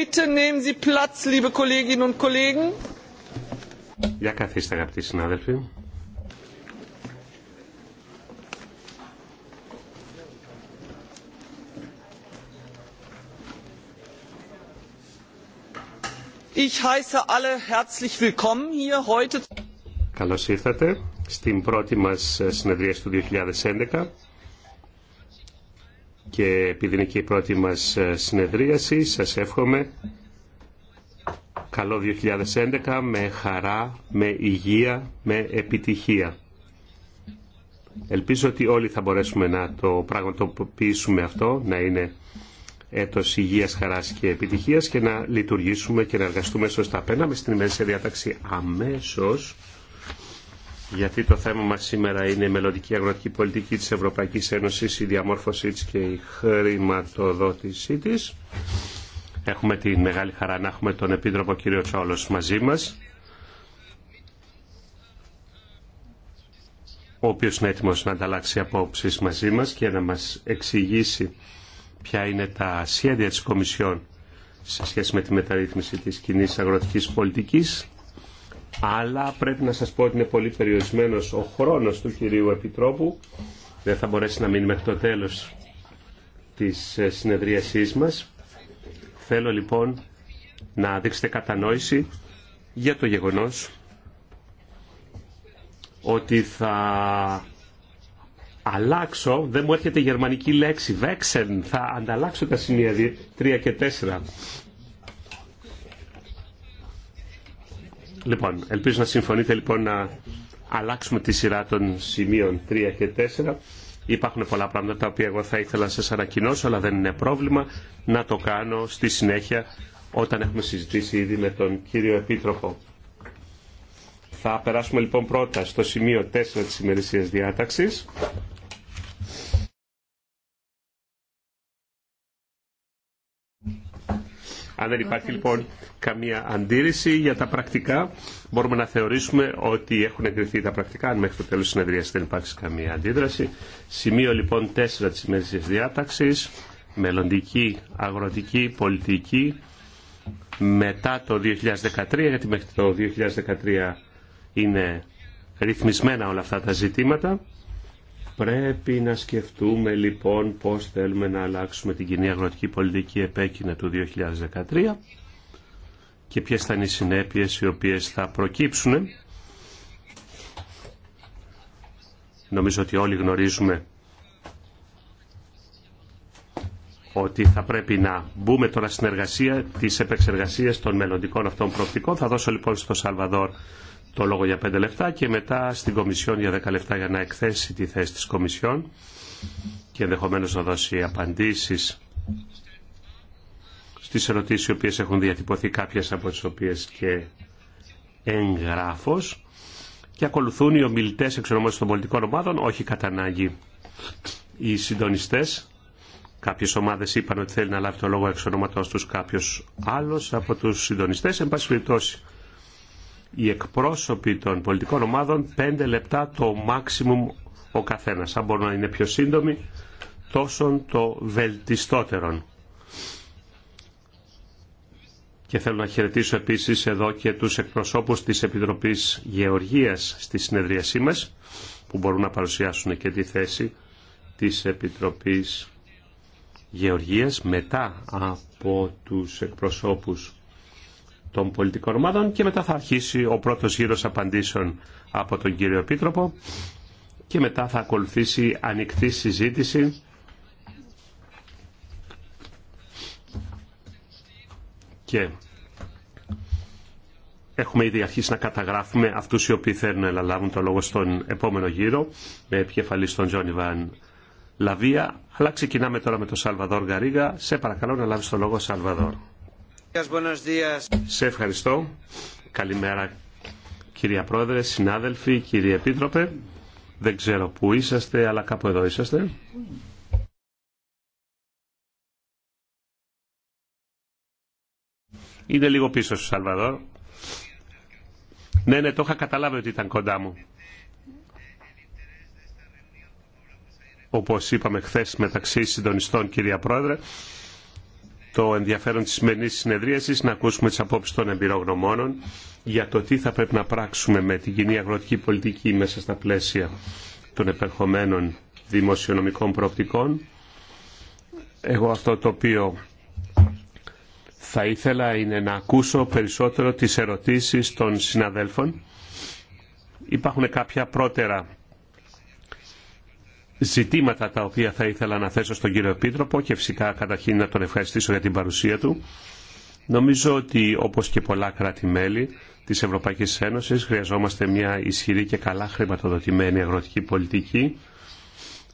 Bitte nehmen Sie Platz, liebe Kolleginnen und Kollegen. Για καθίστε αγαπητοί συνάδελφοι. Ich heiße alle herzlich willkommen hier heute. Καλώς ήρθατε στην πρώτη μας συνεδρία του 2011 και επειδή είναι και η πρώτη μας ε, συνεδρίαση, σας εύχομαι καλό 2011 με χαρά, με υγεία, με επιτυχία. Ελπίζω ότι όλοι θα μπορέσουμε να το πραγματοποιήσουμε αυτό, να είναι έτος υγείας, χαράς και επιτυχίας και να λειτουργήσουμε και να εργαστούμε σωστά. Πέναμε στην σε διάταξη αμέσως γιατί το θέμα μας σήμερα είναι η μελλοντική αγροτική πολιτική της Ευρωπαϊκής Ένωσης, η διαμόρφωσή της και η χρηματοδότησή της. Έχουμε τη μεγάλη χαρά να έχουμε τον Επίτροπο κύριο Τσόλος μαζί μας, ο οποίος είναι έτοιμος να ανταλλάξει απόψεις μαζί μας και να μας εξηγήσει ποια είναι τα σχέδια της Κομισιόν σε σχέση με τη μεταρρύθμιση της κοινή αγροτικής πολιτικής αλλά πρέπει να σας πω ότι είναι πολύ περιορισμένος ο χρόνος του κυρίου Επιτρόπου. Δεν θα μπορέσει να μείνει μέχρι το τέλος της ε, συνεδρίασής μας. Θέλω λοιπόν να δείξετε κατανόηση για το γεγονός ότι θα αλλάξω, δεν μου έρχεται η γερμανική λέξη, βέξεν, θα ανταλλάξω τα σημεία 3 και 4 Λοιπόν, ελπίζω να συμφωνείτε λοιπόν να αλλάξουμε τη σειρά των σημείων 3 και 4. Υπάρχουν πολλά πράγματα τα οποία εγώ θα ήθελα να σας ανακοινώσω, αλλά δεν είναι πρόβλημα να το κάνω στη συνέχεια όταν έχουμε συζητήσει ήδη με τον κύριο Επίτροπο. Θα περάσουμε λοιπόν πρώτα στο σημείο 4 της ημερησίας διάταξης Αν δεν υπάρχει λοιπόν καμία αντίρρηση για τα πρακτικά, μπορούμε να θεωρήσουμε ότι έχουν εγκριθεί τα πρακτικά. Αν μέχρι το τέλο τη συνεδρία δεν υπάρχει καμία αντίδραση. Σημείο λοιπόν 4 τη ημερήσια διάταξη. Μελλοντική αγροτική πολιτική μετά το 2013, γιατί μέχρι το 2013 είναι ρυθμισμένα όλα αυτά τα ζητήματα. Πρέπει να σκεφτούμε λοιπόν πώς θέλουμε να αλλάξουμε την κοινή αγροτική πολιτική επέκεινα του 2013 και ποιες θα είναι οι συνέπειες οι οποίες θα προκύψουν. Νομίζω ότι όλοι γνωρίζουμε ότι θα πρέπει να μπούμε τώρα στην εργασία της επεξεργασίας των μελλοντικών αυτών προοπτικών. Θα δώσω λοιπόν στο Σαλβαδόρ το λόγο για 5 λεπτά και μετά στην Κομισιόν για 10 λεπτά για να εκθέσει τη θέση της Κομισιόν και ενδεχομένω να δώσει απαντήσεις στις ερωτήσεις οι οποίες έχουν διατυπωθεί κάποιες από τις οποίες και εγγράφος και ακολουθούν οι ομιλητές εξονομώσεις των πολιτικών ομάδων, όχι κατά ανάγκη οι συντονιστές. Κάποιες ομάδες είπαν ότι θέλει να λάβει το λόγο εξ ονόματός τους κάποιος άλλος από τους συντονιστές. Εν πάση περιπτώσει, οι εκπρόσωποι των πολιτικών ομάδων πέντε λεπτά το maximum ο καθένας. Αν μπορούν να είναι πιο σύντομοι, τόσο το βελτιστότερον. Και θέλω να χαιρετήσω επίσης εδώ και τους εκπροσώπους της Επιτροπής Γεωργίας στη συνεδρίασή μας, που μπορούν να παρουσιάσουν και τη θέση της Επιτροπής Γεωργίας μετά από τους εκπροσώπους των πολιτικών ομάδων και μετά θα αρχίσει ο πρώτος γύρος απαντήσεων από τον κύριο Επίτροπο και μετά θα ακολουθήσει ανοιχτή συζήτηση και έχουμε ήδη αρχίσει να καταγράφουμε αυτούς οι οποίοι θέλουν να λάβουν το λόγο στον επόμενο γύρο με επικεφαλή τον Τζόνι Βαν Λαβία αλλά ξεκινάμε τώρα με τον Σαλβαδόρ Γαρίγα σε παρακαλώ να λάβεις το λόγο Σαλβαδόρ σε ευχαριστώ. Καλημέρα κυρία Πρόεδρε, συνάδελφοι, κύριε Επίτροπε. Δεν ξέρω πού είσαστε, αλλά κάπου εδώ είσαστε. Είναι λίγο πίσω στο Σαλβαδόρ. Ναι, ναι, το είχα καταλάβει ότι ήταν κοντά μου. Όπως είπαμε χθες μεταξύ συντονιστών, κυρία Πρόεδρε, το ενδιαφέρον της σημερινής συνεδρίασης, να ακούσουμε τις απόψεις των εμπειρογνωμόνων για το τι θα πρέπει να πράξουμε με την κοινή αγροτική πολιτική μέσα στα πλαίσια των επερχομένων δημοσιονομικών προοπτικών. Εγώ αυτό το οποίο θα ήθελα είναι να ακούσω περισσότερο τις ερωτήσεις των συναδέλφων. Υπάρχουν κάποια πρώτερα ζητήματα τα οποία θα ήθελα να θέσω στον κύριο Επίτροπο και φυσικά καταρχήν να τον ευχαριστήσω για την παρουσία του. Νομίζω ότι όπως και πολλά κράτη-μέλη της Ευρωπαϊκής Ένωσης χρειαζόμαστε μια ισχυρή και καλά χρηματοδοτημένη αγροτική πολιτική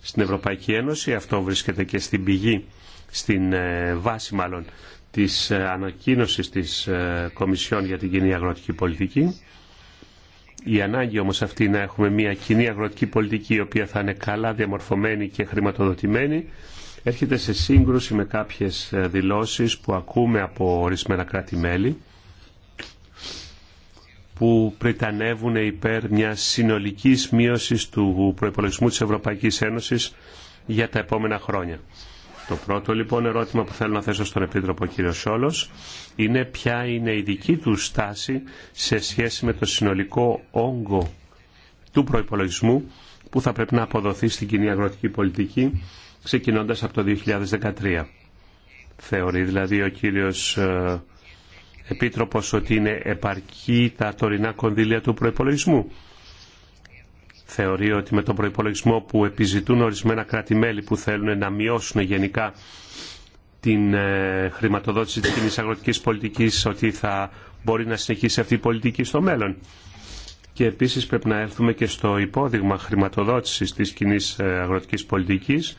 στην Ευρωπαϊκή Ένωση. Αυτό βρίσκεται και στην πηγή, στην ε, βάση μάλλον της ε, ανακοίνωσης της ε, Κομισιόν για την Κοινή Αγροτική Πολιτική η ανάγκη όμως αυτή να έχουμε μια κοινή αγροτική πολιτική η οποία θα είναι καλά διαμορφωμένη και χρηματοδοτημένη έρχεται σε σύγκρουση με κάποιες ε, δηλώσεις που ακούμε από ορισμένα κράτη-μέλη που πριτανεύουν υπέρ μια συνολικής μείωσης του προϋπολογισμού της Ευρωπαϊκής Ένωσης για τα επόμενα χρόνια. Το πρώτο λοιπόν ερώτημα που θέλω να θέσω στον Επίτροπο κ. Σόλος είναι ποια είναι η δική του στάση σε σχέση με το συνολικό όγκο του προϋπολογισμού που θα πρέπει να αποδοθεί στην κοινή αγροτική πολιτική ξεκινώντας από το 2013. Θεωρεί δηλαδή ο κύριος ε, Επίτροπος ότι είναι επαρκή τα τωρινά κονδύλια του προϋπολογισμού θεωρεί ότι με τον προϋπολογισμό που επιζητούν ορισμένα κράτη-μέλη που θέλουν να μειώσουν γενικά την ε, χρηματοδότηση της κοινής αγροτικής πολιτικής ότι θα μπορεί να συνεχίσει αυτή η πολιτική στο μέλλον. Και επίσης πρέπει να έρθουμε και στο υπόδειγμα χρηματοδότησης της κοινή ε, αγροτικής πολιτικής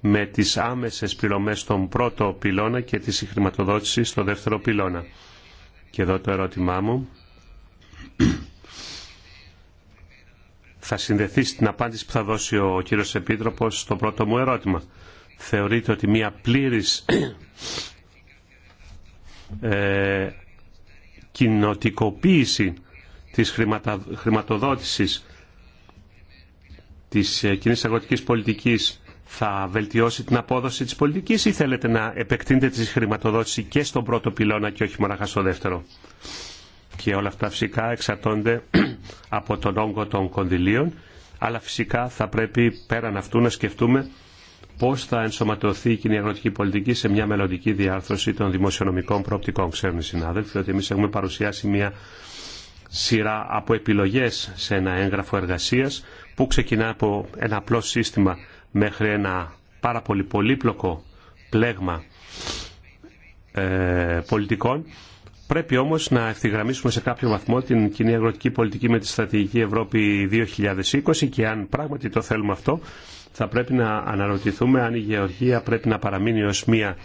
με τις άμεσες πληρωμές στον πρώτο πυλώνα και τη συγχρηματοδότηση στο δεύτερο πυλώνα. Και εδώ το ερώτημά μου θα συνδεθεί στην απάντηση που θα δώσει ο κύριος Επίτροπος στο πρώτο μου ερώτημα. Θεωρείτε ότι μια πλήρης ε, κοινοτικοποίηση της χρηματοδότησης της ε, κοινή αγροτικής πολιτικής θα βελτιώσει την απόδοση της πολιτικής ή θέλετε να επεκτείνετε τη χρηματοδότηση και στον πρώτο πυλώνα και όχι μόνο στο δεύτερο. Και όλα αυτά φυσικά εξαρτώνται από τον όγκο των κονδυλίων, αλλά φυσικά θα πρέπει πέραν αυτού να σκεφτούμε πώς θα ενσωματωθεί η κοινή αγροτική πολιτική σε μια μελλοντική διάρθρωση των δημοσιονομικών προοπτικών. Ξέρουν οι συνάδελφοι ότι εμείς έχουμε παρουσιάσει μια σειρά από επιλογές σε ένα έγγραφο εργασίας που ξεκινά από ένα απλό σύστημα μέχρι ένα πάρα πολύ πολύπλοκο πλέγμα ε, πολιτικών Πρέπει όμως να ευθυγραμμίσουμε σε κάποιο βαθμό την κοινή αγροτική πολιτική με τη στρατηγική Ευρώπη 2020 και αν πράγματι το θέλουμε αυτό θα πρέπει να αναρωτηθούμε αν η γεωργία πρέπει να παραμείνει ως μία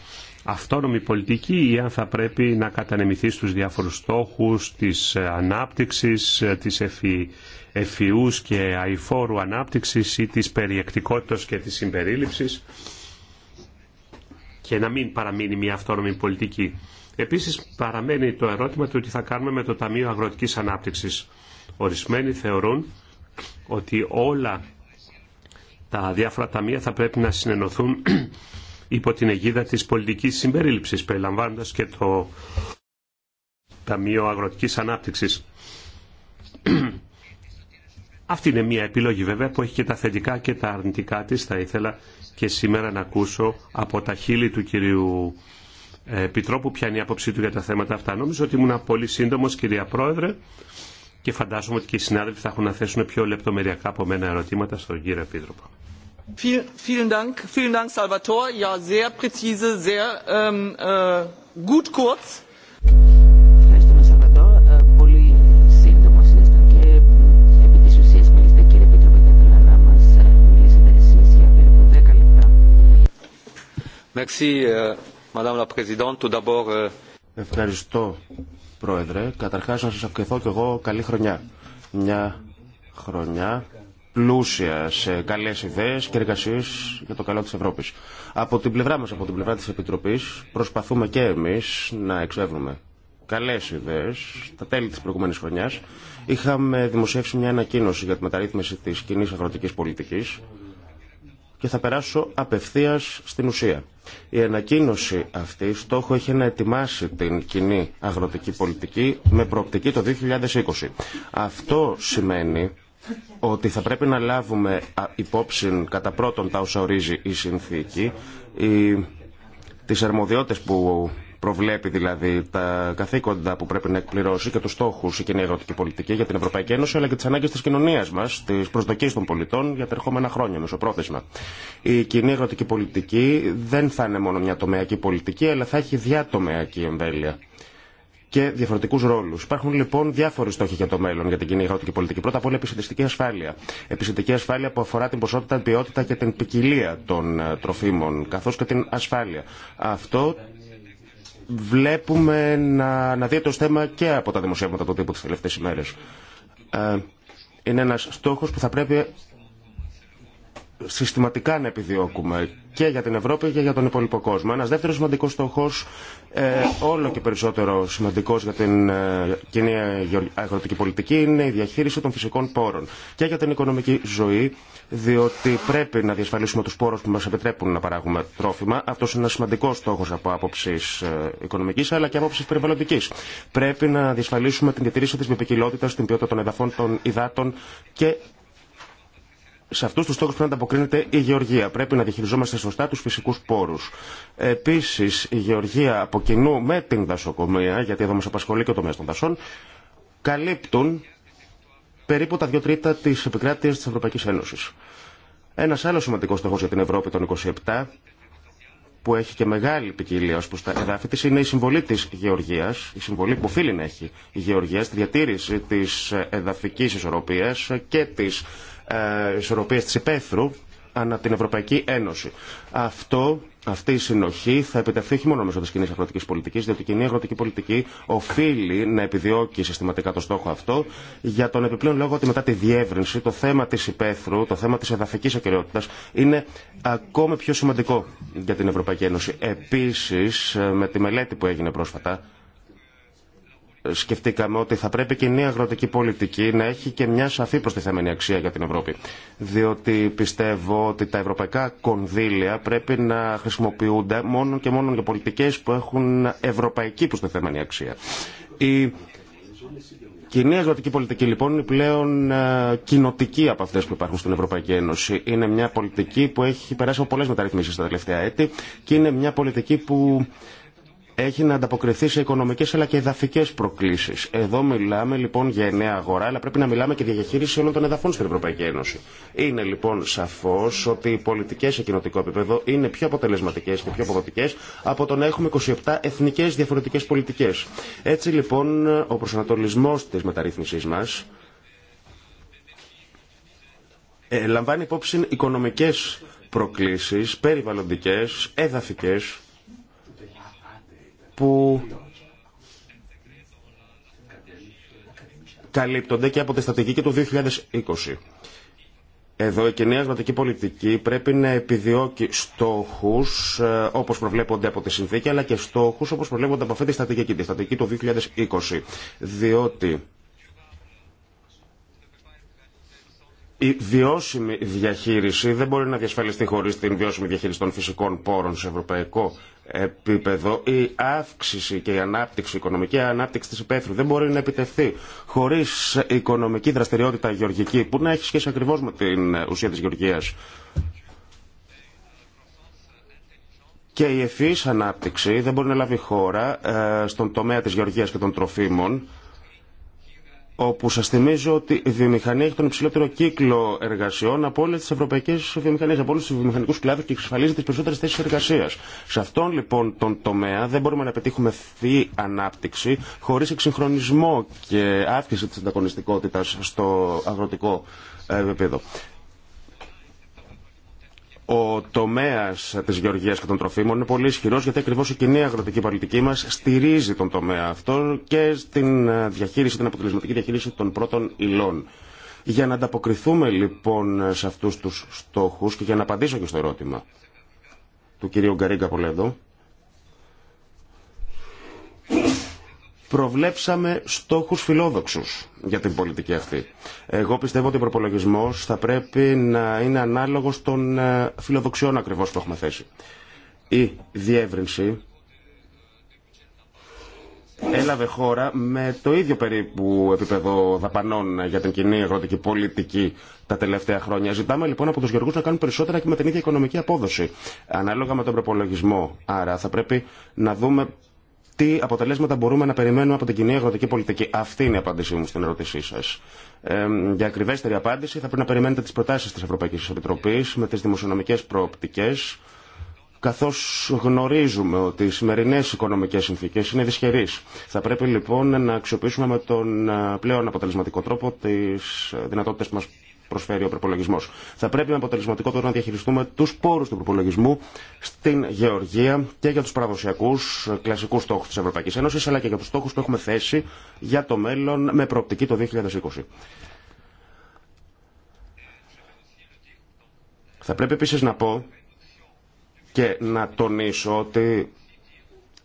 αυτόνομη πολιτική ή αν θα πρέπει να κατανεμηθεί στους διάφορους στόχους της ανάπτυξης, της εφηού και αηφόρου ανάπτυξης ή της περιεκτικότητας και της συμπερίληψης και να μην παραμείνει μια αυτόνομη πολιτική. Επίσης παραμένει το ερώτημα του τι θα κάνουμε με το Ταμείο Αγροτικής Ανάπτυξης. Ορισμένοι θεωρούν ότι όλα τα διάφορα ταμεία θα πρέπει να συνενωθούν υπό την αιγίδα της πολιτικής συμπερίληψης, περιλαμβάνοντας και το Ταμείο Αγροτικής Ανάπτυξης. Αυτή είναι μια επιλογή βέβαια που έχει και τα θετικά και τα αρνητικά της. Θα ήθελα και σήμερα να ακούσω από τα χείλη του κυρίου Επιτρόπου ποια είναι η άποψή του για τα θέματα αυτά. Νομίζω ότι ήμουν πολύ σύντομο, κυρία Πρόεδρε, και φαντάζομαι ότι και οι συνάδελφοι θα έχουν να θέσουν πιο λεπτομεριακά από μένα ερωτήματα στον κύριο Επίτροπο. Vielen Dank, vielen Dank, Salvatore. Ja, sehr präzise, sehr ähm, äh, gut kurz. Ε, ε, ε, Merci, Euh, Ευχαριστώ, Πρόεδρε. Καταρχάς, να σας ευχηθώ και εγώ καλή χρονιά. Μια χρονιά πλούσια σε καλές ιδέες και εργασίες για το καλό της Ευρώπης. Από την πλευρά μας, από την πλευρά της Επιτροπής, προσπαθούμε και εμείς να εξεύρουμε καλές ιδέες. Στα τέλη της προηγούμενης χρονιάς είχαμε δημοσιεύσει μια ανακοίνωση για τη μεταρρύθμιση της κοινή αγροτικής πολιτικής και θα περάσω απευθείας στην ουσία. Η ανακοίνωση αυτή στόχο έχει να ετοιμάσει την κοινή αγροτική πολιτική με προοπτική το 2020. Αυτό σημαίνει ότι θα πρέπει να λάβουμε υπόψη κατά πρώτον τα όσα ορίζει η συνθήκη, οι, τις αρμοδιότητες που Προβλέπει δηλαδή τα καθήκοντα που πρέπει να εκπληρώσει και του στόχου η κοινή αγροτική πολιτική για την Ευρωπαϊκή Ένωση αλλά και τι ανάγκε τη κοινωνία μα, τι προσδοκίε των πολιτών για τα ερχόμενα χρόνια, μεσοπρόθεσμα. Η κοινή αγροτική πολιτική δεν θα είναι μόνο μια τομεακή πολιτική, αλλά θα έχει διατομεακή εμβέλεια και διαφορετικού ρόλου. Υπάρχουν λοιπόν διάφοροι στόχοι για το μέλλον για την κοινή αγροτική πολιτική. Πρώτα απ' όλα επιστημιστική ασφάλεια. Επιστημιστική ασφάλεια που αφορά την ποσότητα, την ποιότητα και την ποικιλία των ε, τροφίμων, καθώ και την ασφάλεια. Αυτό βλέπουμε να δείτε το θέμα και από τα δημοσιεύματα του τύπου τις τελευταίες ημέρες. Ε, είναι ένας στόχος που θα πρέπει συστηματικά να επιδιώκουμε και για την Ευρώπη και για τον υπόλοιπο κόσμο. Ένα δεύτερο σημαντικό στόχο. ε, όλο και περισσότερο σημαντικό για την ε, κοινή αγροτική πολιτική, είναι η διαχείριση των φυσικών πόρων και για την οικονομική ζωή, διότι πρέπει να διασφαλίσουμε του πόρου που μα επιτρέπουν να παράγουμε τρόφιμα. Αυτό είναι ένα σημαντικό στόχο από άποψη ε, οικονομικής αλλά και άποψης περιβαλλοντική. Πρέπει να διασφαλίσουμε την διατηρήση τη βιοπικιλότητας, την ποιότητα των εδαφών, των υδάτων και σε αυτού του στόχου πρέπει να ανταποκρίνεται η γεωργία. Πρέπει να διαχειριζόμαστε σωστά του φυσικού πόρου. Επίση, η γεωργία από κοινού με την δασοκομεία, γιατί εδώ μα απασχολεί και το μέσο των δασών, καλύπτουν περίπου τα δύο τρίτα τη επικράτεια τη Ευρωπαϊκή Ένωση. Ένα άλλο σημαντικό στόχο για την Ευρώπη των 27, που έχει και μεγάλη ποικιλία ω προ τα εδάφη τη, είναι η συμβολή τη Γεωργία, η συμβολή που οφείλει να έχει η Γεωργία στη διατήρηση τη εδαφική ισορροπία και τη ε, ισορροπίας της υπαίθρου ανά την Ευρωπαϊκή Ένωση. Αυτό, αυτή η συνοχή θα επιτευχθεί όχι μόνο μέσω τη κοινή αγροτική πολιτική, διότι η κοινή αγροτική πολιτική οφείλει να επιδιώκει συστηματικά το στόχο αυτό, για τον επιπλέον λόγο ότι μετά τη διεύρυνση το θέμα τη υπαίθρου, το θέμα τη εδαφική ακαιρεότητα είναι ακόμα πιο σημαντικό για την Ευρωπαϊκή Ένωση. Επίση, ε, με τη μελέτη που έγινε πρόσφατα, σκεφτήκαμε ότι θα πρέπει και η νέα αγροτική πολιτική να έχει και μια σαφή προστιθέμενη αξία για την Ευρώπη. Διότι πιστεύω ότι τα ευρωπαϊκά κονδύλια πρέπει να χρησιμοποιούνται μόνο και μόνο για πολιτικές που έχουν ευρωπαϊκή προστιθέμενη αξία. Η κοινή αγροτική πολιτική λοιπόν είναι πλέον ε, κοινοτική από αυτέ που υπάρχουν στην Ευρωπαϊκή Ένωση. Είναι μια πολιτική που έχει περάσει από πολλέ μεταρρυθμίσει τα τελευταία έτη και είναι μια πολιτική που έχει να ανταποκριθεί σε οικονομικές αλλά και εδαφικές προκλήσεις. Εδώ μιλάμε λοιπόν για νέα αγορά, αλλά πρέπει να μιλάμε και για διαχείριση όλων των εδαφών στην Ευρωπαϊκή Ένωση. Είναι λοιπόν σαφώς ότι οι πολιτικές σε κοινοτικό επίπεδο είναι πιο αποτελεσματικές και πιο αποδοτικές από το να έχουμε 27 εθνικές διαφορετικές πολιτικές. Έτσι λοιπόν ο προσανατολισμός της μεταρρύθμισής μας ε, λαμβάνει υπόψη οικονομικές προκλήσεις, περιβαλλοντικές, εδαφικές που καλύπτονται και από τη στρατηγική του 2020. Εδώ η κοινή ασματική πολιτική πρέπει να επιδιώκει στόχους ε, όπως προβλέπονται από τη συνθήκη, αλλά και στόχους όπως προβλέπονται από αυτή τη στρατηγική, τη στρατηγική του 2020. Διότι η βιώσιμη διαχείριση δεν μπορεί να διασφαλιστεί χωρίς την βιώσιμη διαχείριση των φυσικών πόρων σε ευρωπαϊκό επίπεδο. Η αύξηση και η ανάπτυξη, η οικονομική ανάπτυξη της υπαίθρου δεν μπορεί να επιτευχθεί χωρίς οικονομική δραστηριότητα γεωργική που να έχει σχέση ακριβώς με την ουσία της γεωργίας. Και η ευφυής ανάπτυξη δεν μπορεί να λάβει χώρα ε, στον τομέα της γεωργίας και των τροφίμων όπου σας θυμίζω ότι η βιομηχανία έχει τον υψηλότερο κύκλο εργασιών από όλες τις ευρωπαϊκές βιομηχανίες, από όλους τους βιομηχανικούς κλάδους και εξασφαλίζει τις περισσότερες θέσεις εργασίας. Σε αυτόν λοιπόν τον τομέα δεν μπορούμε να πετύχουμε θη ανάπτυξη χωρίς εξυγχρονισμό και αύξηση της ανταγωνιστικότητας στο αγροτικό ε, επίπεδο. Ο τομέα τη γεωργία και των τροφίμων είναι πολύ ισχυρό γιατί ακριβώ η κοινή αγροτική πολιτική μα στηρίζει τον τομέα αυτό και στην ε, διαχείριση, την αποτελεσματική διαχείριση των πρώτων υλών. Για να ανταποκριθούμε λοιπόν σε αυτού του στόχου και για να απαντήσω και στο ερώτημα του κυρίου Γκαρίγκα Πολέδο, προβλέψαμε στόχους φιλόδοξους για την πολιτική αυτή. Εγώ πιστεύω ότι ο προπολογισμό θα πρέπει να είναι ανάλογος των ε, φιλοδοξιών ακριβώς που έχουμε θέσει. Η διεύρυνση έλαβε χώρα με το ίδιο περίπου επίπεδο δαπανών για την κοινή αγροτική πολιτική τα τελευταία χρόνια. Ζητάμε λοιπόν από τους γεωργούς να κάνουν περισσότερα και με την ίδια οικονομική απόδοση, ανάλογα με τον προπολογισμό. Άρα θα πρέπει να δούμε τι αποτελέσματα μπορούμε να περιμένουμε από την κοινή αγροτική πολιτική. Αυτή είναι η απάντησή μου στην ερώτησή σα. Ε, για ακριβέστερη απάντηση θα πρέπει να περιμένετε τι προτάσει τη Ευρωπαϊκή Επιτροπή με τι δημοσιονομικέ προοπτικέ. Καθώ γνωρίζουμε ότι οι σημερινέ οικονομικέ συνθήκε είναι δυσχερεί. Θα πρέπει λοιπόν να αξιοποιήσουμε με τον πλέον αποτελεσματικό τρόπο τι δυνατότητε που μα προσφέρει ο προπολογισμό. Θα πρέπει με αποτελεσματικό τρόπο να διαχειριστούμε του πόρου του προπολογισμού στην γεωργία και για του παραδοσιακού κλασικού στόχου τη Ευρωπαϊκή Ένωση, αλλά και για του στόχου που έχουμε θέσει για το μέλλον με προοπτική το 2020. Θα πρέπει επίσης να πω και να τονίσω ότι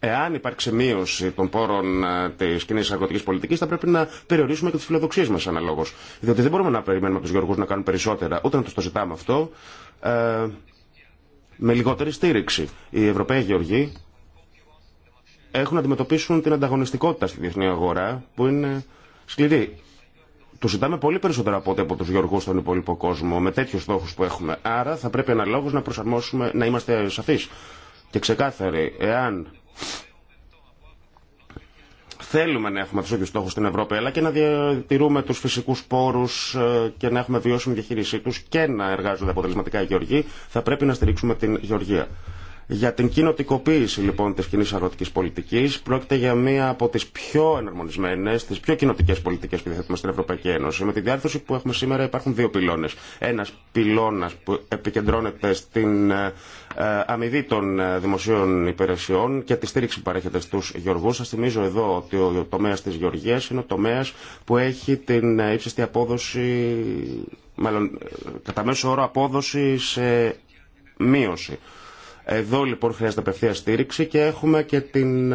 Εάν υπάρξει μείωση των πόρων ε, τη κοινή αγροτική πολιτική, θα πρέπει να περιορίσουμε και τι φιλοδοξίε μα αναλόγω. Διότι δεν μπορούμε να περιμένουμε από του γεωργού να κάνουν περισσότερα, ούτε να του το ζητάμε αυτό, ε, με λιγότερη στήριξη. Οι Ευρωπαίοι γεωργοί έχουν να αντιμετωπίσουν την ανταγωνιστικότητα στη διεθνή αγορά, που είναι σκληρή. Του ζητάμε πολύ περισσότερα από ό,τι από του γεωργού στον υπόλοιπο κόσμο, με τέτοιου στόχου που έχουμε. Άρα θα πρέπει αναλόγω να προσαρμόσουμε, να είμαστε σαφεί και ξεκάθαροι. Εάν θέλουμε να έχουμε του ίδιου στόχου στην Ευρώπη, αλλά και να διατηρούμε του φυσικού πόρου ε, και να έχουμε βιώσιμη διαχείρισή του και να εργάζονται αποτελεσματικά οι γεωργοί, θα πρέπει να στηρίξουμε την γεωργία. Για την κοινοτικοποίηση λοιπόν τη κοινή αγροτική πολιτική, πρόκειται για μία από τι πιο εναρμονισμένε, τι πιο κοινοτικέ πολιτικέ που διαθέτουμε στην Ευρωπαϊκή Ένωση. Με τη διάρθρωση που έχουμε σήμερα υπάρχουν δύο πυλώνε. Ένα πυλώνα που επικεντρώνεται στην ε, ε, αμοιβή των ε, δημοσίων υπηρεσιών και τη στήριξη που παρέχεται στου γεωργού. Σα θυμίζω εδώ ότι ο τομέα τη γεωργία είναι ο τομέα που έχει την ε, ύψιστη απόδοση, μάλλον κατά μέσο όρο απόδοση σε μείωση. Εδώ λοιπόν χρειάζεται απευθεία στήριξη και έχουμε και την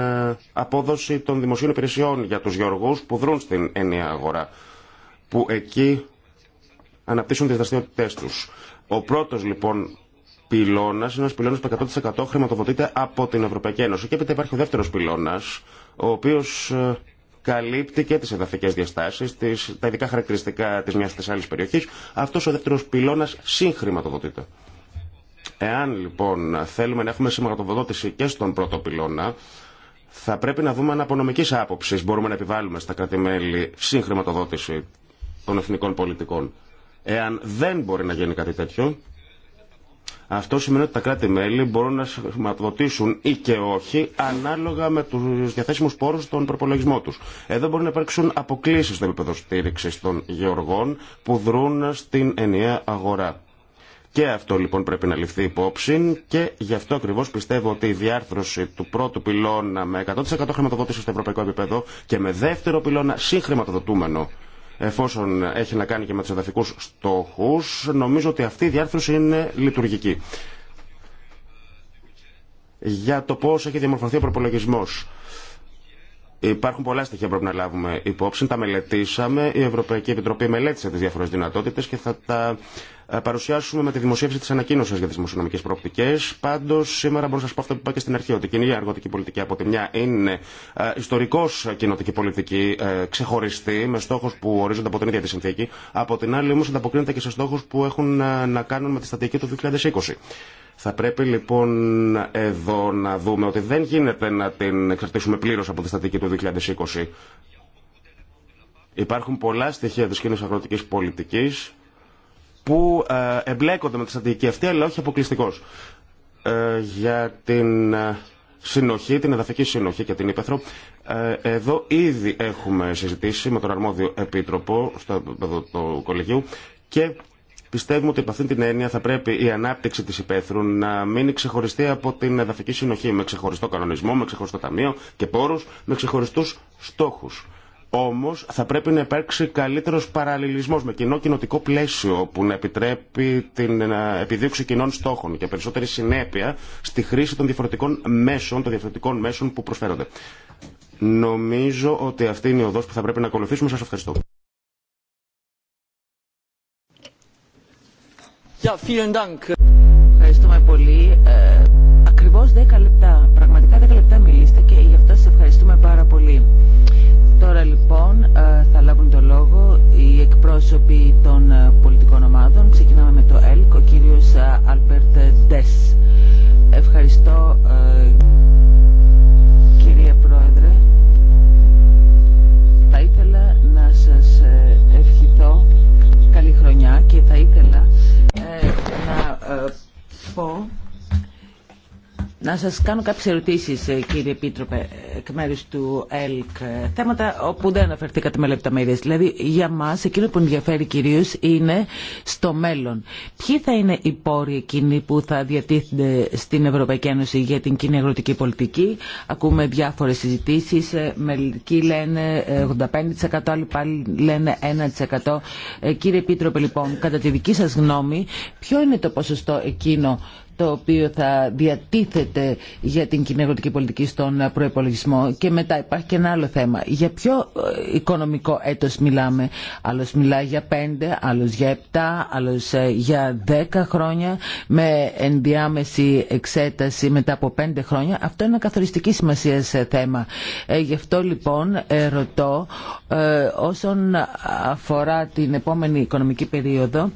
απόδοση των δημοσίων υπηρεσιών για τους γεωργού που δρούν στην ενιαία αγορά, που εκεί αναπτύσσουν τις δραστηριότητε τους. Ο πρώτος λοιπόν πυλώνα, ένα πυλώνα που 100% χρηματοδοτείται από την Ευρωπαϊκή Ένωση. Και έπειτα υπάρχει ο δεύτερο πυλώνα, ο οποίο ε, καλύπτει και τι εδαφικέ διαστάσει, τα ειδικά χαρακτηριστικά τη μια και τη άλλη περιοχή. Αυτό ο δεύτερο πυλώνα συγχρηματοδοτείται. Εάν λοιπόν θέλουμε να έχουμε συγχρηματοδότηση και στον πρώτο πυλώνα, θα πρέπει να δούμε αν από νομική άποψη μπορούμε να επιβάλλουμε στα κρατημέλη μελη συγχρηματοδότηση των εθνικών πολιτικών. Εάν δεν μπορεί να γίνει κάτι τέτοιο, αυτό σημαίνει ότι τα κράτη-μέλη μπορούν να χρηματοδοτήσουν ή και όχι ανάλογα με του διαθέσιμου πόρου στον προπολογισμό του. Εδώ μπορούν να υπάρξουν αποκλήσει στο επίπεδο στήριξη των γεωργών που δρούν στην ενιαία αγορά. Και αυτό λοιπόν πρέπει να ληφθεί υπόψη και γι' αυτό ακριβώ πιστεύω ότι η διάρθρωση του πρώτου πυλώνα με 100% χρηματοδότηση στο ευρωπαϊκό επίπεδο και με δεύτερο πυλώνα συγχρηματοδοτούμενο εφόσον έχει να κάνει και με τους εδαφικού στόχους, νομίζω ότι αυτή η διάρθρωση είναι λειτουργική. Για το πώ έχει διαμορφωθεί ο προπολογισμό. Υπάρχουν πολλά στοιχεία που πρέπει να λάβουμε υπόψη. Τα μελετήσαμε. Η Ευρωπαϊκή Επιτροπή μελέτησε τι διάφορε δυνατότητε και θα τα ε, παρουσιάσουμε με τη δημοσίευση τη ανακοίνωση για τι δημοσιονομικέ προοπτικέ. Πάντω, σήμερα μπορώ να σα πω αυτό που είπα και στην αρχή, ότι η κοινή αγροτική πολιτική από τη μια είναι ε, ιστορικώ κοινοτική πολιτική, ε, ξεχωριστή, με στόχου που ορίζονται από την ίδια τη συνθήκη. Από την άλλη, όμω, ανταποκρίνεται και σε στόχου που έχουν ε, να κάνουν με τη στατική του 2020. Θα πρέπει λοιπόν εδώ να δούμε ότι δεν γίνεται να την εξαρτήσουμε πλήρως από τη στατική του 2020. Υπάρχουν πολλά στοιχεία της κοινής αγροτικής πολιτικής που ε, εμπλέκονται με τη στρατηγική αυτή, αλλά όχι αποκλειστικώ. Ε, για την ε, συνοχή, την εδαφική συνοχή και την ύπεθρο. εδώ ήδη έχουμε συζητήσει με τον αρμόδιο επίτροπο στο επίπεδο του κολεγίου και πιστεύουμε ότι από αυτήν την έννοια θα πρέπει η ανάπτυξη τη υπαίθρου να μείνει ξεχωριστή από την εδαφική συνοχή με ξεχωριστό κανονισμό, με ξεχωριστό ταμείο και πόρου, με ξεχωριστού στόχου. Όμω θα πρέπει να υπάρξει καλύτερο παραλληλισμό με κοινό κοινοτικό πλαίσιο που να επιτρέπει την επιδίωξη κοινών στόχων και περισσότερη συνέπεια στη χρήση των διαφορετικών μέσων, των διαφορετικών μέσων που προσφέρονται. Νομίζω ότι αυτή είναι η οδό που θα πρέπει να ακολουθήσουμε. Σα ευχαριστώ. Ευχαριστούμε πολύ. Ε, ακριβώς 10 λεπτά, πραγματικά 10 λεπτά μιλήσατε και γι' αυτό σας ευχαριστούμε πάρα πολύ. Τώρα λοιπόν ε, θα λάβουν το λόγο οι εκπρόσωποι των ε, πολιτικών ομάδων. Ξεκινάμε με το ΕΛΚ, ο κύριος Αλπέρτ ε, Ντες. Ευχαριστώ κύριε Πρόεδρε. Θα ήθελα να σας ευχηθώ καλή χρονιά και θα ήθελα να πω να σας κάνω κάποιες ερωτήσεις, ε, κύριε Επίτροπε, εκ μέρους του ΕΛΚ. Ε, θέματα όπου δεν αναφερθήκατε με λεπτομέρειες. Δηλαδή, για μας, εκείνο που ενδιαφέρει κυρίως είναι στο μέλλον. Ποιοι θα είναι οι πόροι εκείνοι που θα διατίθενται στην Ευρωπαϊκή Ένωση για την κοινή αγροτική πολιτική. Ακούμε διάφορες συζητήσεις. Ε, Μελικοί λένε 85%, άλλοι πάλι λένε 1%. Κύριε Επίτροπε, λοιπόν, κατά τη δική σας γνώμη, ποιο είναι το ποσοστό εκείνο το οποίο θα διατίθεται για την κοινωνική πολιτική στον προπολογισμό. Και μετά υπάρχει και ένα άλλο θέμα. Για ποιο ε, οικονομικό έτος μιλάμε. Άλλος μιλάει για πέντε, άλλος για επτά, άλλος ε, για δέκα χρόνια με ενδιάμεση εξέταση μετά από πέντε χρόνια. Αυτό είναι καθοριστική σημασία σε θέμα. Ε, γι' αυτό λοιπόν ρωτώ όσον αφορά την επόμενη οικονομική περίοδο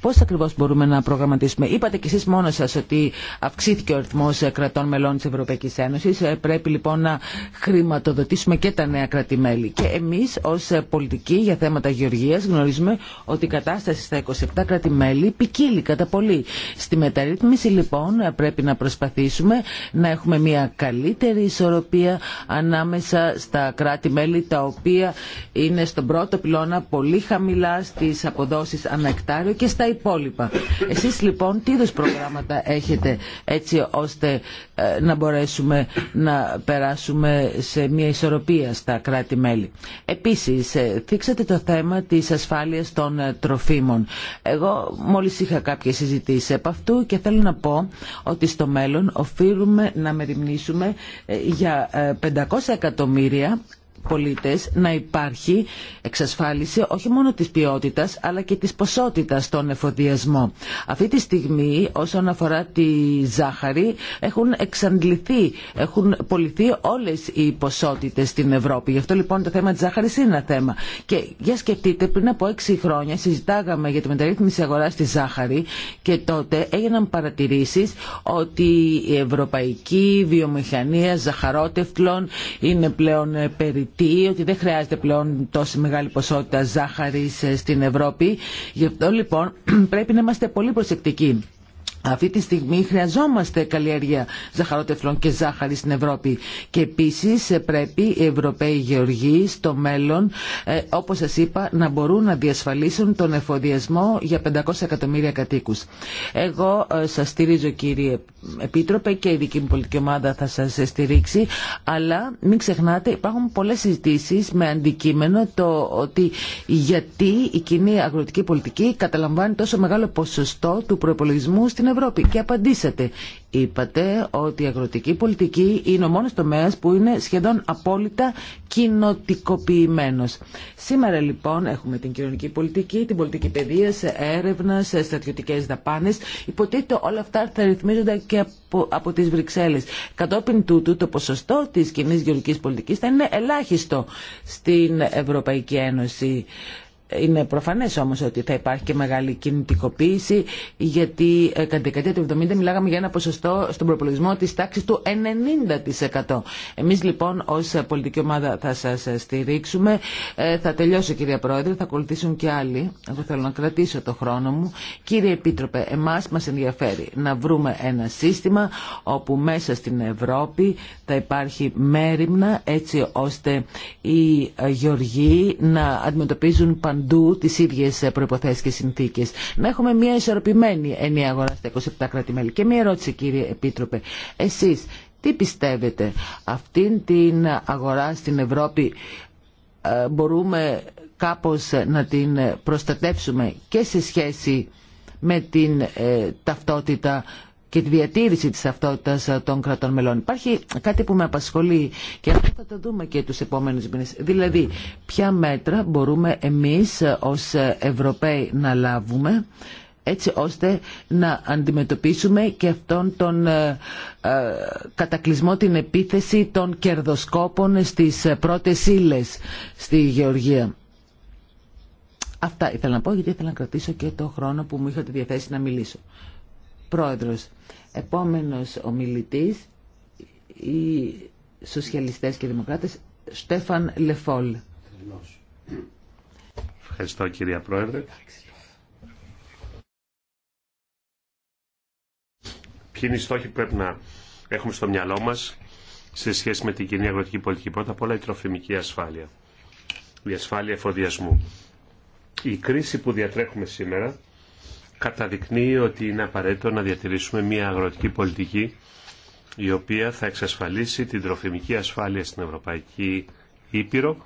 Πώς ακριβώς μπορούμε να προγραμματίσουμε. Είπατε κι εσείς μόνο σας ότι αυξήθηκε ο αριθμός ε, κρατών μελών της Ευρωπαϊκής Ένωσης. Ε, πρέπει λοιπόν να χρηματοδοτήσουμε και τα νέα κρατημέλη. Και εμείς ως ε, πολιτικοί για θέματα γεωργίας γνωρίζουμε ότι η κατάσταση στα 27 κρατημέλη ποικίλει κατά πολύ. Στη μεταρρύθμιση λοιπόν πρέπει να προσπαθήσουμε να έχουμε μια καλύτερη ισορροπία ανάμεσα στα κράτη-μέλη τα οποία είναι στον πρώτο πυλώνα πολύ χαμηλά στις αποδόσεις ανακτάριο και στα υπόλοιπα. Εσείς λοιπόν τι είδους προγράμματα έχετε έτσι ώστε ε, να μπορέσουμε να περάσουμε σε μια ισορροπία στα κράτη-μέλη. Επίσης, ε, θίξατε το θέμα της ασφάλειας των ε, τροφίμων. Εγώ μόλις είχα κάποιες συζητήσεις από αυτού και θέλω να πω ότι στο μέλλον οφείλουμε να μεριμνήσουμε για 500 εκατομμύρια πολίτες να υπάρχει εξασφάλιση όχι μόνο της ποιότητας αλλά και της ποσότητας στον εφοδιασμό. Αυτή τη στιγμή όσον αφορά τη ζάχαρη έχουν εξαντληθεί, έχουν πολιθεί όλες οι ποσότητες στην Ευρώπη. Γι' αυτό λοιπόν το θέμα της ζάχαρης είναι ένα θέμα. Και για σκεφτείτε πριν από έξι χρόνια συζητάγαμε για τη μεταρρύθμιση αγοράς στη ζάχαρη και τότε έγιναν παρατηρήσεις ότι η ευρωπαϊκή βιομηχανία ζαχαρότευτλων είναι πλέον περί τι, ότι δεν χρειάζεται πλέον τόση μεγάλη ποσότητα ζάχαρης ε, στην Ευρώπη. Γι' αυτό λοιπόν πρέπει να είμαστε πολύ προσεκτικοί αυτή τη στιγμή χρειαζόμαστε καλλιέργεια ζαχαρότεφλων και ζάχαρη στην Ευρώπη. Και επίση ε, πρέπει οι Ευρωπαίοι γεωργοί στο μέλλον, ε, όπω σα είπα, να μπορούν να διασφαλίσουν τον εφοδιασμό για 500 εκατομμύρια κατοίκου. Εγώ ε, σα στηρίζω κύριε Επίτροπε και η δική μου πολιτική ομάδα θα σα στηρίξει, αλλά μην ξεχνάτε υπάρχουν πολλέ συζητήσει με αντικείμενο το ότι γιατί η κοινή αγροτική πολιτική καταλαμβάνει τόσο μεγάλο ποσοστό του προπολογισμού στην Ευρώπη και απαντήσατε. Είπατε ότι η αγροτική πολιτική είναι ο μόνος τομέας που είναι σχεδόν απόλυτα κοινοτικοποιημένος. Σήμερα λοιπόν έχουμε την κοινωνική πολιτική, την πολιτική παιδεία, έρευνα, στρατιωτικές δαπάνες. Υποτίθεται όλα αυτά θα ρυθμίζονται και από, από τις Βρυξέλλες. Κατόπιν τούτου το ποσοστό της κοινή γεωργικής πολιτικής θα είναι ελάχιστο στην Ευρωπαϊκή Ένωση. Είναι προφανές όμως ότι θα υπάρχει και μεγάλη κινητικοποίηση γιατί ε, κατά τη δεκαετία του 70 μιλάγαμε για ένα ποσοστό στον προπολογισμό της τάξης του 90%. Εμείς λοιπόν ως πολιτική ομάδα θα σας στηρίξουμε. Ε, θα τελειώσω κυρία Πρόεδρε, θα ακολουθήσουν και άλλοι. Εγώ θέλω να κρατήσω το χρόνο μου. Κύριε Επίτροπε, εμάς μας ενδιαφέρει να βρούμε ένα σύστημα όπου μέσα στην Ευρώπη θα υπάρχει μέρημνα έτσι ώστε οι γεωργοί να αντιμετωπίζουν παντού παντού τις ίδιες προϋποθέσεις και συνθήκες. Να έχουμε μια ισορροπημένη ενιαία αγορά στα 27 κράτη-μέλη. Και μια ερώτηση κύριε Επίτροπε. Εσείς τι πιστεύετε αυτήν την αγορά στην Ευρώπη ε, μπορούμε κάπως να την προστατεύσουμε και σε σχέση με την ε, ταυτότητα και τη διατήρηση της ταυτότητας ε, των κρατών μελών. Υπάρχει κάτι που με απασχολεί και αυτό θα το δούμε και τους επόμενους μήνες. Δηλαδή, ποια μέτρα μπορούμε εμείς ε, ως Ευρωπαίοι να λάβουμε έτσι ώστε να αντιμετωπίσουμε και αυτόν τον ε, ε κατακλυσμό, την επίθεση των κερδοσκόπων στις πρώτες ύλε στη Γεωργία. Αυτά ήθελα να πω γιατί ήθελα να κρατήσω και το χρόνο που μου είχατε διαθέσει να μιλήσω. Πρόεδρος. Επόμενος ομιλητής, οι σοσιαλιστές και δημοκράτες, Στέφαν Λεφόλ. Ευχαριστώ κυρία Πρόεδρε. Ποιοι είναι οι στόχοι που πρέπει να έχουμε στο μυαλό μας σε σχέση με την κοινή αγροτική πολιτική. Πρώτα απ' όλα η τροφιμική ασφάλεια. Η ασφάλεια εφοδιασμού. Η κρίση που διατρέχουμε σήμερα καταδεικνύει ότι είναι απαραίτητο να διατηρήσουμε μια αγροτική πολιτική η οποία θα εξασφαλίσει την τροφιμική ασφάλεια στην Ευρωπαϊκή Ήπειρο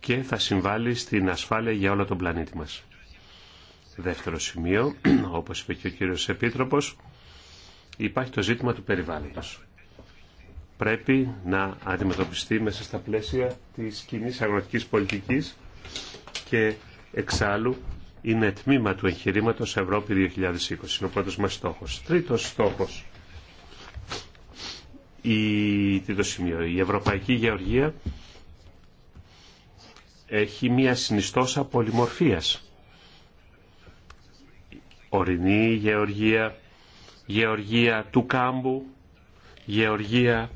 και θα συμβάλλει στην ασφάλεια για όλο τον πλανήτη μας. Δεύτερο σημείο, όπως είπε και ο κύριος Επίτροπος, υπάρχει το ζήτημα του περιβάλλοντος. Πρέπει να αντιμετωπιστεί μέσα στα πλαίσια της κοινή αγροτικής πολιτικής και εξάλλου είναι τμήμα του εγχειρήματος Ευρώπη 2020. Είναι ο πρώτος μας στόχος. Τρίτος στόχος. Η, το σημείο, η Ευρωπαϊκή Γεωργία έχει μία συνιστόσα πολυμορφίας. Ορεινή γεωργία, γεωργία του κάμπου, γεωργία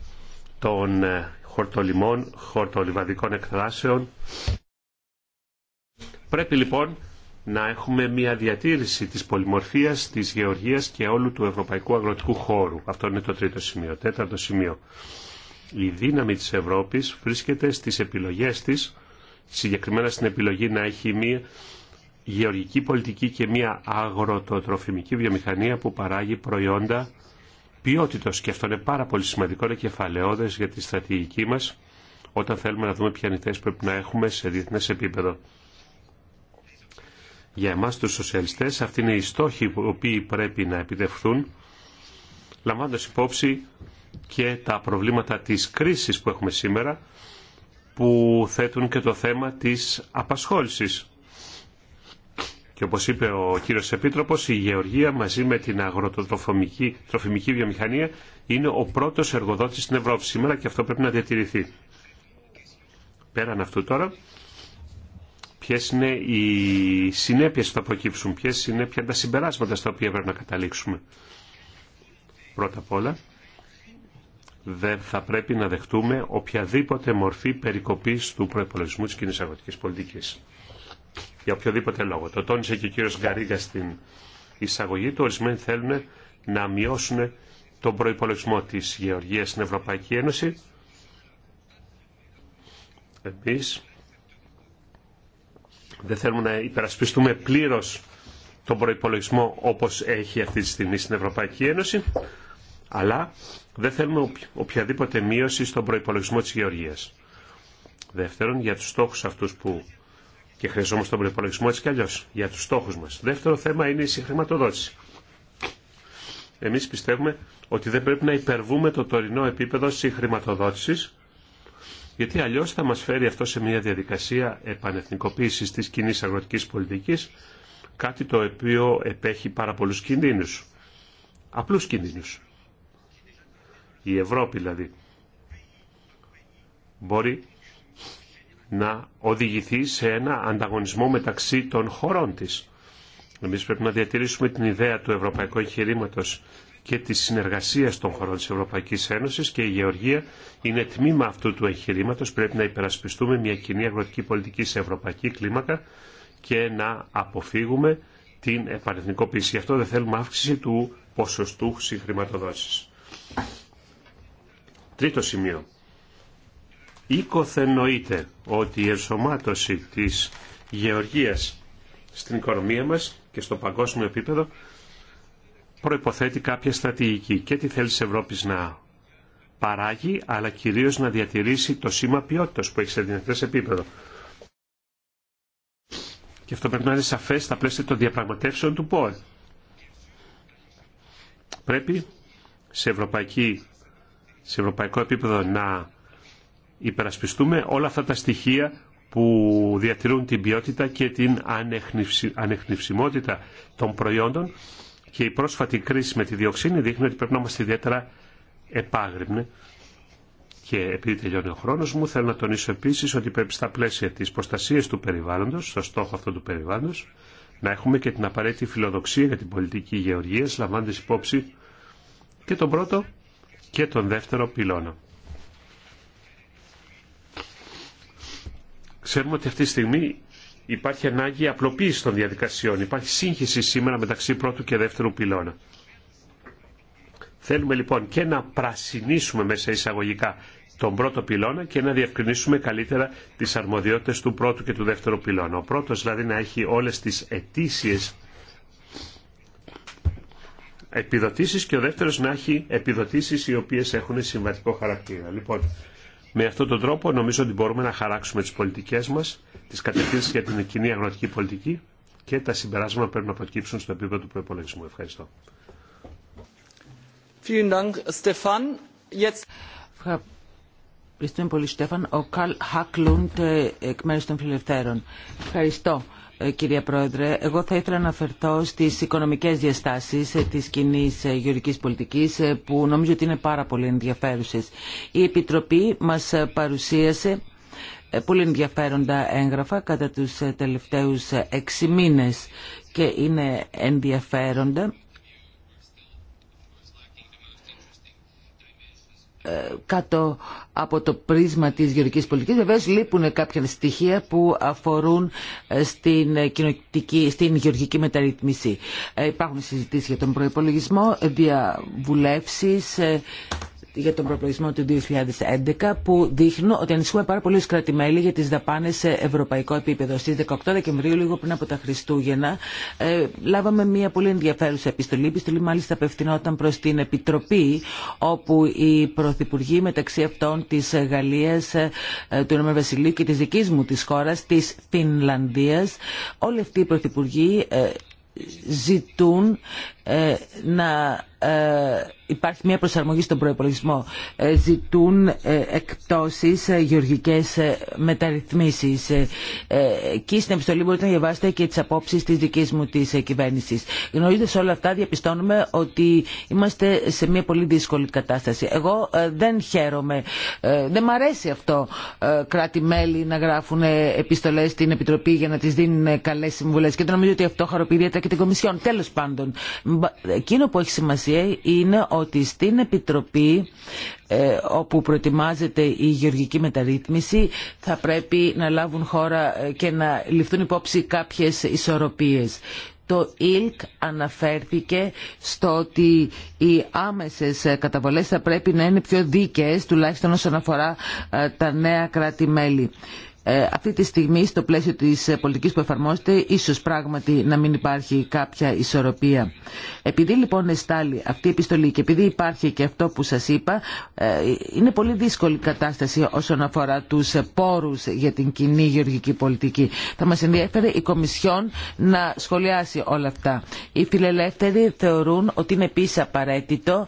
των ε, χορτολιμών, χορτολιβαδικών εκθράσεων. Πρέπει λοιπόν να έχουμε μια διατήρηση της πολυμορφίας, της γεωργίας και όλου του ευρωπαϊκού αγροτικού χώρου. Αυτό είναι το τρίτο σημείο. Τέταρτο σημείο. Η δύναμη της Ευρώπης βρίσκεται στις επιλογές της, συγκεκριμένα στην επιλογή να έχει μια γεωργική πολιτική και μια αγροτοτροφημική βιομηχανία που παράγει προϊόντα ποιότητος και αυτό είναι πάρα πολύ σημαντικό, είναι κεφαλαιόδες για τη στρατηγική μας όταν θέλουμε να δούμε ποια πρέπει να έχουμε σε διεθνές επίπεδο για εμάς τους σοσιαλιστές αυτοί είναι οι στόχοι που πρέπει να επιτευχθούν λαμβάνοντας υπόψη και τα προβλήματα της κρίσης που έχουμε σήμερα που θέτουν και το θέμα της απασχόλησης. Και όπως είπε ο κύριος Επίτροπος, η γεωργία μαζί με την αγροτοτροφημική βιομηχανία είναι ο πρώτος εργοδότης στην Ευρώπη σήμερα και αυτό πρέπει να διατηρηθεί. Πέραν αυτού τώρα, ποιες είναι οι συνέπειες που θα προκύψουν, ποιες είναι, ποια τα συμπεράσματα στα οποία πρέπει να καταλήξουμε. Πρώτα απ' όλα, δεν θα πρέπει να δεχτούμε οποιαδήποτε μορφή περικοπής του προπολογισμού της κοινή αγροτικής πολιτικής. Για οποιοδήποτε λόγο. Το τόνισε και ο κύριος Γκαρίγκα στην εισαγωγή του. Ορισμένοι θέλουν να μειώσουν τον προϋπολογισμό της Γεωργίας στην Ευρωπαϊκή Ένωση δεν θέλουμε να υπερασπιστούμε πλήρω τον προπολογισμό όπω έχει αυτή τη στιγμή στην Ευρωπαϊκή Ένωση, αλλά δεν θέλουμε οποιαδήποτε μείωση στον προπολογισμό τη γεωργίας. Δεύτερον, για του στόχου αυτού που και χρειαζόμαστε τον προπολογισμό έτσι κι αλλιώ για του στόχου μα. Δεύτερο θέμα είναι η συγχρηματοδότηση. Εμεί πιστεύουμε ότι δεν πρέπει να υπερβούμε το τωρινό επίπεδο συγχρηματοδότηση γιατί αλλιώ θα μα φέρει αυτό σε μια διαδικασία επανεθνικοποίησης τη κοινή αγροτική πολιτική, κάτι το οποίο επέχει πάρα πολλού κινδύνου. απλού κινδύνους. Η Ευρώπη δηλαδή μπορεί να οδηγηθεί σε ένα ανταγωνισμό μεταξύ των χωρών της. Εμείς πρέπει να διατηρήσουμε την ιδέα του ευρωπαϊκού εγχειρήματο και της συνεργασίας των χωρών της Ευρωπαϊκής Ένωσης και η Γεωργία είναι τμήμα αυτού του εγχειρήματο. Πρέπει να υπερασπιστούμε μια κοινή αγροτική πολιτική σε ευρωπαϊκή κλίμακα και να αποφύγουμε την επανεθνικοποίηση. Γι' αυτό δεν θέλουμε αύξηση του ποσοστού συγχρηματοδότηση. Τρίτο σημείο. Ήκοθεν νοείται ότι η ενσωμάτωση της γεωργίας στην οικονομία μας και στο παγκόσμιο επίπεδο προϋποθέτει κάποια στρατηγική και τη θέληση της Ευρώπης να παράγει, αλλά κυρίως να διατηρήσει το σήμα ποιότητας που έχει σε δυνατές επίπεδο. Και αυτό πρέπει να είναι σαφές στα πλαίσια των διαπραγματεύσεων του ΠΟΕ. Πρέπει σε, ευρωπαϊκή, σε ευρωπαϊκό επίπεδο να υπερασπιστούμε όλα αυτά τα στοιχεία που διατηρούν την ποιότητα και την ανεχνευσιμότητα των προϊόντων και η πρόσφατη κρίση με τη διοξίνη δείχνει ότι πρέπει να είμαστε ιδιαίτερα επάγρυπνοι. Και επειδή τελειώνει ο χρόνο μου, θέλω να τονίσω επίση ότι πρέπει στα πλαίσια τη προστασία του περιβάλλοντο, στο στόχο αυτό του περιβάλλοντο, να έχουμε και την απαραίτητη φιλοδοξία για την πολιτική γεωργία, λαμβάνοντα υπόψη και τον πρώτο και τον δεύτερο πυλώνα. Ξέρουμε ότι αυτή τη στιγμή υπάρχει ανάγκη απλοποίηση των διαδικασιών. Υπάρχει σύγχυση σήμερα μεταξύ πρώτου και δεύτερου πυλώνα. Θέλουμε λοιπόν και να πρασινίσουμε μέσα εισαγωγικά τον πρώτο πυλώνα και να διευκρινίσουμε καλύτερα τις αρμοδιότητες του πρώτου και του δεύτερου πυλώνα. Ο πρώτος δηλαδή να έχει όλες τις αιτήσιε επιδοτήσει και ο δεύτερο να έχει επιδοτήσει οι οποίε έχουν συμβατικό χαρακτήρα. Λοιπόν, με αυτόν τον τρόπο νομίζω ότι μπορούμε να χαράξουμε τις πολιτικές μας, τις κατευθύνσεις για την κοινή αγροτική πολιτική και τα συμπεράσματα που πρέπει να προκύψουν στο επίπεδο του προπολογισμού. Ευχαριστώ. Ευχαριστώ. Ε, κυρία Πρόεδρε. Εγώ θα ήθελα να αναφερθώ στις οικονομικές διαστάσεις ε, της κοινή ε, γεωργικής πολιτικής που νομίζω ότι είναι πάρα πολύ ενδιαφέρουσες. Η Επιτροπή μας παρουσίασε πολύ ενδιαφέροντα έγγραφα κατά τους τελευταίους έξι μήνες και είναι ενδιαφέροντα κάτω από το πρίσμα της γεωργικής πολιτικής. Βεβαίως λείπουν κάποια στοιχεία που αφορούν ε, στην, ε, στην γεωργική μεταρρυθμίση. Ε, υπάρχουν συζητήσεις για τον προϋπολογισμό, διαβουλεύσεις για τον προπλογισμό του 2011 που δείχνουν ότι ανησυχούμε πάρα πολύ κρατημέλη για τις δαπάνες σε ευρωπαϊκό επίπεδο. Στις 18 Δεκεμβρίου, λίγο πριν από τα Χριστούγεννα, ε, λάβαμε μια πολύ ενδιαφέρουσα επιστολή. Η επιστολή μάλιστα απευθυνόταν προς την Επιτροπή όπου οι πρωθυπουργοί μεταξύ αυτών της Γαλλίας, ε, του Ηνωμένου Βασιλείου και της δικής μου της χώρας, της Φινλανδίας, όλοι αυτοί οι πρωθυπουργοί ε, ζητούν ε, να υπάρχει μια προσαρμογή στον προϋπολογισμό. Ε, ζητούν ε, εκτόσεις ε, γεωργικές μεταρρυθμίσεις. Εκεί στην επιστολή μπορείτε να διαβάσετε και τις απόψεις της δικής μου της κυβέρνησης. Γνωρίζοντας όλα αυτά διαπιστώνουμε ότι είμαστε σε μια πολύ δύσκολη κατάσταση. Εγώ δεν χαίρομαι, δεν μ' αρέσει αυτό κράτη-μέλη να γράφουν επιστολές στην Επιτροπή για να τις δίνουν καλές συμβουλές και δεν νομίζω ότι αυτό χαροποιεί ιδιαίτερα και την Κομισιόν. Τέλος πάντων, εκείνο που έχει σημασία είναι ότι στην Επιτροπή ε, όπου προετοιμάζεται η γεωργική μεταρρύθμιση θα πρέπει να λάβουν χώρα ε, και να ληφθούν υπόψη κάποιες ισορροπίες. Το ΙΛΚ αναφέρθηκε στο ότι οι άμεσες ε, καταβολές θα πρέπει να είναι πιο δίκαιες, τουλάχιστον όσον αφορά τα νέα κράτη-μέλη. Ε, αυτή τη στιγμή στο πλαίσιο της ε, πολιτικής που εφαρμόζεται ίσως πράγματι να μην υπάρχει κάποια ισορροπία. Επειδή λοιπόν εστάλει αυτή η επιστολή και επειδή υπάρχει και αυτό που σας είπα ε, είναι πολύ δύσκολη κατάσταση όσον αφορά τους πόρους για την κοινή γεωργική πολιτική. Θα μας ενδιαφέρει η Κομισιόν να σχολιάσει όλα αυτά. Οι φιλελεύθεροι θεωρούν ότι είναι επίση απαραίτητο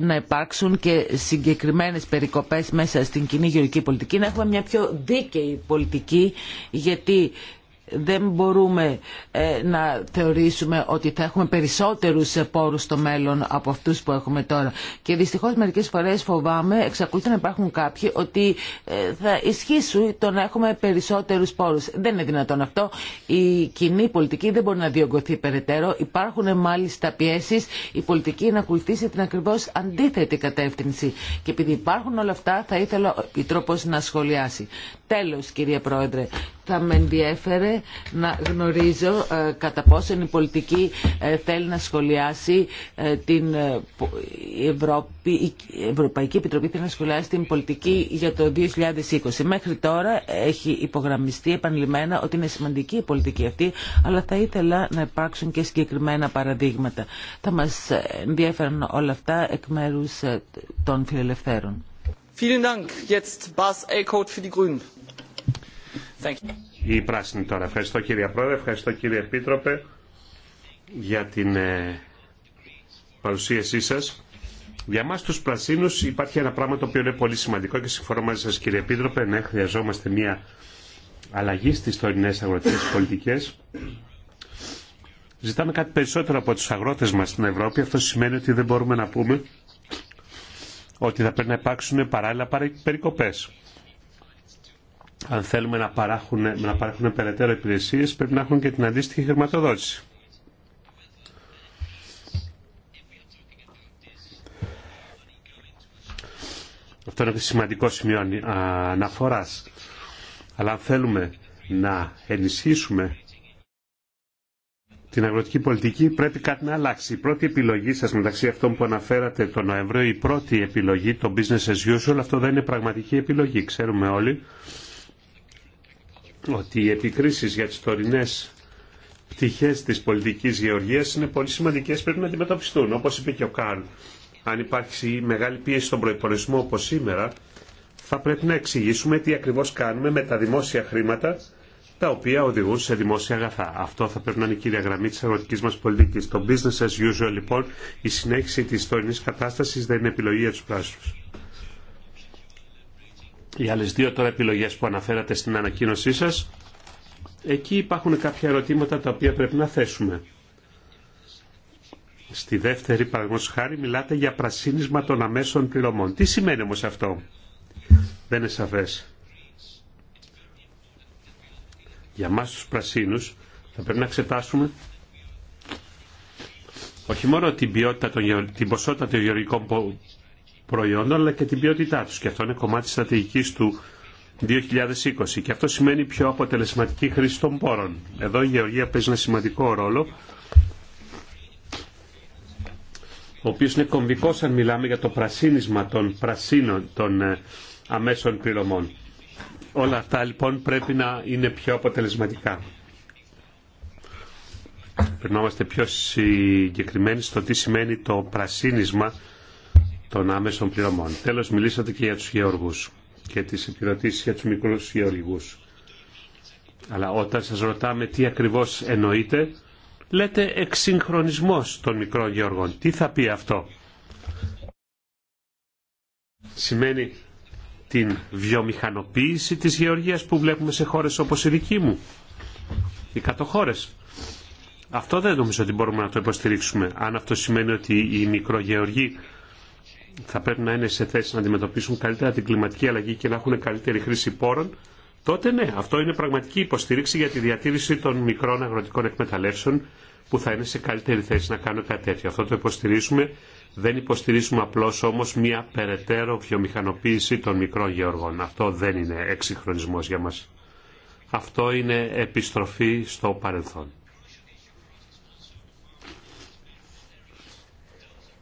να υπάρξουν και συγκεκριμένες περικοπές μέσα στην κοινή γεωργική πολιτική να έχουμε μια πιο δίκαιη πολιτική γιατί δεν μπορούμε ε, να θεωρήσουμε ότι θα έχουμε περισσότερους πόρους στο μέλλον από αυτούς που έχουμε τώρα. Και δυστυχώς μερικές φορές φοβάμαι, εξακολουθεί να υπάρχουν κάποιοι, ότι ε, θα ισχύσουν το να έχουμε περισσότερους πόρους. Δεν είναι δυνατόν αυτό. Η κοινή πολιτική δεν μπορεί να διωγγωθεί περαιτέρω. Υπάρχουν μάλιστα πιέσεις η πολιτική να ακολουθήσει την ακριβώς αντίθετη κατεύθυνση. Και επειδή υπάρχουν όλα αυτά θα ήθελα ο Επιτρόπος να σχολιάσει. Τέλος κύριε Πρόεδρε, θα με ενδιέφερε να γνωρίζω ε, κατά πόσο η πολιτική ε, θέλει να σχολιάσει ε, την Ευρώπη, η Ευρωπαϊκή Επιτροπή θέλει να σχολιάσει την πολιτική για το 2020. Μέχρι τώρα έχει υπογραμμιστεί επανειλημμένα ότι είναι σημαντική η πολιτική αυτή, αλλά θα ήθελα να υπάρξουν και συγκεκριμένα παραδείγματα. Θα μας ενδιέφεραν όλα αυτά εκ μέρους των φιλελευθέρων. Vielen Dank. Jetzt Bas für die Grünen. Η πράσινη τώρα. Ευχαριστώ κύριε Πρόεδρε, ευχαριστώ κύριε Επίτροπε για την ε, παρουσίασή σας. Για εμάς του πρασίνου υπάρχει ένα πράγμα το οποίο είναι πολύ σημαντικό και συμφωνώ μαζί σας κύριε Επίτροπε. Ναι, χρειαζόμαστε μια αλλαγή στι τωρινέ αγροτικές πολιτικές. Ζητάμε κάτι περισσότερο από τους αγρότες μας στην Ευρώπη. Αυτό σημαίνει ότι δεν μπορούμε να πούμε ότι θα πρέπει να υπάρξουν παράλληλα περικοπές αν θέλουμε να παράχουν, να περαιτέρω υπηρεσίες, πρέπει να έχουν και την αντίστοιχη χρηματοδότηση. Αυτό είναι σημαντικό σημείο αναφοράς. Αλλά αν θέλουμε να ενισχύσουμε την αγροτική πολιτική πρέπει κάτι να αλλάξει. Η πρώτη επιλογή σας μεταξύ αυτών που αναφέρατε τον Νοέμβριο, η πρώτη επιλογή, το business as usual, αυτό δεν είναι πραγματική επιλογή. Ξέρουμε όλοι ότι οι επικρίσεις για τις τωρινές πτυχές της πολιτικής γεωργίας είναι πολύ σημαντικές, πρέπει να αντιμετωπιστούν. Όπως είπε και ο Καρλ, αν υπάρξει μεγάλη πίεση στον προϋπορισμό όπως σήμερα, θα πρέπει να εξηγήσουμε τι ακριβώς κάνουμε με τα δημόσια χρήματα τα οποία οδηγούν σε δημόσια αγαθά. Αυτό θα πρέπει να είναι η κύρια γραμμή τη αγροτική μα πολιτική. Το business as usual, λοιπόν, η συνέχιση τη τωρινή κατάσταση δεν είναι επιλογή για του πράσινου οι άλλες δύο τώρα επιλογές που αναφέρατε στην ανακοίνωσή σας, εκεί υπάρχουν κάποια ερωτήματα τα οποία πρέπει να θέσουμε. Στη δεύτερη παραγωγή χάρη μιλάτε για πρασίνισμα των αμέσων πληρωμών. Τι σημαίνει όμως αυτό. Δεν είναι σαφές. Για μας τους πρασίνους θα πρέπει να εξετάσουμε όχι μόνο την, ποιότητα των, την ποσότητα των γεωργικών προϊόντων αλλά και την ποιότητά τους και αυτό είναι κομμάτι της στρατηγικής του 2020 και αυτό σημαίνει πιο αποτελεσματική χρήση των πόρων. Εδώ η γεωργία παίζει ένα σημαντικό ρόλο ο οποίο είναι κομβικό αν μιλάμε για το πρασίνισμα των πρασίνων των ε, αμέσων πληρωμών. Όλα αυτά λοιπόν πρέπει να είναι πιο αποτελεσματικά. Περνόμαστε πιο συγκεκριμένοι στο τι σημαίνει το πρασίνισμα των άμεσων πληρωμών. Τέλος, μιλήσατε και για τους γεωργού και τις επιδοτήσει για του μικρούς γεωργού. Αλλά όταν σας ρωτάμε τι ακριβώς εννοείτε, λέτε εξυγχρονισμό των μικρών γεωργών. Τι θα πει αυτό. Σημαίνει την βιομηχανοποίηση της γεωργίας που βλέπουμε σε χώρες όπως η δική μου, οι κατοχώρες. Αυτό δεν νομίζω ότι μπορούμε να το υποστηρίξουμε. Αν αυτό σημαίνει ότι οι μικρογεωργοί θα πρέπει να είναι σε θέση να αντιμετωπίσουν καλύτερα την κλιματική αλλαγή και να έχουν καλύτερη χρήση πόρων, τότε ναι, αυτό είναι πραγματική υποστήριξη για τη διατήρηση των μικρών αγροτικών εκμεταλλεύσεων που θα είναι σε καλύτερη θέση να κάνουν κάτι τέτοιο. Αυτό το υποστηρίζουμε. Δεν υποστηρίζουμε απλώ όμω μια περαιτέρω βιομηχανοποίηση των μικρών γεωργών. Αυτό δεν είναι εξυγχρονισμό για μα. Αυτό είναι επιστροφή στο παρελθόν.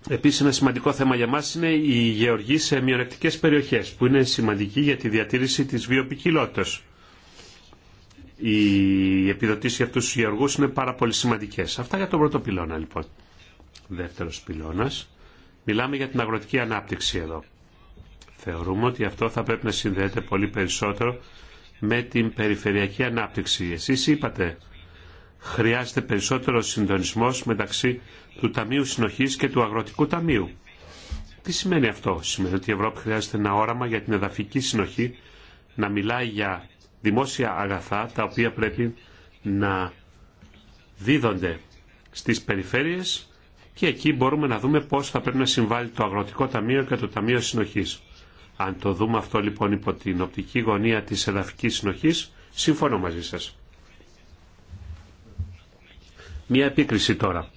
Επίσης ένα σημαντικό θέμα για μας είναι η γεωργή σε μειονεκτικές περιοχές που είναι σημαντική για τη διατήρηση της βιοποικιλότητας. Οι επιδοτήσεις για αυτούς τους γεωργούς είναι πάρα πολύ σημαντικές. Αυτά για τον πρώτο πυλώνα λοιπόν. Δεύτερος πυλώνας. Μιλάμε για την αγροτική ανάπτυξη εδώ. Θεωρούμε ότι αυτό θα πρέπει να συνδέεται πολύ περισσότερο με την περιφερειακή ανάπτυξη. Εσείς είπατε, χρειάζεται περισσότερο συντονισμός μεταξύ του Ταμείου Συνοχής και του Αγροτικού Ταμείου. Τι σημαίνει αυτό. Σημαίνει ότι η Ευρώπη χρειάζεται ένα όραμα για την εδαφική συνοχή να μιλάει για δημόσια αγαθά τα οποία πρέπει να δίδονται στις περιφέρειες και εκεί μπορούμε να δούμε πώς θα πρέπει να συμβάλλει το Αγροτικό Ταμείο και το Ταμείο Συνοχής. Αν το δούμε αυτό λοιπόν υπό την οπτική γωνία της εδαφικής συνοχής, συμφωνώ μαζί σας. Μία επίκριση τώρα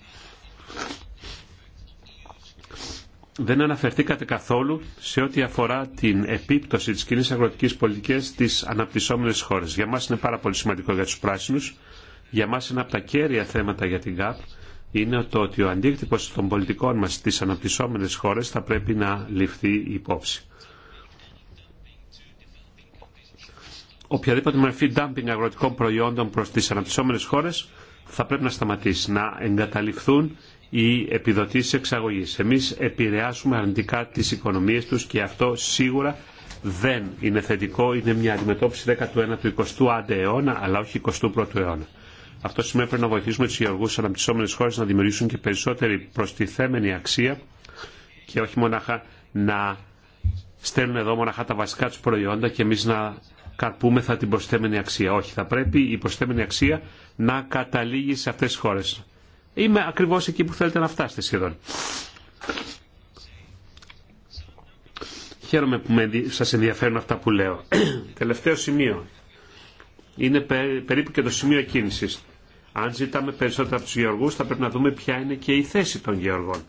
δεν αναφερθήκατε καθόλου σε ό,τι αφορά την επίπτωση της κοινή αγροτικής πολιτικής στις αναπτυσσόμενες χώρες. Για μας είναι πάρα πολύ σημαντικό για τους πράσινους. Για μας ένα από τα κέρια θέματα για την ΚΑΠ είναι το ότι ο αντίκτυπος των πολιτικών μας στις αναπτυσσόμενες χώρες θα πρέπει να ληφθεί υπόψη. Οποιαδήποτε μορφή dumping αγροτικών προϊόντων προς τις αναπτυσσόμενες χώρες θα πρέπει να σταματήσει, να εγκαταληφθούν οι επιδοτήσει εξαγωγή. Εμεί επηρεάσουμε αρνητικά τι οικονομίε του, και αυτό σίγουρα δεν είναι θετικό, είναι μια αντιμετώπιση 19ου, 20ου άντε αιώνα, αλλά όχι 21ου αιώνα. Αυτό σημαίνει πρέπει να βοηθήσουμε γεωργού γεωργούς αναπτυσσόμενες χώρες να δημιουργήσουν και περισσότερη προστιθέμενη αξία και όχι μονάχα να στέλνουν εδώ μονάχα τα βασικά του προϊόντα και εμεί να καρπούμεθα την προστιθέμενη αξία. Όχι, θα πρέπει η προστιθέμενη αξία να καταλήγει σε αυτέ τι χώρε. Είμαι ακριβώς εκεί που θέλετε να φτάσετε σχεδόν. Χαίρομαι που σας ενδιαφέρουν αυτά που λέω. Τελευταίο σημείο. Είναι περίπου και το σημείο κίνησης. Αν ζητάμε περισσότερα από τους γεωργούς θα πρέπει να δούμε ποια είναι και η θέση των γεωργών.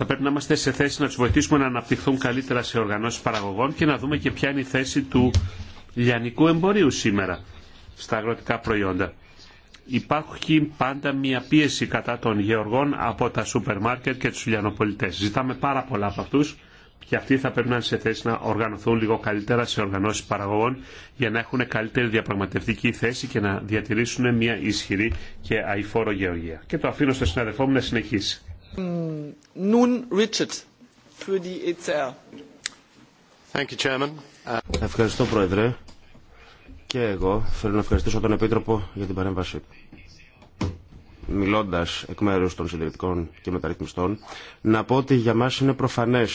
θα πρέπει να είμαστε σε θέση να του βοηθήσουμε να αναπτυχθούν καλύτερα σε οργανώσεις παραγωγών και να δούμε και ποια είναι η θέση του λιανικού εμπορίου σήμερα στα αγροτικά προϊόντα. Υπάρχει πάντα μια πίεση κατά των γεωργών από τα σούπερ μάρκετ και τους λιανοπολιτές. Ζητάμε πάρα πολλά από αυτού και αυτοί θα πρέπει να είναι σε θέση να οργανωθούν λίγο καλύτερα σε οργανώσεις παραγωγών για να έχουν καλύτερη διαπραγματευτική θέση και να διατηρήσουν μια ισχυρή και αηφόρο γεωργία. Και το αφήνω στο συναδελφό μου να συνεχίσει. für die ECR. Thank you, Chairman. Ευχαριστώ Πρόεδρε. Και εγώ θέλω να ευχαριστήσω τον Επίτροπο για την παρέμβαση μιλώντα εκ μέρου των συντηρητικών και μεταρρυθμιστών, να πω ότι για μα είναι προφανές,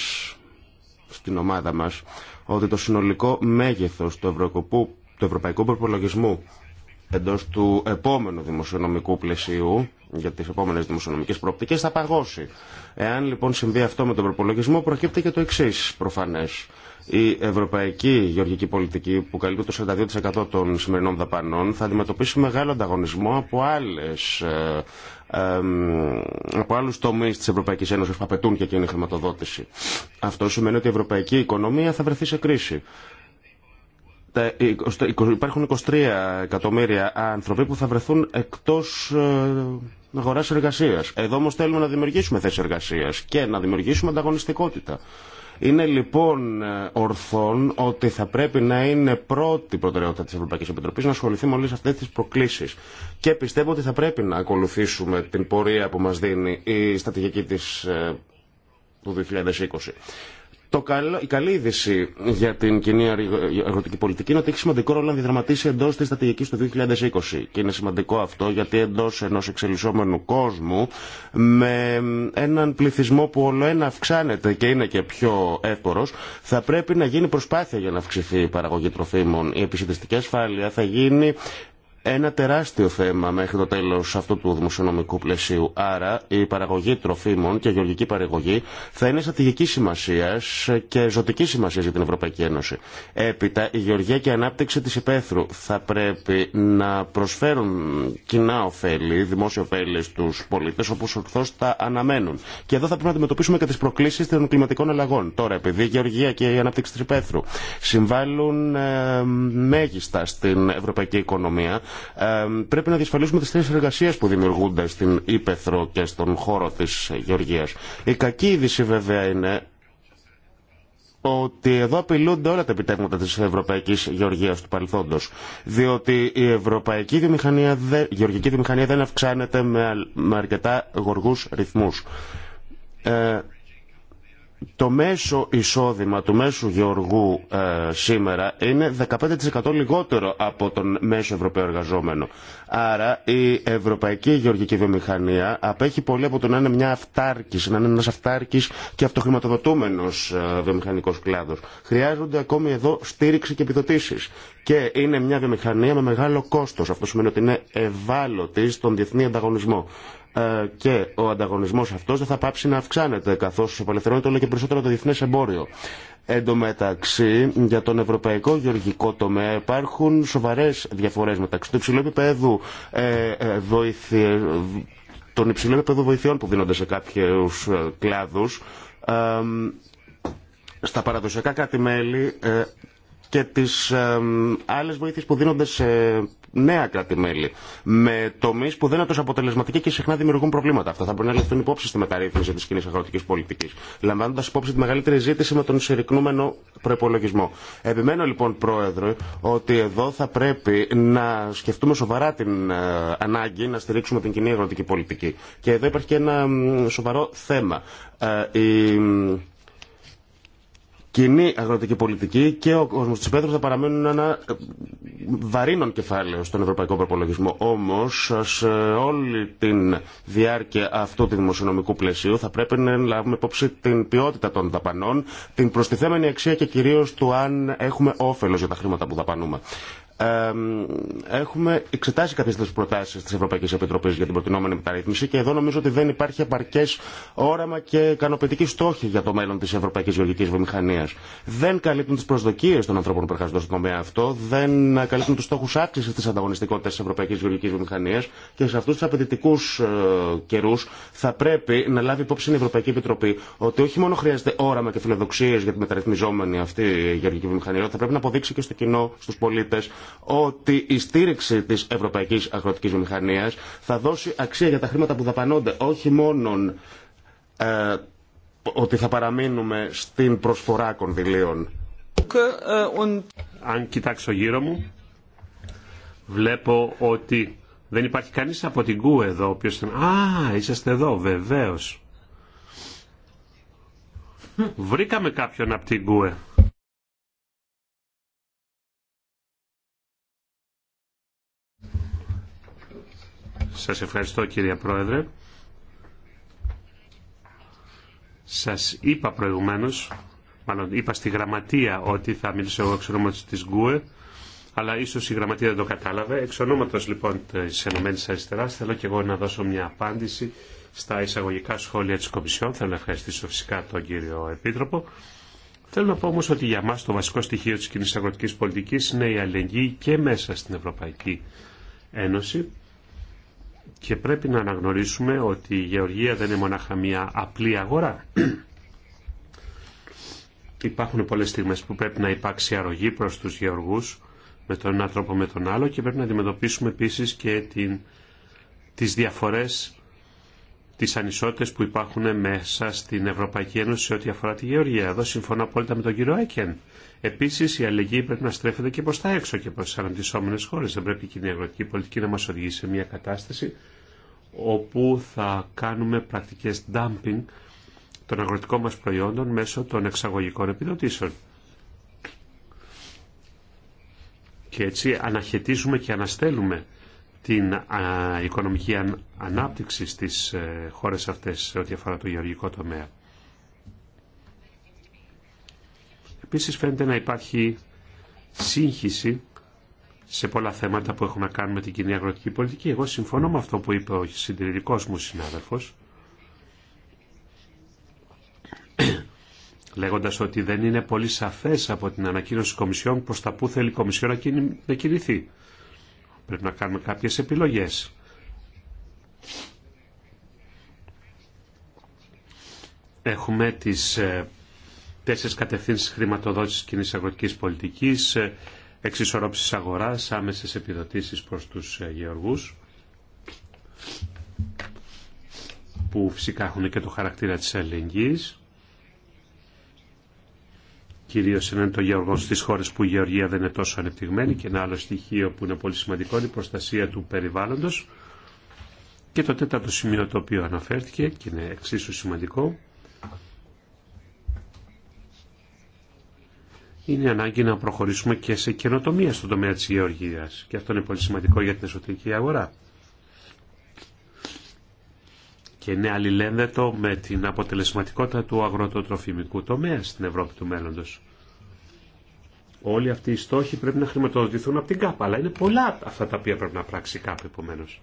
στην ομάδα μας, ότι το συνολικό μέγεθος του, του ευρωπαϊκού προπολογισμού εντός του επόμενου δημοσιονομικού πλαισίου για τις επόμενες δημοσιονομικές προοπτικές θα παγώσει. Εάν λοιπόν συμβεί αυτό με τον προπολογισμό, προκύπτει και το εξή προφανές... Η ευρωπαϊκή γεωργική πολιτική που καλύπτει το 42% των σημερινών δαπανών θα αντιμετωπίσει μεγάλο ανταγωνισμό από άλλες ε, από άλλου τομεί τη Ευρωπαϊκή Ένωση που απαιτούν και εκείνη χρηματοδότηση. Αυτό σημαίνει ότι η ευρωπαϊκή οικονομία θα βρεθεί σε κρίση. Υπάρχουν 23 εκατομμύρια άνθρωποι που θα βρεθούν εκτό ε, αγορά εργασία. Εδώ όμω θέλουμε να δημιουργήσουμε θέσει εργασία και να δημιουργήσουμε ανταγωνιστικότητα. Είναι λοιπόν ε, ορθόν ότι θα πρέπει να είναι πρώτη προτεραιότητα της Ευρωπαϊκής Επιτροπής να ασχοληθεί με όλες αυτές τις προκλήσεις. Και πιστεύω ότι θα πρέπει να ακολουθήσουμε την πορεία που μας δίνει η στρατηγική της ε, του 2020. Το καλό, η καλή είδηση για την κοινή αγροτική πολιτική είναι ότι έχει σημαντικό ρόλο να διδραματίσει εντό τη στρατηγική του 2020. Και είναι σημαντικό αυτό γιατί εντό ενό εξελισσόμενου κόσμου, με έναν πληθυσμό που ολοένα αυξάνεται και είναι και πιο εύκολο, θα πρέπει να γίνει προσπάθεια για να αυξηθεί η παραγωγή τροφίμων. Η επισητιστική ασφάλεια θα γίνει ένα τεράστιο θέμα μέχρι το τέλο αυτού του δημοσιονομικού πλαισίου. Άρα η παραγωγή τροφίμων και η γεωργική παραγωγή θα είναι στρατηγική σημασία και ζωτική σημασία για την Ευρωπαϊκή Ένωση. Έπειτα η γεωργία και η ανάπτυξη τη υπαίθρου θα πρέπει να προσφέρουν κοινά ωφέλη, δημόσια ωφέλη στους πολίτες όπως ορθώ τα αναμένουν. Και εδώ θα πρέπει να αντιμετωπίσουμε και τι προκλήσει των κλιματικών αλλαγών. Τώρα επειδή η γεωργία και η ανάπτυξη τη υπαίθρου συμβάλλουν ε, μέγιστα στην ευρωπαϊκή οικονομία πρέπει να διασφαλίσουμε τι θέσει εργασία που δημιουργούνται στην Ήπεθρο και στον χώρο τη Γεωργία. Η κακή είδηση βέβαια είναι ότι εδώ απειλούνται όλα τα επιτέχματα της ευρωπαϊκής γεωργίας του παρελθόντος. Διότι η ευρωπαϊκή Δημηχανία γεωργική Δημηχανία δεν αυξάνεται με, αρκετά γοργούς ρυθμούς. Ε, το μέσο εισόδημα του μέσου γεωργού ε, σήμερα είναι 15% λιγότερο από τον μέσο ευρωπαίο εργαζόμενο. Άρα η ευρωπαϊκή γεωργική βιομηχανία απέχει πολύ από το να είναι μια αυτάρκης, να είναι ένας αυτάρκης και αυτοχρηματοδοτούμενος ε, βιομηχανικός κλάδος. Χρειάζονται ακόμη εδώ στήριξη και επιδοτήσεις. Και είναι μια βιομηχανία με μεγάλο κόστος. Αυτό σημαίνει ότι είναι ευάλωτη στον διεθνή ανταγωνισμό. Ε, και ο ανταγωνισμός αυτός δεν θα πάψει να αυξάνεται καθώς απελευθερώνεται όλο και περισσότερο το διεθνές εμπόριο. Εν τω μεταξύ, για τον ευρωπαϊκό γεωργικό τομέα υπάρχουν σοβαρές διαφορές μεταξύ του υψηλού επίπεδου ε, ε, των υψηλών επίπεδων βοηθειών που δίνονται σε κάποιους ε, κλάδους. Ε, στα παραδοσιακα κάτι κράτη-μέλη και τις άλλες βοήθειες που δίνονται σε νέα κράτη-μέλη με τομεί που δεν είναι τόσο αποτελεσματικοί και συχνά δημιουργούν προβλήματα. Αυτά θα μπορεί να ληφθούν υπόψη στη μεταρρύθμιση τη κοινή αγροτική πολιτική, λαμβάνοντα υπόψη τη μεγαλύτερη ζήτηση με τον συρρυκνούμενο προπολογισμό. Επιμένω λοιπόν, Πρόεδρε, ότι εδώ θα πρέπει να σκεφτούμε σοβαρά την ε, ανάγκη να στηρίξουμε την κοινή αγροτική πολιτική. Και εδώ υπάρχει και ένα σοβαρό θέμα. Ε, κοινή αγροτική πολιτική και ο κόσμο τη Πέτρου θα παραμένουν ένα ε, βαρύνων κεφάλαιο στον ευρωπαϊκό προπολογισμό. Όμω, σε όλη τη διάρκεια αυτού του δημοσιονομικού πλαισίου θα πρέπει να λάβουμε υπόψη την ποιότητα των δαπανών, την προστιθέμενη αξία και κυρίω του αν έχουμε όφελο για τα χρήματα που δαπανούμε έχουμε εξετάσει κάποιε τέτοιε προτάσει τη Ευρωπαϊκή Επιτροπή για την προτινόμενη μεταρρύθμιση και εδώ νομίζω ότι δεν υπάρχει επαρκέ όραμα και ικανοποιητική στόχη για το μέλλον τη Ευρωπαϊκή Γεωργική Βιομηχανία. Δεν καλύπτουν τι προσδοκίε των ανθρώπων που εργάζονται στον τομέα αυτό, δεν καλύπτουν του στόχου αύξηση τη ανταγωνιστικότητα τη Ευρωπαϊκή Γεωργική Βιομηχανία και σε αυτού του απαιτητικού ε, καιρού θα πρέπει να λάβει υπόψη η Ευρωπαϊκή Επιτροπή ότι όχι μόνο χρειάζεται όραμα και φιλοδοξίε για τη μεταρρυθμιζόμενη αυτή η γεωργική βιομηχανία, θα πρέπει να αποδείξει και στο κοινό, στου πολίτε, ότι η στήριξη της Ευρωπαϊκή αγροτικής Βιομηχανία θα δώσει αξία για τα χρήματα που δαπανώνται, όχι μόνο ε, ότι θα παραμείνουμε στην προσφορά κονδυλίων. Αν κοιτάξω γύρω μου, βλέπω ότι δεν υπάρχει κανείς από την ΚΟΥ εδώ, ο οποίος «Α, είσαστε εδώ, βεβαίως». Βρήκαμε κάποιον από την ΚΟΥΕ. Σας ευχαριστώ κύριε Πρόεδρε. Σας είπα προηγουμένως, μάλλον είπα στη γραμματεία ότι θα μιλήσω εγώ εξ ονόματος της ΓΚΟΕ, αλλά ίσως η γραμματεία δεν το κατάλαβε. Εξ ονόματος λοιπόν της Ενωμένης Αριστεράς θέλω και εγώ να δώσω μια απάντηση στα εισαγωγικά σχόλια της Κομισιόν. Θέλω να ευχαριστήσω φυσικά τον κύριο Επίτροπο. Θέλω να πω όμως ότι για μας το βασικό στοιχείο της κοινής αγροτικής πολιτικής είναι η αλληλεγγύη και μέσα στην Ευρωπαϊκή Ένωση και πρέπει να αναγνωρίσουμε ότι η γεωργία δεν είναι μονάχα μια απλή αγορά. Υπάρχουν πολλές στιγμές που πρέπει να υπάρξει αρρωγή προς τους γεωργούς με τον ένα τρόπο με τον άλλο και πρέπει να αντιμετωπίσουμε επίσης και την, τις διαφορές, τις ανισότητες που υπάρχουν μέσα στην Ευρωπαϊκή Ένωση σε ό,τι αφορά τη γεωργία. Εδώ συμφωνώ απόλυτα με τον κύριο Έκεν. Επίσης η αλληλεγγύη πρέπει να στρέφεται και προς τα έξω και προς τις αναπτυσσόμενες χώρες. Δεν πρέπει η κοινή αγροτική πολιτική να μα οδηγήσει σε μια κατάσταση όπου θα κάνουμε πρακτικές dumping των αγροτικών μας προϊόντων μέσω των εξαγωγικών επιδοτήσεων. Και έτσι αναχαιτίζουμε και αναστέλουμε την οικονομική ανάπτυξη στις ε, χώρες αυτές σε ό,τι αφορά το γεωργικό τομέα. Επίσης φαίνεται να υπάρχει σύγχυση σε πολλά θέματα που έχουν να κάνουν με την κοινή αγροτική πολιτική. Εγώ συμφωνώ με αυτό που είπε ο συντηρητικό μου συνάδελφος, λέγοντας ότι δεν είναι πολύ σαφές από την ανακοίνωση της Κομισιόν προ τα που θέλει η Κομισιόν να κινηθεί. Πρέπει να κάνουμε κάποιες επιλογές. Έχουμε τις ε, τέσσερις κατευθύνσεις χρηματοδότησης κοινής αγροτικής πολιτικής, ε, εξισορρόψης αγοράς, άμεσες επιδοτήσεις προς τους ε, γεωργούς που φυσικά έχουν και το χαρακτήρα της αλληλεγγύης κυρίως είναι το γεωργό στις χώρες που η γεωργία δεν είναι τόσο ανεπτυγμένη και ένα άλλο στοιχείο που είναι πολύ σημαντικό είναι η προστασία του περιβάλλοντος και το τέταρτο σημείο το οποίο αναφέρθηκε και είναι εξίσου σημαντικό είναι ανάγκη να προχωρήσουμε και σε καινοτομία στον τομέα της γεωργίας και αυτό είναι πολύ σημαντικό για την εσωτερική αγορά και είναι αλληλένδετο με την αποτελεσματικότητα του αγροτοτροφημικού τομέα στην Ευρώπη του μέλλοντος. Όλοι αυτοί οι στόχοι πρέπει να χρηματοδοτηθούν από την ΚΑΠΑ, αλλά είναι πολλά αυτά τα οποία πρέπει να πράξει η ΚΑΠΑ επομένως.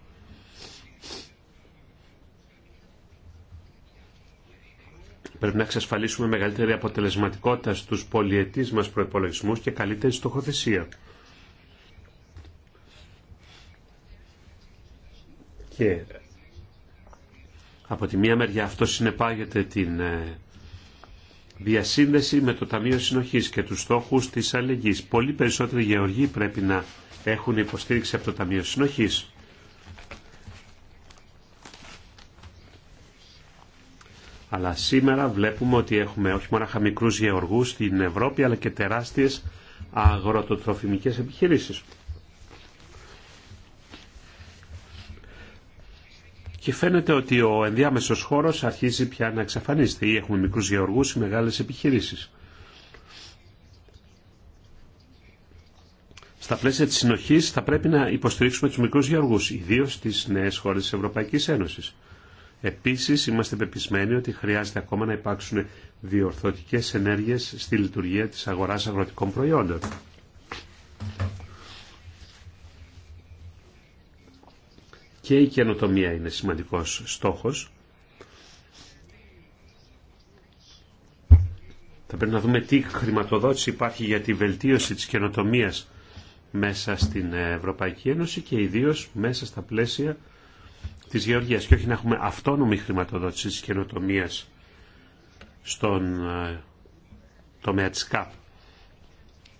Πρέπει να εξασφαλίσουμε μεγαλύτερη αποτελεσματικότητα στους πολιετής μας προϋπολογισμούς και καλύτερη στοχοθεσία. Και από τη μία μεριά αυτό συνεπάγεται την ε, διασύνδεση με το Ταμείο Συνοχής και τους στόχους της αλληλεγγύης. Πολύ περισσότεροι γεωργοί πρέπει να έχουν υποστήριξη από το Ταμείο Συνοχής. Αλλά σήμερα βλέπουμε ότι έχουμε όχι μόνο μικρούς γεωργούς στην Ευρώπη, αλλά και τεράστιες αγροτοτροφημικές επιχειρήσεις. Και φαίνεται ότι ο ενδιάμεσος χώρος αρχίζει πια να εξαφανίζεται ή έχουμε μικρούς γεωργούς ή μεγάλες επιχειρήσεις. Στα πλαίσια της συνοχής θα πρέπει να υποστηρίξουμε τους μικρούς γεωργούς, ιδίως στις νέες χώρες της Ευρωπαϊκής Ένωσης. Επίσης, είμαστε πεπισμένοι ότι χρειάζεται ακόμα να υπάρξουν διορθωτικές ενέργειες στη λειτουργία της αγοράς αγροτικών προϊόντων. Και η καινοτομία είναι σημαντικός στόχος. Θα πρέπει να δούμε τι χρηματοδότηση υπάρχει για τη βελτίωση της καινοτομίας μέσα στην Ευρωπαϊκή Ένωση και ιδίως μέσα στα πλαίσια τη γεωργίας και όχι να έχουμε αυτόνομη χρηματοδότηση τη καινοτομία στον ε, τομέα της ΚΑΠ.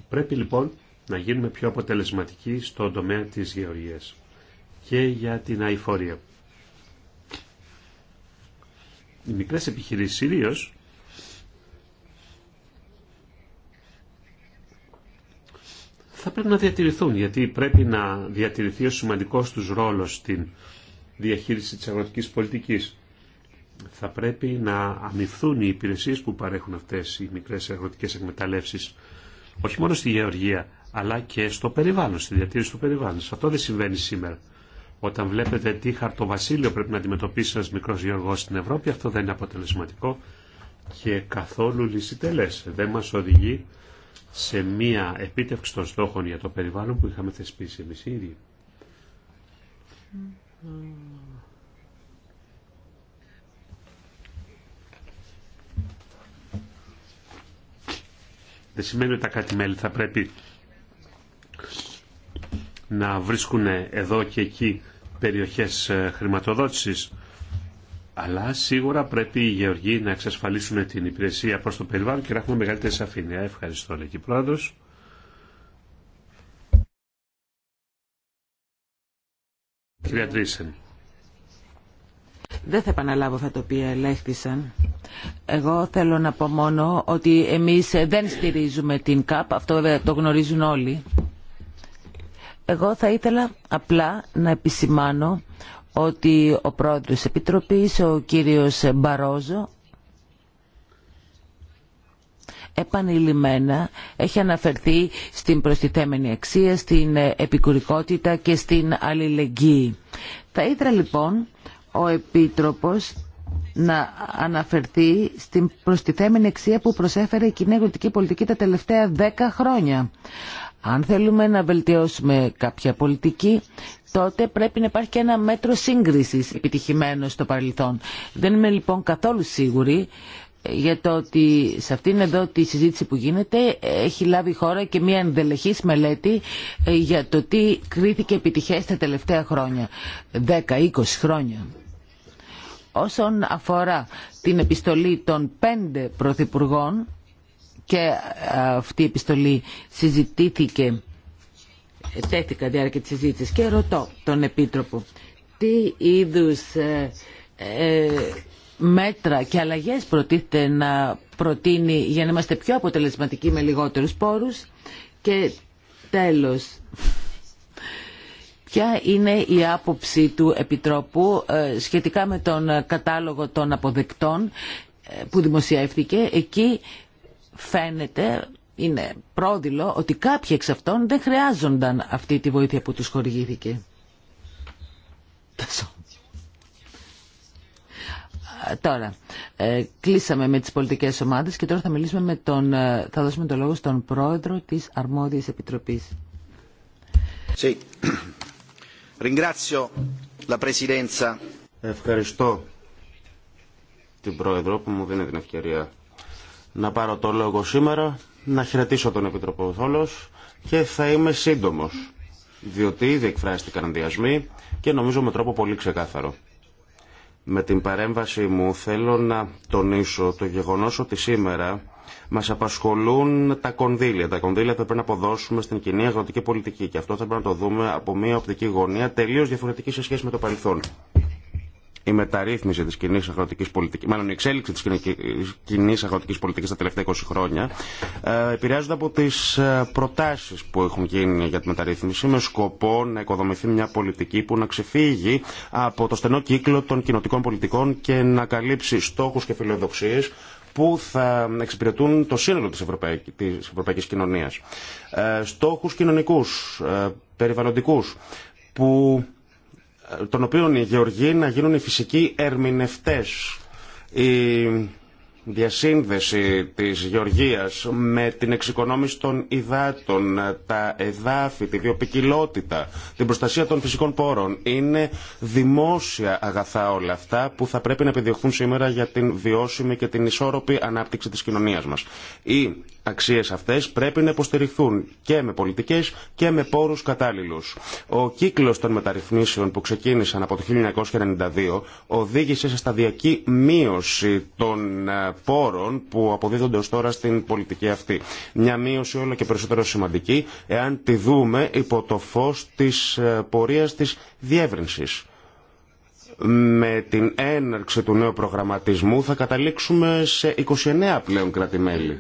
Πρέπει λοιπόν να γίνουμε πιο αποτελεσματικοί στον τομέα της γεωργίας και για την αηφορία. Οι μικρές επιχειρήσεις ιδίω θα πρέπει να διατηρηθούν γιατί πρέπει να διατηρηθεί ο σημαντικός τους ρόλος στην διαχείριση της αγροτικής πολιτικής. Θα πρέπει να αμυφθούν οι υπηρεσίες που παρέχουν αυτές οι μικρές αγροτικές εκμεταλλεύσεις, όχι μόνο στη γεωργία, αλλά και στο περιβάλλον, στη διατήρηση του περιβάλλοντος. Αυτό δεν συμβαίνει σήμερα. Όταν βλέπετε τι χαρτοβασίλειο πρέπει να αντιμετωπίσει ένα μικρό γεωργό στην Ευρώπη, αυτό δεν είναι αποτελεσματικό και καθόλου λυσιτελέ. Δεν μα οδηγεί σε μία επίτευξη των στόχων για το περιβάλλον που είχαμε θεσπίσει εμεί. οι δεν σημαίνει ότι τα κάτι μέλη θα πρέπει να βρίσκουν εδώ και εκεί περιοχές ε, χρηματοδότησης. Αλλά σίγουρα πρέπει οι γεωργοί να εξασφαλίσουν την υπηρεσία προς το περιβάλλον και να έχουμε μεγαλύτερη σαφήνεια. Ευχαριστώ, Λεκή Πρόεδρος. Δεν θα επαναλάβω αυτά τα οποία ελέγχθησαν. Εγώ θέλω να πω μόνο ότι εμείς δεν στηρίζουμε την ΚΑΠ, αυτό βέβαια το γνωρίζουν όλοι. Εγώ θα ήθελα απλά να επισημάνω ότι ο πρόεδρος Επιτροπής, ο κύριος Μπαρόζο, επανειλημμένα έχει αναφερθεί στην προστιθέμενη αξία, στην επικουρικότητα και στην αλληλεγγύη. Θα ήθελα λοιπόν ο Επίτροπος να αναφερθεί στην προστιθέμενη αξία που προσέφερε η κοινή πολιτική τα τελευταία δέκα χρόνια. Αν θέλουμε να βελτιώσουμε κάποια πολιτική, τότε πρέπει να υπάρχει και ένα μέτρο σύγκρισης επιτυχημένο στο παρελθόν. Δεν είμαι λοιπόν καθόλου σίγουρη για το ότι σε αυτήν εδώ τη συζήτηση που γίνεται έχει λάβει η χώρα και μια ενδελεχής μελέτη ε, για το τι κρίθηκε επιτυχές τα τελευταία χρόνια, 10-20 χρόνια. Όσον αφορά την επιστολή των πέντε πρωθυπουργών και ε, αυτή η επιστολή συζητήθηκε, τέθηκα διάρκεια της συζήτησης και ρωτώ τον Επίτροπο τι είδους ε, μέτρα και αλλαγές προτίθεται να προτείνει για να είμαστε πιο αποτελεσματικοί με λιγότερους πόρους και τέλος ποια είναι η άποψη του Επιτρόπου ε, σχετικά με τον κατάλογο των αποδεκτών ε, που δημοσιεύτηκε εκεί φαίνεται είναι πρόδειλο ότι κάποιοι εξ αυτών δεν χρειάζονταν αυτή τη βοήθεια που τους χορηγήθηκε. Τώρα, ε, κλείσαμε με τις πολιτικές ομάδες και τώρα θα μιλήσουμε με τον, ε, θα δώσουμε το λόγο στον πρόεδρο της Αρμόδιας Επιτροπής. Ευχαριστώ την πρόεδρο που μου δίνει την ευκαιρία να πάρω το λόγο σήμερα, να χαιρετήσω τον Επιτροπό και θα είμαι σύντομος, διότι ήδη εκφράστηκαν διασμοί και νομίζω με τρόπο πολύ ξεκάθαρο. Με την παρέμβαση μου θέλω να τονίσω το γεγονός ότι σήμερα μας απασχολούν τα κονδύλια. Τα κονδύλια θα πρέπει να αποδώσουμε στην κοινή αγροτική πολιτική και αυτό θα πρέπει να το δούμε από μια οπτική γωνία τελείως διαφορετική σε σχέση με το παρελθόν η μεταρρύθμιση της κοινής αγροτικής πολιτικής, μάλλον η εξέλιξη της κοινής αγροτικής πολιτικής τα τελευταία 20 χρόνια, ε, επηρεάζονται από τις ε, προτάσεις που έχουν γίνει για τη μεταρρύθμιση με σκοπό να οικοδομηθεί μια πολιτική που να ξεφύγει από το στενό κύκλο των κοινοτικών πολιτικών και να καλύψει στόχους και φιλοδοξίες που θα εξυπηρετούν το σύνολο της, Ευρωπαϊκής, της ευρωπαϊκής κοινωνίας. Ε, στόχους κοινωνικούς, περιβαλλοντικούς, που των οποίων οι γεωργοί να γίνουν οι φυσικοί ερμηνευτές. Η διασύνδεση της γεωργίας με την εξοικονόμηση των υδάτων, τα εδάφη, τη βιοπικιλότητα, την προστασία των φυσικών πόρων είναι δημόσια αγαθά όλα αυτά που θα πρέπει να επιδιωχθούν σήμερα για την βιώσιμη και την ισόρροπη ανάπτυξη της κοινωνίας μας αξίες αυτές πρέπει να υποστηριχθούν και με πολιτικές και με πόρους κατάλληλους. Ο κύκλος των μεταρρυθμίσεων που ξεκίνησαν από το 1992 οδήγησε σε σταδιακή μείωση των ε, πόρων που αποδίδονται ως τώρα στην πολιτική αυτή. Μια μείωση όλο και περισσότερο σημαντική εάν τη δούμε υπό το φως της ε, πορείας της διεύρυνσης με την έναρξη του νέου προγραμματισμού θα καταλήξουμε σε 29 πλέον κρατημέλη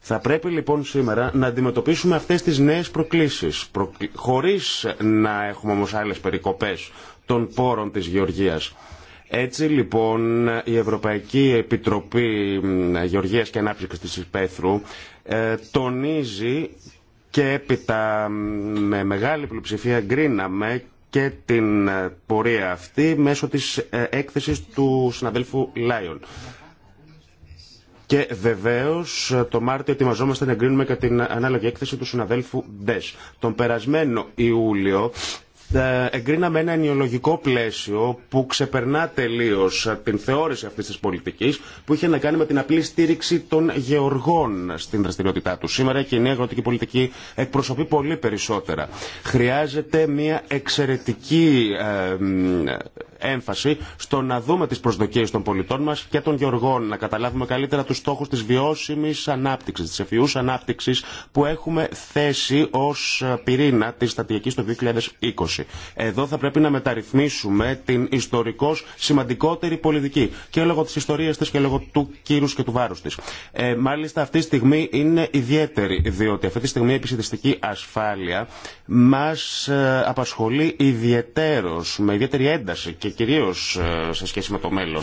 θα πρέπει λοιπόν σήμερα να αντιμετωπίσουμε αυτές τις νέες προκλήσεις, χωρίς να έχουμε όμως άλλες περικοπές των πόρων της Γεωργίας. Έτσι λοιπόν η Ευρωπαϊκή Επιτροπή Γεωργίας και Ανάπτυξης της Υπέθρου ε, τονίζει και έπειτα με μεγάλη πλειοψηφία γκρίναμε και την ε, πορεία αυτή μέσω της ε, έκθεσης του συναδέλφου Λάιον. Και βεβαίω το Μάρτιο ετοιμαζόμαστε να εγκρίνουμε και την ανάλογη έκθεση του συναδέλφου Ντε. Τον περασμένο Ιούλιο ε, εγκρίναμε ένα ενιολογικό πλαίσιο που ξεπερνά τελείω ε, την θεώρηση αυτή τη πολιτική που είχε να κάνει με την απλή στήριξη των γεωργών στην δραστηριότητά του. Σήμερα και η νέα αγροτική πολιτική εκπροσωπεί πολύ περισσότερα. Χρειάζεται μια εξαιρετική ε, έμφαση στο να δούμε τι προσδοκίε των πολιτών μα και των γεωργών, να καταλάβουμε καλύτερα του στόχου τη βιώσιμη ανάπτυξη, τη ευφυού ανάπτυξη που έχουμε θέσει ω πυρήνα τη στρατηγική το 2020. Εδώ θα πρέπει να μεταρρυθμίσουμε την ιστορικώ σημαντικότερη πολιτική και λόγω τη ιστορία τη και λόγω του κύρου και του βάρου τη. Ε, μάλιστα αυτή τη στιγμή είναι ιδιαίτερη, διότι αυτή τη στιγμή η επιστημιστική ασφάλεια μα ε, απασχολεί ιδιαιτέρω, με ιδιαίτερη ένταση και κυρίω ε, σε σχέση με το μέλλον.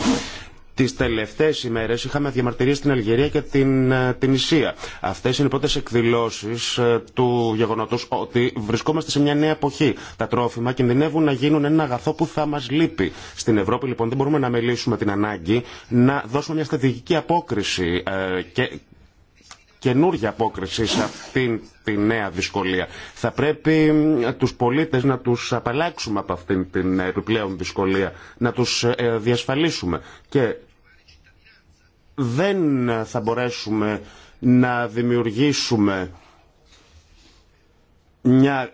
Τι τελευταίε ημέρε είχαμε διαμαρτυρίε στην Αλγερία και την, ε, Ισία. Αυτέ είναι οι πρώτε εκδηλώσει ε, του γεγονότο ότι βρισκόμαστε σε μια νέα εποχή. Τα τρόφιμα κινδυνεύουν να γίνουν ένα αγαθό που θα μα λείπει. Στην Ευρώπη λοιπόν δεν μπορούμε να μελήσουμε την ανάγκη να δώσουμε μια στρατηγική απόκριση ε, και καινούργια απόκριση σε αυτήν τη νέα δυσκολία. Θα πρέπει τους πολίτες να τους απαλλάξουμε από αυτήν την επιπλέον δυσκολία, να τους διασφαλίσουμε. Και δεν θα μπορέσουμε να δημιουργήσουμε μια,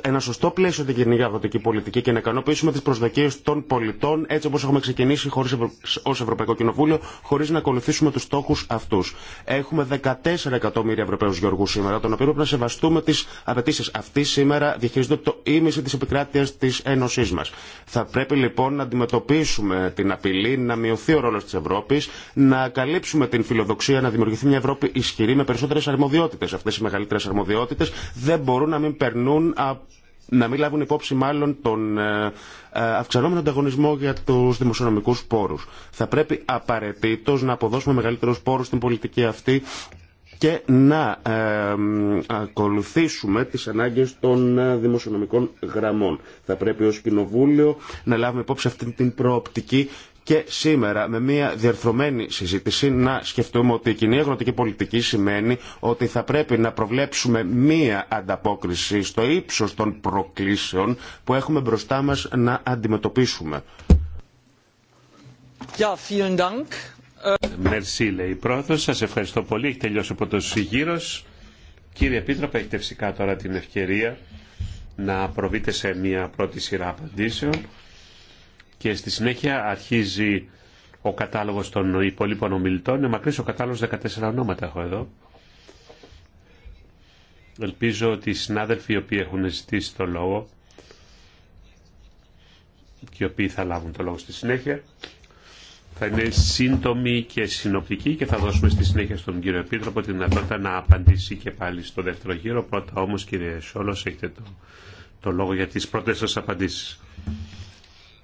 ένα σωστό πλαίσιο την κοινή αγροτική πολιτική και να ικανοποιήσουμε τι προσδοκίε των πολιτών έτσι όπω έχουμε ξεκινήσει χωρίς Ευρω... ω Ευρωπαϊκό Κοινοβούλιο, χωρί να ακολουθήσουμε του στόχου αυτού. Έχουμε 14 εκατομμύρια Ευρωπαίου Γεωργού σήμερα, τον οποίο πρέπει να σεβαστούμε τι απαιτήσει. Αυτοί σήμερα διαχειρίζονται το ίμιση τη επικράτεια τη Ένωσή μα. Θα πρέπει λοιπόν να αντιμετωπίσουμε την απειλή, να μειωθεί ο ρόλο τη Ευρώπη, να καλύψουμε την φιλοδοξία να δημιουργηθεί μια Ευρώπη ισχυρή με περισσότερε αρμοδιότητε. Αυτέ οι μεγαλύτερε αρμοδιότητε δεν μπορούν να περνούν να μην λάβουν υπόψη μάλλον τον ε, ε, αυξανόμενο ανταγωνισμό για τους δημοσιονομικούς πόρους. Θα πρέπει απαραίτητο να αποδώσουμε μεγαλύτερους πόρους στην πολιτική αυτή και να ε, ακολουθήσουμε τις ανάγκες των δημοσιονομικών γραμμών. Θα πρέπει ως Κοινοβούλιο να λάβουμε υπόψη αυτή την προοπτική και σήμερα με μια διαρθρωμένη συζήτηση να σκεφτούμε ότι η κοινή αγροτική πολιτική σημαίνει ότι θα πρέπει να προβλέψουμε μια ανταπόκριση στο ύψος των προκλήσεων που έχουμε μπροστά μας να αντιμετωπίσουμε. Ja, vielen Dank. Ε, Merci, λέει η πρόεδρος. Σας ευχαριστώ πολύ. Έχει τελειώσει ο πρώτος Κύριε Επίτροπε, έχετε φυσικά τώρα την ευκαιρία να προβείτε σε μια πρώτη σειρά απαντήσεων και στη συνέχεια αρχίζει ο κατάλογος των υπολείπων ομιλητών. Είναι μακρύς ο κατάλογος 14 ονόματα έχω εδώ. Ελπίζω ότι οι συνάδελφοι οι οποίοι έχουν ζητήσει το λόγο και οι οποίοι θα λάβουν το λόγο στη συνέχεια θα είναι σύντομοι και συνοπτικοί και θα δώσουμε στη συνέχεια στον κύριο Επίτροπο τη δυνατότητα να απαντήσει και πάλι στο δεύτερο γύρο. Πρώτα όμως κύριε Σόλος έχετε το, το λόγο για τις πρώτες σας απαντήσεις.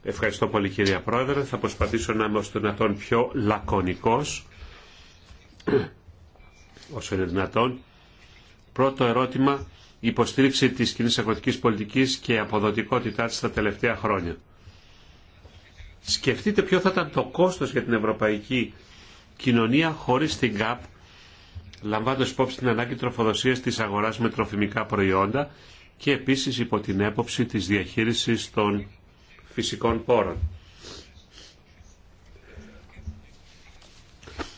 Ευχαριστώ πολύ κυρία Πρόεδρε. Θα προσπαθήσω να είμαι ως δυνατόν πιο λακωνικός όσο είναι δυνατόν. Πρώτο ερώτημα, υποστήριξη της κοινή αγροτικής πολιτικής και αποδοτικότητά της τα τελευταία χρόνια. Σκεφτείτε ποιο θα ήταν το κόστος για την ευρωπαϊκή κοινωνία χωρίς την ΚΑΠ, λαμβάνοντας υπόψη την ανάγκη τροφοδοσίας της αγοράς με τροφιμικά προϊόντα και επίσης υπό την έποψη της διαχείρισης των φυσικών πόρων.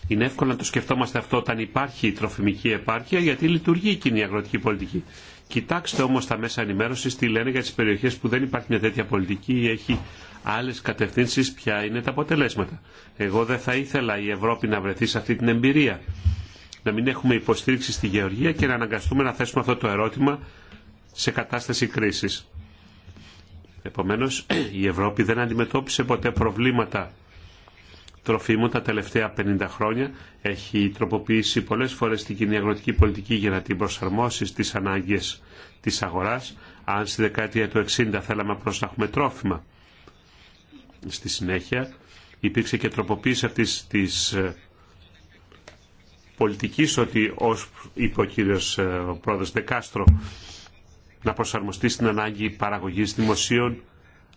Είναι εύκολο να το σκεφτόμαστε αυτό όταν υπάρχει η τροφιμική επάρκεια γιατί λειτουργεί η κοινή αγροτική πολιτική. Κοιτάξτε όμως τα μέσα ενημέρωσης τι λένε για τις περιοχές που δεν υπάρχει μια τέτοια πολιτική ή έχει άλλες κατευθύνσεις ποια είναι τα αποτελέσματα. Εγώ δεν θα ήθελα η Ευρώπη να βρεθεί σε αυτή την εμπειρία. Να μην έχουμε υποστήριξη στη γεωργία και να αναγκαστούμε να θέσουμε αυτό το ερώτημα σε κατάσταση κρίσης. Επομένως η Ευρώπη δεν αντιμετώπισε ποτέ προβλήματα τροφίμων τα τελευταία 50 χρόνια. Έχει τροποποιήσει πολλές φορές την κοινή αγροτική πολιτική για να την προσαρμόσει στις ανάγκες της αγοράς. Αν στη δεκαετία του 60 θέλαμε απλώς να έχουμε τρόφιμα. Στη συνέχεια υπήρξε και τροποποίηση αυτή τη ε, πολιτικής ότι ως είπε ο κύριος ε, πρόεδρος Δεκάστρο να προσαρμοστεί στην ανάγκη παραγωγή δημοσίων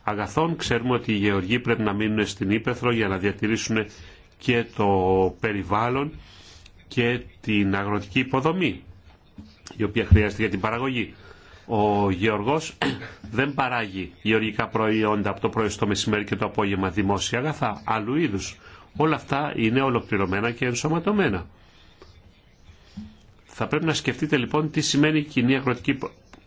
αγαθών. Ξέρουμε ότι οι γεωργοί πρέπει να μείνουν στην Ήπεθρο για να διατηρήσουν και το περιβάλλον και την αγροτική υποδομή η οποία χρειάζεται για την παραγωγή. Ο γεωργός δεν παράγει γεωργικά προϊόντα από το πρωί στο μεσημέρι και το απόγευμα δημόσια αγαθά, άλλου είδους. Όλα αυτά είναι ολοκληρωμένα και ενσωματωμένα. Θα πρέπει να σκεφτείτε λοιπόν τι σημαίνει κοινή αγροτική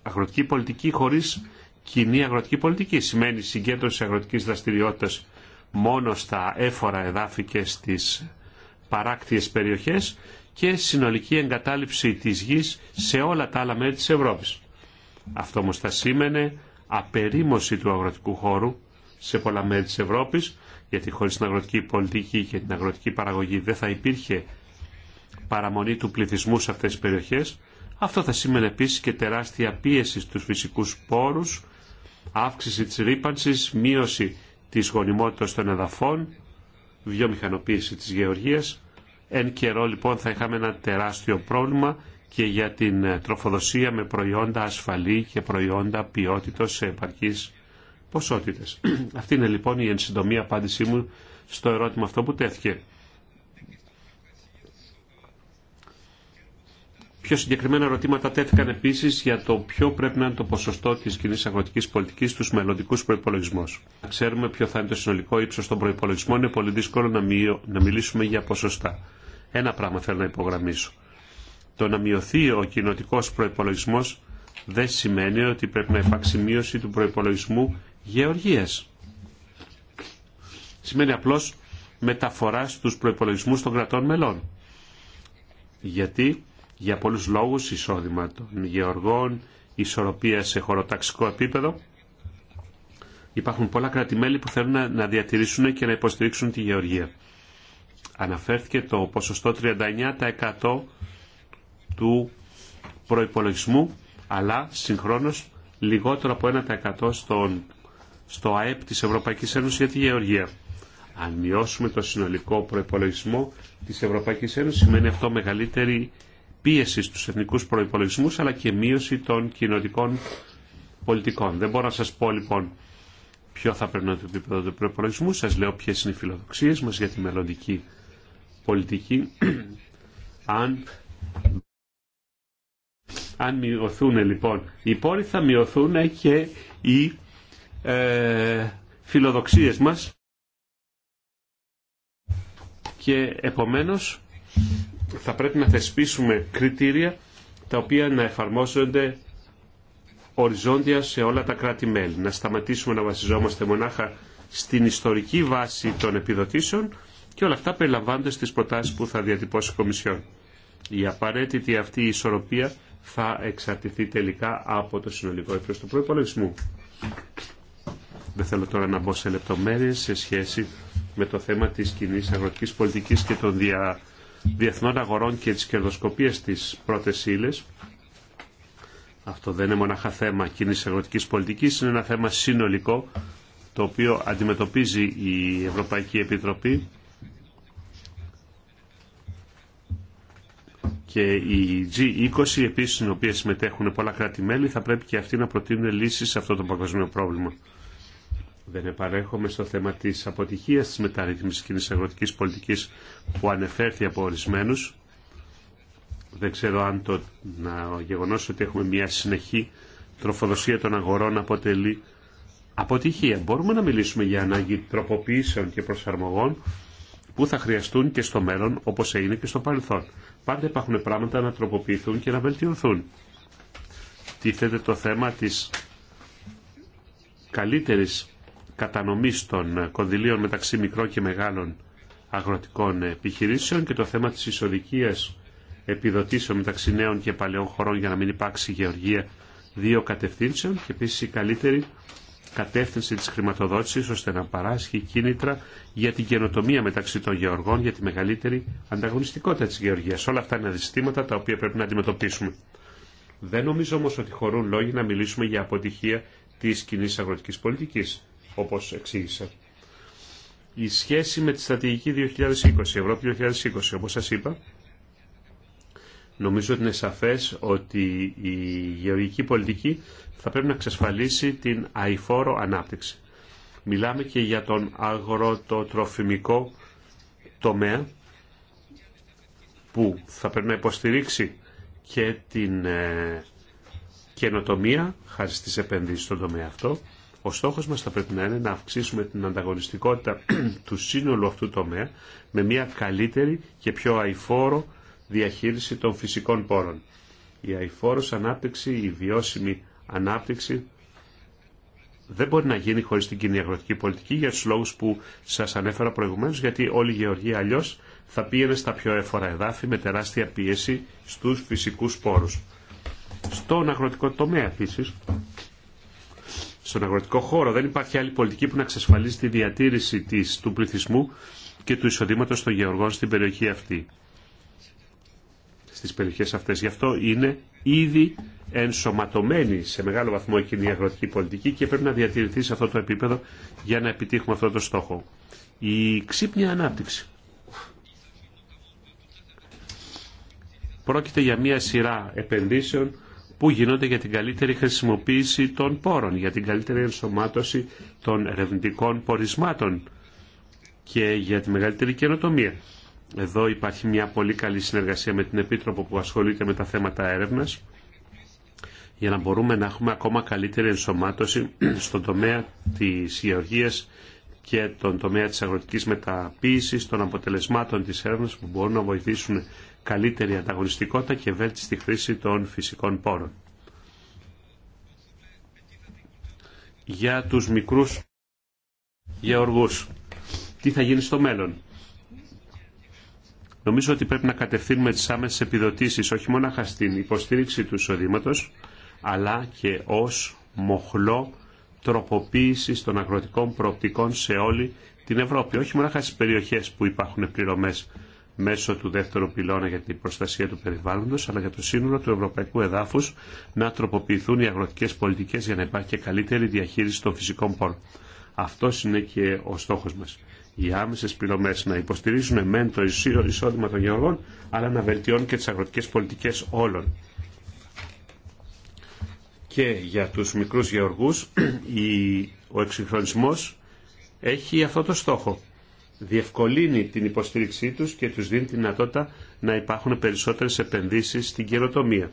αγροτική πολιτική χωρίς κοινή αγροτική πολιτική. Σημαίνει συγκέντρωση αγροτικής δραστηριότητας μόνο στα έφορα εδάφη και στις παράκτιες περιοχές και συνολική εγκατάλειψη της γης σε όλα τα άλλα μέρη της Ευρώπης. Αυτό όμω θα σήμαινε απερίμωση του αγροτικού χώρου σε πολλά μέρη της Ευρώπης, γιατί χωρίς την αγροτική πολιτική και την αγροτική παραγωγή δεν θα υπήρχε παραμονή του πληθυσμού σε αυτές τις περιοχές αυτό θα σήμαινε επίσης και τεράστια πίεση στους φυσικούς πόρους, αύξηση της ρήπανσης, μείωση της γονιμότητας των εδαφών, βιομηχανοποίηση της γεωργίας. Εν καιρό λοιπόν θα είχαμε ένα τεράστιο πρόβλημα και για την ε, τροφοδοσία με προϊόντα ασφαλή και προϊόντα ποιότητος σε επαρκείς ποσότητες. Αυτή είναι λοιπόν η ενσυντομή απάντησή μου στο ερώτημα αυτό που τέθηκε. Πιο συγκεκριμένα ερωτήματα τέθηκαν επίση για το ποιο πρέπει να είναι το ποσοστό τη κοινή αγροτική πολιτική στου μελλοντικού προπολογισμού. Ξέρουμε ποιο θα είναι το συνολικό ύψο των προπολογισμών. Είναι πολύ δύσκολο να, να μιλήσουμε για ποσοστά. Ένα πράγμα θέλω να υπογραμμίσω. Το να μειωθεί ο κοινοτικό προπολογισμό δεν σημαίνει ότι πρέπει να υπάρξει μείωση του προπολογισμού γεωργία. Σημαίνει απλώ μεταφορά στου προπολογισμού των κρατών μελών. Γιατί για πολλούς λόγους, εισόδημα των γεωργών, ισορροπία σε χωροταξικό επίπεδο. Υπάρχουν πολλά κράτη-μέλη που θέλουν να διατηρήσουν και να υποστηρίξουν τη γεωργία. Αναφέρθηκε το ποσοστό 39% του προϋπολογισμού, αλλά συγχρόνως λιγότερο από 1% στον, στο ΑΕΠ της Ευρωπαϊκής Ένωσης για τη γεωργία. Αν μειώσουμε το συνολικό προϋπολογισμό της Ευρωπαϊκής Ένωσης, σημαίνει αυτό μεγαλύτερη πίεση στου εθνικούς προπολογισμού αλλά και μείωση των κοινοτικών πολιτικών. Δεν μπορώ να σα πω λοιπόν ποιο θα πρέπει να είναι το επίπεδο του προπολογισμού. Σα λέω ποιε είναι οι φιλοδοξίε μα για τη μελλοντική πολιτική. αν, αν μειωθούν λοιπόν οι πόροι θα μειωθούν και οι ε, φιλοδοξίες μας και επομένως θα πρέπει να θεσπίσουμε κριτήρια τα οποία να εφαρμόζονται οριζόντια σε όλα τα κράτη-μέλη. Να σταματήσουμε να βασιζόμαστε μονάχα στην ιστορική βάση των επιδοτήσεων και όλα αυτά περιλαμβάνονται στις προτάσεις που θα διατυπώσει η Κομισιόν. Η απαραίτητη αυτή ισορροπία θα εξαρτηθεί τελικά από το συνολικό επίπεδο του προϋπολογισμού. Δεν θέλω τώρα να μπω σε λεπτομέρειες σε σχέση με το θέμα της κοινή αγροτικής πολιτικής και των δια διεθνών αγορών και τις κερδοσκοπίες της πρώτες ύλες. Αυτό δεν είναι μονάχα θέμα κοινή αγροτική πολιτική, είναι ένα θέμα συνολικό το οποίο αντιμετωπίζει η Ευρωπαϊκή Επιτροπή και οι G20 επίσης, οι οποίες συμμετέχουν πολλά κράτη-μέλη, θα πρέπει και αυτοί να προτείνουν λύσεις σε αυτό το παγκοσμίο πρόβλημα. Δεν επαρέχομαι στο θέμα της αποτυχίας της μεταρρύθμισης κοινή αγροτικής πολιτικής που ανεφέρθη από ορισμένου. Δεν ξέρω αν το γεγονό ότι έχουμε μια συνεχή τροφοδοσία των αγορών αποτελεί αποτυχία. Μπορούμε να μιλήσουμε για ανάγκη τροποποιήσεων και προσαρμογών που θα χρειαστούν και στο μέλλον όπως έγινε και στο παρελθόν. Πάντα υπάρχουν πράγματα να τροποποιηθούν και να βελτιωθούν. Τίθεται το θέμα της καλύτερης κατανομής των κονδυλίων μεταξύ μικρών και μεγάλων αγροτικών επιχειρήσεων και το θέμα της ισοδικίας επιδοτήσεων μεταξύ νέων και παλαιών χωρών για να μην υπάρξει γεωργία δύο κατευθύνσεων και επίσης η καλύτερη κατεύθυνση της χρηματοδότησης ώστε να παράσχει κίνητρα για την καινοτομία μεταξύ των γεωργών για τη μεγαλύτερη ανταγωνιστικότητα της γεωργίας. Όλα αυτά είναι αδυστήματα τα οποία πρέπει να αντιμετωπίσουμε. Δεν νομίζω όμως ότι χωρούν λόγοι να μιλήσουμε για αποτυχία της κοινή αγροτικής πολιτικής όπως εξήγησα. Η σχέση με τη στρατηγική 2020, Ευρώπη 2020, όπως σας είπα, νομίζω ότι είναι σαφές ότι η γεωργική πολιτική θα πρέπει να εξασφαλίσει την αηφόρο ανάπτυξη. Μιλάμε και για τον αγροτοτροφημικό τομέα που θα πρέπει να υποστηρίξει και την ε, καινοτομία χάρη στις επενδύσεις στον τομέα αυτό ο στόχο μας θα πρέπει να είναι να αυξήσουμε την ανταγωνιστικότητα του σύνολου αυτού τομέα με μια καλύτερη και πιο αηφόρο διαχείριση των φυσικών πόρων. Η αηφόρος ανάπτυξη, η βιώσιμη ανάπτυξη δεν μπορεί να γίνει χωρίς την κοινή αγροτική πολιτική για του λόγου που σας ανέφερα προηγουμένω, γιατί όλη η γεωργία αλλιώ θα πήγαινε στα πιο έφορα εδάφη με τεράστια πίεση στου φυσικού πόρου. Στον αγροτικό τομέα επίση στον αγροτικό χώρο. Δεν υπάρχει άλλη πολιτική που να εξασφαλίσει τη διατήρηση της, του πληθυσμού και του εισοδήματος των γεωργών στην περιοχή αυτή. Στις περιοχές αυτές. Γι' αυτό είναι ήδη ενσωματωμένη σε μεγάλο βαθμό εκείνη η αγροτική πολιτική και πρέπει να διατηρηθεί σε αυτό το επίπεδο για να επιτύχουμε αυτό το στόχο. Η ξύπνια ανάπτυξη. Πρόκειται για μια σειρά επενδύσεων που γίνονται για την καλύτερη χρησιμοποίηση των πόρων, για την καλύτερη ενσωμάτωση των ερευνητικών πορισμάτων και για τη μεγαλύτερη καινοτομία. Εδώ υπάρχει μια πολύ καλή συνεργασία με την Επίτροπο που ασχολείται με τα θέματα έρευνας για να μπορούμε να έχουμε ακόμα καλύτερη ενσωμάτωση στον τομέα της γεωργίας και τον τομέα της αγροτικής μεταποίησης, των αποτελεσμάτων της έρευνας που μπορούν να βοηθήσουν καλύτερη ανταγωνιστικότητα και βέλτιστη χρήση των φυσικών πόρων. Για τους μικρούς γεωργούς, τι θα γίνει στο μέλλον. Νομίζω ότι πρέπει να κατευθύνουμε τις άμεσες επιδοτήσεις όχι μόνο στην υποστήριξη του εισοδήματο, αλλά και ως μοχλό τροποποίηση των αγροτικών προοπτικών σε όλη την Ευρώπη. Όχι μόνο στις περιοχές που υπάρχουν πληρωμές μέσω του δεύτερου πυλώνα για την προστασία του περιβάλλοντο, αλλά για το σύνολο του ευρωπαϊκού Εδάφου να τροποποιηθούν οι αγροτικές πολιτικέ για να υπάρχει και καλύτερη διαχείριση των φυσικών πόρων. Αυτό είναι και ο στόχο μα. Οι άμεσε πυλωμέ να υποστηρίζουν μεν το εισόδημα των γεωργών, αλλά να βελτιώνουν και τι αγροτικέ πολιτικέ όλων. Και για τους μικρούς γεωργούς ο εξυγχρονισμός έχει αυτό το στόχο διευκολύνει την υποστήριξή τους και τους δίνει τη δυνατότητα να υπάρχουν περισσότερες επενδύσεις στην καινοτομία.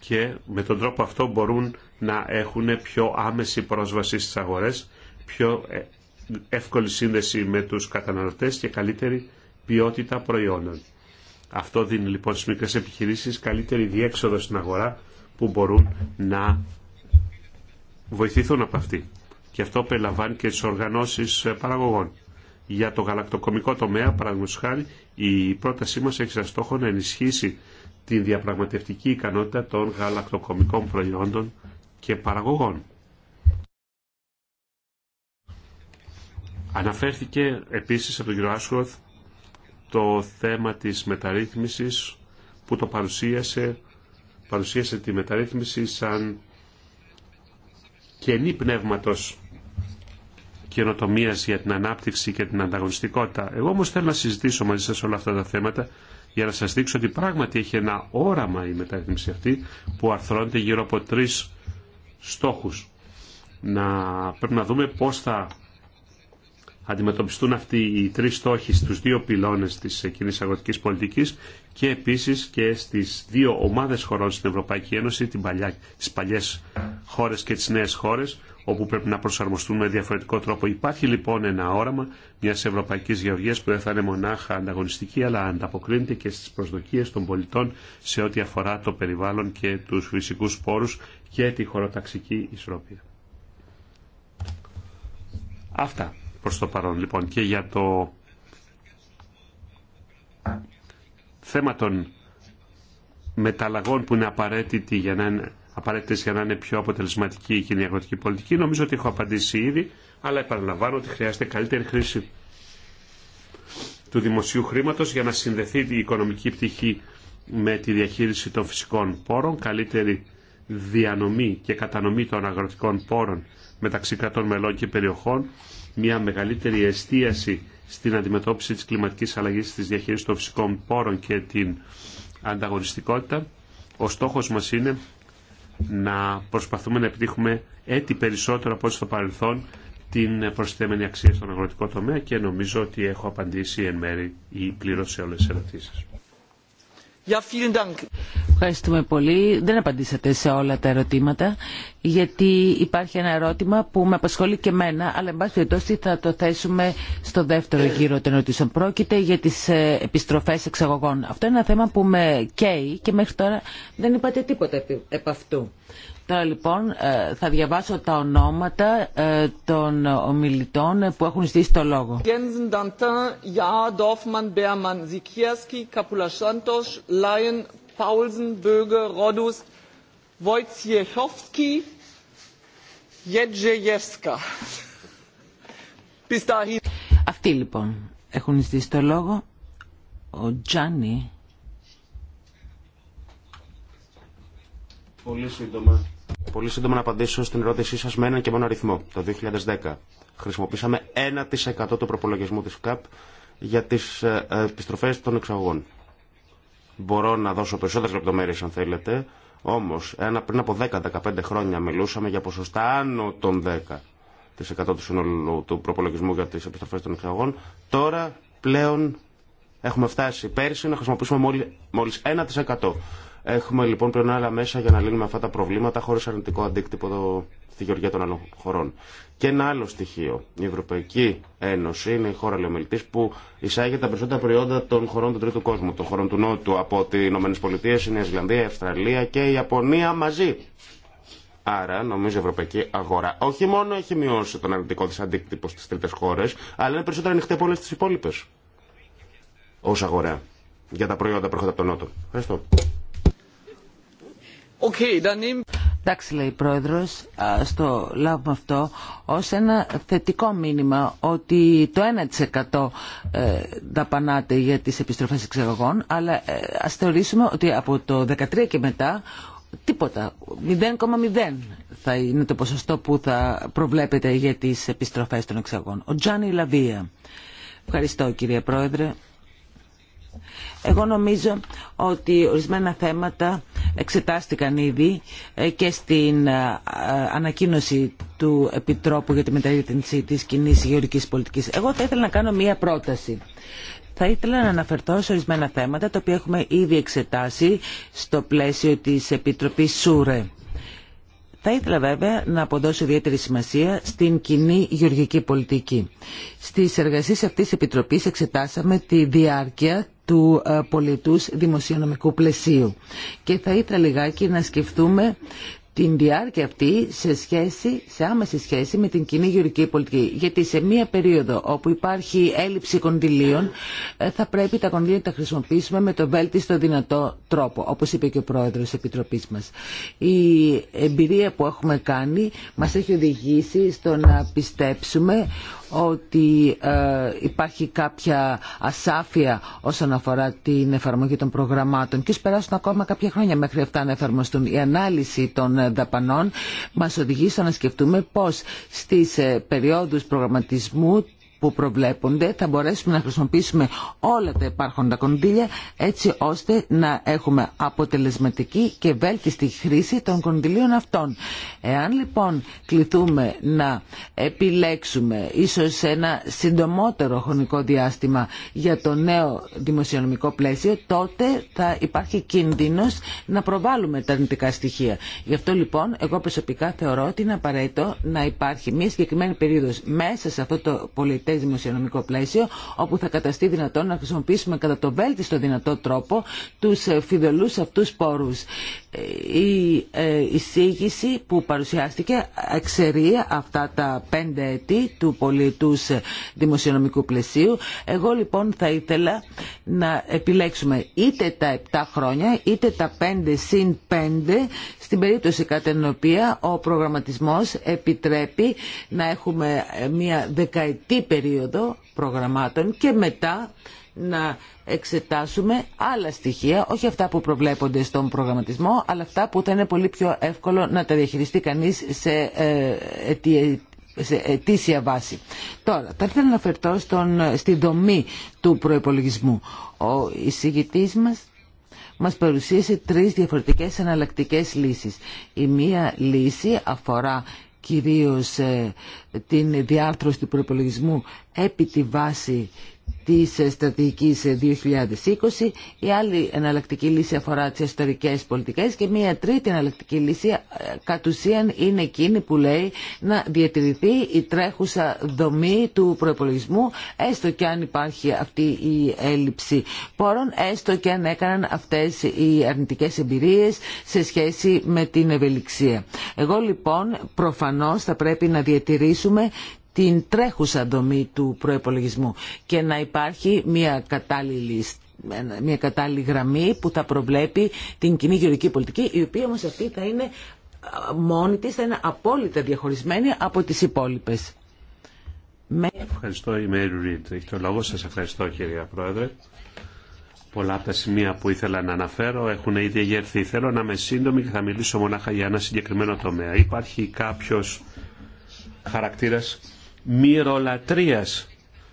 Και με τον τρόπο αυτό μπορούν να έχουν πιο άμεση πρόσβαση στις αγορές, πιο ε, εύκολη σύνδεση με τους καταναλωτές και καλύτερη ποιότητα προϊόντων. Αυτό δίνει λοιπόν στις μικρές επιχειρήσεις καλύτερη διέξοδο στην αγορά που μπορούν να βοηθηθούν από αυτή και αυτό περιλαμβάνει και τι οργανώσει ε, παραγωγών. Για το γαλακτοκομικό τομέα, παραδείγματο, χάρη, η πρότασή μα έχει σαν στόχο να ενισχύσει την διαπραγματευτική ικανότητα των γαλακτοκομικών προϊόντων και παραγωγών. Αναφέρθηκε επίσης από τον κύριο Άσχοθ το θέμα της μεταρρύθμισης που το παρουσίασε, παρουσίασε τη μεταρρύθμιση σαν κενή πνεύματος καινοτομία για την ανάπτυξη και την ανταγωνιστικότητα. Εγώ όμω θέλω να συζητήσω μαζί σα όλα αυτά τα θέματα για να σα δείξω ότι πράγματι έχει ένα όραμα η μεταρρύθμιση αυτή που αρθρώνεται γύρω από τρει στόχου. Να πρέπει να δούμε πώ θα αντιμετωπιστούν αυτοί οι τρεις στόχοι στους δύο πυλώνες της κοινή αγροτικής πολιτικής και επίσης και στις δύο ομάδες χωρών στην Ευρωπαϊκή Ένωση, τι παλιέ τις παλιές χώρες και τις νέες χώρες, όπου πρέπει να προσαρμοστούν με διαφορετικό τρόπο. Υπάρχει λοιπόν ένα όραμα μια Ευρωπαϊκή Γεωργία που δεν θα είναι μονάχα ανταγωνιστική, αλλά ανταποκρίνεται και στι προσδοκίε των πολιτών σε ό,τι αφορά το περιβάλλον και του φυσικού πόρου και τη χωροταξική ισορροπία. Αυτά προς το παρόν λοιπόν και για το θέμα των μεταλλαγών που είναι απαραίτητοι για να είναι απαραίτητε για να είναι πιο αποτελεσματική η κοινή αγροτική πολιτική. Νομίζω ότι έχω απαντήσει ήδη, αλλά επαναλαμβάνω ότι χρειάζεται καλύτερη χρήση του δημοσίου χρήματο για να συνδεθεί η οικονομική πτυχή με τη διαχείριση των φυσικών πόρων, καλύτερη διανομή και κατανομή των αγροτικών πόρων μεταξύ κρατών μελών και περιοχών, μια μεγαλύτερη εστίαση στην αντιμετώπιση της κλιματικής αλλαγής, της διαχείρισης των φυσικών πόρων και την ανταγωνιστικότητα. Ο στόχος μας είναι να προσπαθούμε να επιτύχουμε έτη περισσότερο από ό,τι στο παρελθόν την προσθέμενη αξία στον αγροτικό τομέα και νομίζω ότι έχω απαντήσει εν μέρη ή πλήρω σε όλες τις ερωτήσεις. Ευχαριστούμε πολύ. Δεν απαντήσατε σε όλα τα ερωτήματα, γιατί υπάρχει ένα ερώτημα που με απασχολεί και εμένα αλλά εν πάση περιπτώσει θα το θέσουμε στο δεύτερο γύρο των ερωτήσεων. Πρόκειται για τι ε, επιστροφέ εξαγωγών. Αυτό είναι ένα θέμα που με καίει και μέχρι τώρα δεν είπατε τίποτα επ' αυτού. Τώρα λοιπόν ε, θα διαβάσω τα ονόματα ε, των ομιλητών που έχουν στήσει το λόγο. Γένσεν Δαντά, Ια, Δόφμαν, Μπέαμαν, Σικιάσκι, Καπουλασάντος, Λάιν, Παουλσεν, Βόγε, Ρόντουστ, Βοητσιεχόφσκι, Γετζεγεύσκα. Αυτοί λοιπόν έχουν στήσει το λόγο. Ο Τζάνι. Πολύ σύντομα πολύ σύντομα να απαντήσω στην ερώτησή σας με έναν και μόνο αριθμό. Το 2010 χρησιμοποίησαμε 1% του προπολογισμού τη ΚΑΠ για τις ε, ε, επιστροφές των εξαγωγών. Μπορώ να δώσω περισσότερες λεπτομέρειες αν θέλετε, όμως πριν από 10-15 χρόνια μιλούσαμε για ποσοστά άνω των 10% του συνολού του προπολογισμού για τι επιστροφέ των εξαγωγών. Τώρα πλέον έχουμε φτάσει πέρσι να χρησιμοποιήσουμε μόλι, 1%. Έχουμε λοιπόν πλέον άλλα μέσα για να λύνουμε αυτά τα προβλήματα χωρί αρνητικό αντίκτυπο στη γεωργία των άλλων χωρών. Και ένα άλλο στοιχείο. Η Ευρωπαϊκή Ένωση είναι η χώρα λεωμελητή που εισάγει τα περισσότερα προϊόντα των χωρών του Τρίτου Κόσμου, των χωρών του Νότου, από τι Ηνωμένε Πολιτείε, η Νέα Ζηλανδία, η Αυστραλία και η Ιαπωνία μαζί. Άρα, νομίζω η ευρωπαϊκή αγορά όχι μόνο έχει μειώσει τον αρνητικό τη αντίκτυπο στι τρίτε χώρε, αλλά είναι περισσότερο ανοιχτή από όλε τι υπόλοιπε ω αγορά για τα προϊόντα που έρχονται από τον Νότο. Ευχαριστώ. Εντάξει λέει η Πρόεδρος, ας το λάβουμε αυτό ως ένα θετικό μήνυμα ότι το 1% ε, δαπανάται για τις επιστροφές εξαγωγών αλλά ε, ας θεωρήσουμε ότι από το 2013 και μετά τίποτα, 0,0 θα είναι το ποσοστό που θα προβλέπεται για τις επιστροφές των εξαγών. Ο Τζάνι Λαβία. Ευχαριστώ κύριε Πρόεδρε. Εγώ νομίζω ότι ορισμένα θέματα εξετάστηκαν ήδη ε, και στην ε, ανακοίνωση του Επιτρόπου για τη μεταρρύθμιση της κοινή Γεωργικής πολιτικής. Εγώ θα ήθελα να κάνω μία πρόταση. Θα ήθελα να αναφερθώ σε ορισμένα θέματα τα οποία έχουμε ήδη εξετάσει στο πλαίσιο της Επιτροπής ΣΟΥΡΕ. Θα ήθελα βέβαια να αποδώσω ιδιαίτερη σημασία στην κοινή γεωργική πολιτική. Στις εργασίες αυτής της Επιτροπής εξετάσαμε τη διάρκεια του ε, πολιτούς δημοσιονομικού πλαισίου. Και θα ήθελα λιγάκι να σκεφτούμε την διάρκεια αυτή σε, σχέση, σε άμεση σχέση με την κοινή γεωργική πολιτική. Γιατί σε μία περίοδο όπου υπάρχει έλλειψη κονδυλίων, ε, θα πρέπει τα κονδύλια να τα χρησιμοποιήσουμε με το βέλτιστο δυνατό τρόπο, όπως είπε και ο πρόεδρος της Επιτροπής μας. Η εμπειρία που έχουμε κάνει μας έχει οδηγήσει στο να πιστέψουμε ότι ε, υπάρχει κάποια ασάφεια όσον αφορά την εφαρμογή των προγραμμάτων και περάσουν ακόμα κάποια χρόνια μέχρι αυτά να εφαρμοστούν. Η ανάλυση των ε, δαπανών μας οδηγεί στο να σκεφτούμε πώς στις ε, περιόδους προγραμματισμού που προβλέπονται θα μπορέσουμε να χρησιμοποιήσουμε όλα τα υπάρχοντα κονδύλια έτσι ώστε να έχουμε αποτελεσματική και βέλτιστη χρήση των κονδυλίων αυτών. Εάν λοιπόν κληθούμε να επιλέξουμε ίσως ένα συντομότερο χρονικό διάστημα για το νέο δημοσιονομικό πλαίσιο τότε θα υπάρχει κίνδυνος να προβάλλουμε τα αρνητικά στοιχεία. Γι' αυτό λοιπόν εγώ προσωπικά θεωρώ ότι είναι απαραίτητο να υπάρχει μια συγκεκριμένη περίοδος μέσα σε αυτό το πολιτικό πολιτές δημοσιονομικό πλαίσιο όπου θα καταστεί δυνατόν να χρησιμοποιήσουμε κατά το βέλτιστο δυνατό τρόπο του ε, φιδελού αυτού πορού η ε, εισήγηση που παρουσιάστηκε εξαιρεί αυτά τα πέντε έτη του πολιτούς δημοσιονομικού πλαισίου. Εγώ λοιπόν θα ήθελα να επιλέξουμε είτε τα επτά χρόνια είτε τα πέντε συν πέντε στην περίπτωση κατά την οποία ο προγραμματισμός επιτρέπει να έχουμε μια δεκαετή περίοδο προγραμμάτων και μετά να εξετάσουμε άλλα στοιχεία, όχι αυτά που προβλέπονται στον προγραμματισμό, αλλά αυτά που θα είναι πολύ πιο εύκολο να τα διαχειριστεί κανείς σε ε, σε βάση. Τώρα, θα ήθελα να αναφερθώ στον, στη δομή του προϋπολογισμού. Ο εισηγητής μας μας παρουσίασε τρεις διαφορετικές εναλλακτικές λύσεις. Η μία λύση αφορά κυρίως ε, την διάρθρωση του προϋπολογισμού επί τη βάση της στρατηγικής 2020. Η άλλη εναλλακτική λύση αφορά τις ιστορικές πολιτικές και μια τρίτη εναλλακτική λύση ε, κατ' ουσίαν είναι εκείνη που λέει να διατηρηθεί η τρέχουσα δομή του προπολογισμού έστω και αν υπάρχει αυτή η έλλειψη πόρων, έστω και αν έκαναν αυτές οι αρνητικές εμπειρίες σε σχέση με την ευελιξία. Εγώ λοιπόν προφανώς θα πρέπει να διατηρήσουμε την τρέχουσα δομή του προϋπολογισμού και να υπάρχει μια κατάλληλη μια κατάλληλη γραμμή που θα προβλέπει την κοινή γεωργική πολιτική η οποία όμως αυτή θα είναι μόνη της, θα είναι απόλυτα διαχωρισμένη από τις υπόλοιπες. Ευχαριστώ η Μέρι Ριντ. Έχει το λόγο. Σας ευχαριστώ κυρία Πρόεδρε. Πολλά από τα σημεία που ήθελα να αναφέρω έχουν ήδη εγερθεί. Θέλω να είμαι σύντομη και θα μιλήσω μονάχα για ένα συγκεκριμένο τομέα. Υπάρχει κάποιο χαρακτήρας μυρολατρείας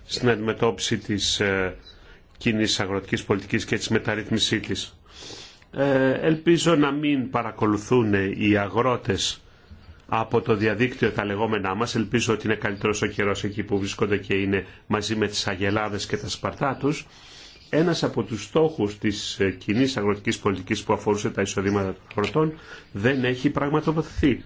στην αντιμετώπιση της ε, κοινή αγροτικής πολιτικής και της μεταρρύθμισής της. Ε, ελπίζω να μην παρακολουθούν οι αγρότες από το διαδίκτυο τα λεγόμενά μας. Ελπίζω ότι είναι καλύτερο ο καιρό εκεί που βρίσκονται και είναι μαζί με τις αγελάδες και τα σπαρτά τους. Ένας από τους στόχους της ε, κοινή αγροτικής πολιτικής που αφορούσε τα εισοδήματα των αγροτών δεν έχει πραγματοποιηθεί.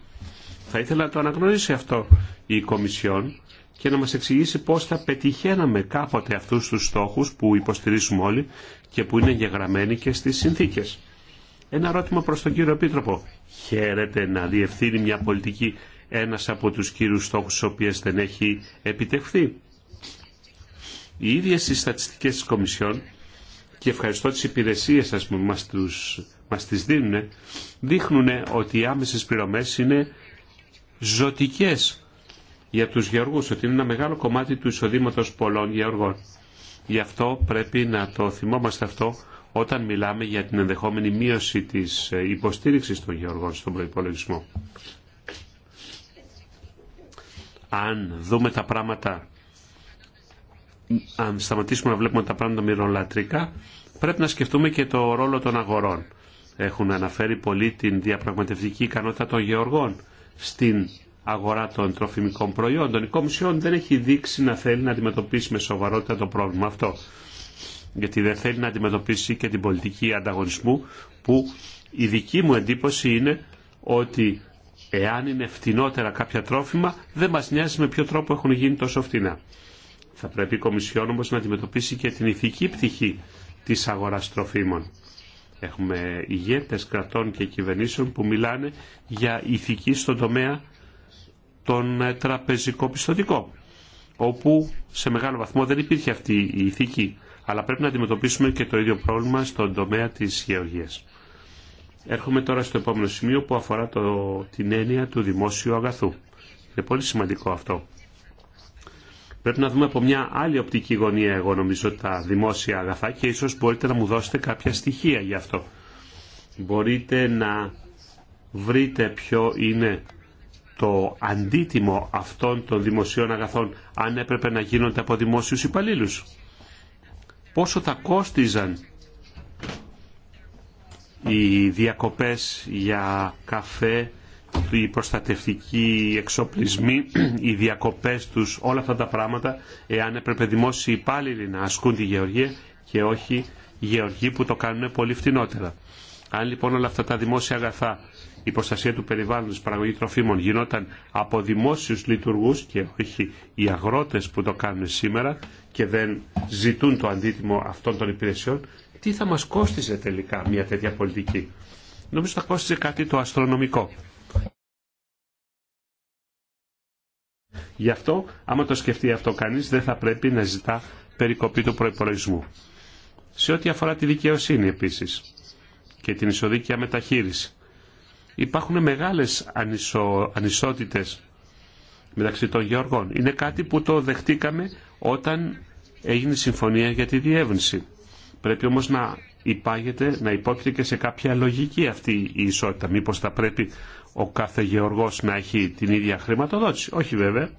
Θα ήθελα να το αναγνωρίσει αυτό η Κομισιόν και να μας εξηγήσει πώς θα πετυχαίναμε κάποτε αυτούς τους στόχους που υποστηρίζουμε όλοι και που είναι γεγραμμένοι και στις συνθήκες. Ένα ερώτημα προς τον κύριο Επίτροπο. Χαίρεται να διευθύνει μια πολιτική ένας από τους κύριους στόχους στους οποίες δεν έχει επιτευχθεί. Οι ίδιες οι στατιστικές της Κομισιόν και ευχαριστώ τις υπηρεσίες σας που μας, τους, μας τις δίνουν, δείχνουν ότι οι άμεσες πληρωμές είναι ζωτικές για τους γεωργούς, ότι είναι ένα μεγάλο κομμάτι του εισοδήματος πολλών γεωργών. Γι' αυτό πρέπει να το θυμόμαστε αυτό όταν μιλάμε για την ενδεχόμενη μείωση της ε, υποστήριξης των γεωργών στον προϋπολογισμό. Αν δούμε τα πράγματα, αν σταματήσουμε να βλέπουμε τα πράγματα μυρολατρικά, πρέπει να σκεφτούμε και το ρόλο των αγορών. Έχουν αναφέρει πολύ την διαπραγματευτική ικανότητα των γεωργών στην αγορά των τροφιμικών προϊόντων. Η Κομισιόν δεν έχει δείξει να θέλει να αντιμετωπίσει με σοβαρότητα το πρόβλημα αυτό. Γιατί δεν θέλει να αντιμετωπίσει και την πολιτική ανταγωνισμού που η δική μου εντύπωση είναι ότι εάν είναι φτηνότερα κάποια τρόφιμα δεν μας νοιάζει με ποιο τρόπο έχουν γίνει τόσο φτηνά. Θα πρέπει η Κομισιόν όμως να αντιμετωπίσει και την ηθική πτυχή της αγοράς τροφίμων. Έχουμε ηγέτες κρατών και κυβερνήσεων που μιλάνε για ηθική στον τομέα τον ε, τραπεζικό πιστοτικό, όπου σε μεγάλο βαθμό δεν υπήρχε αυτή η ηθική. Αλλά πρέπει να αντιμετωπίσουμε και το ίδιο πρόβλημα στον τομέα της γεωργίας. Έρχομαι τώρα στο επόμενο σημείο που αφορά το, την έννοια του δημόσιου αγαθού. Είναι πολύ σημαντικό αυτό. Πρέπει να δούμε από μια άλλη οπτική γωνία, εγώ νομίζω, τα δημόσια αγαθά και ίσως μπορείτε να μου δώσετε κάποια στοιχεία γι' αυτό. Μπορείτε να βρείτε ποιο είναι το αντίτιμο αυτών των δημοσίων αγαθών αν έπρεπε να γίνονται από δημόσιους υπαλλήλους. Πόσο θα κόστιζαν οι διακοπές για καφέ, οι προστατευτικοί εξοπλισμοί, οι διακοπές τους, όλα αυτά τα πράγματα, εάν έπρεπε δημόσιοι υπάλληλοι να ασκούν τη γεωργία και όχι γεωργοί που το κάνουν πολύ φτηνότερα. Αν λοιπόν όλα αυτά τα δημόσια αγαθά η προστασία του περιβάλλοντος, παραγωγή τροφίμων γινόταν από δημόσιους λειτουργούς και όχι οι αγρότες που το κάνουν σήμερα και δεν ζητούν το αντίτιμο αυτών των υπηρεσιών, τι θα μας κόστιζε τελικά μια τέτοια πολιτική. Νομίζω θα κόστιζε κάτι το αστρονομικό. Γι' αυτό, άμα το σκεφτεί αυτό κανείς, δεν θα πρέπει να ζητά περικοπή του προϋπολογισμού. Σε ό,τι αφορά τη δικαιοσύνη επίσης και την ισοδίκια μεταχείριση υπάρχουν μεγάλες ανισο, ανισότητες μεταξύ των γεωργών. Είναι κάτι που το δεχτήκαμε όταν έγινε η συμφωνία για τη διεύνυση. Πρέπει όμως να υπάγεται, να υπόκειται και σε κάποια λογική αυτή η ισότητα. Μήπως θα πρέπει ο κάθε γεωργός να έχει την ίδια χρηματοδότηση. Όχι βέβαια,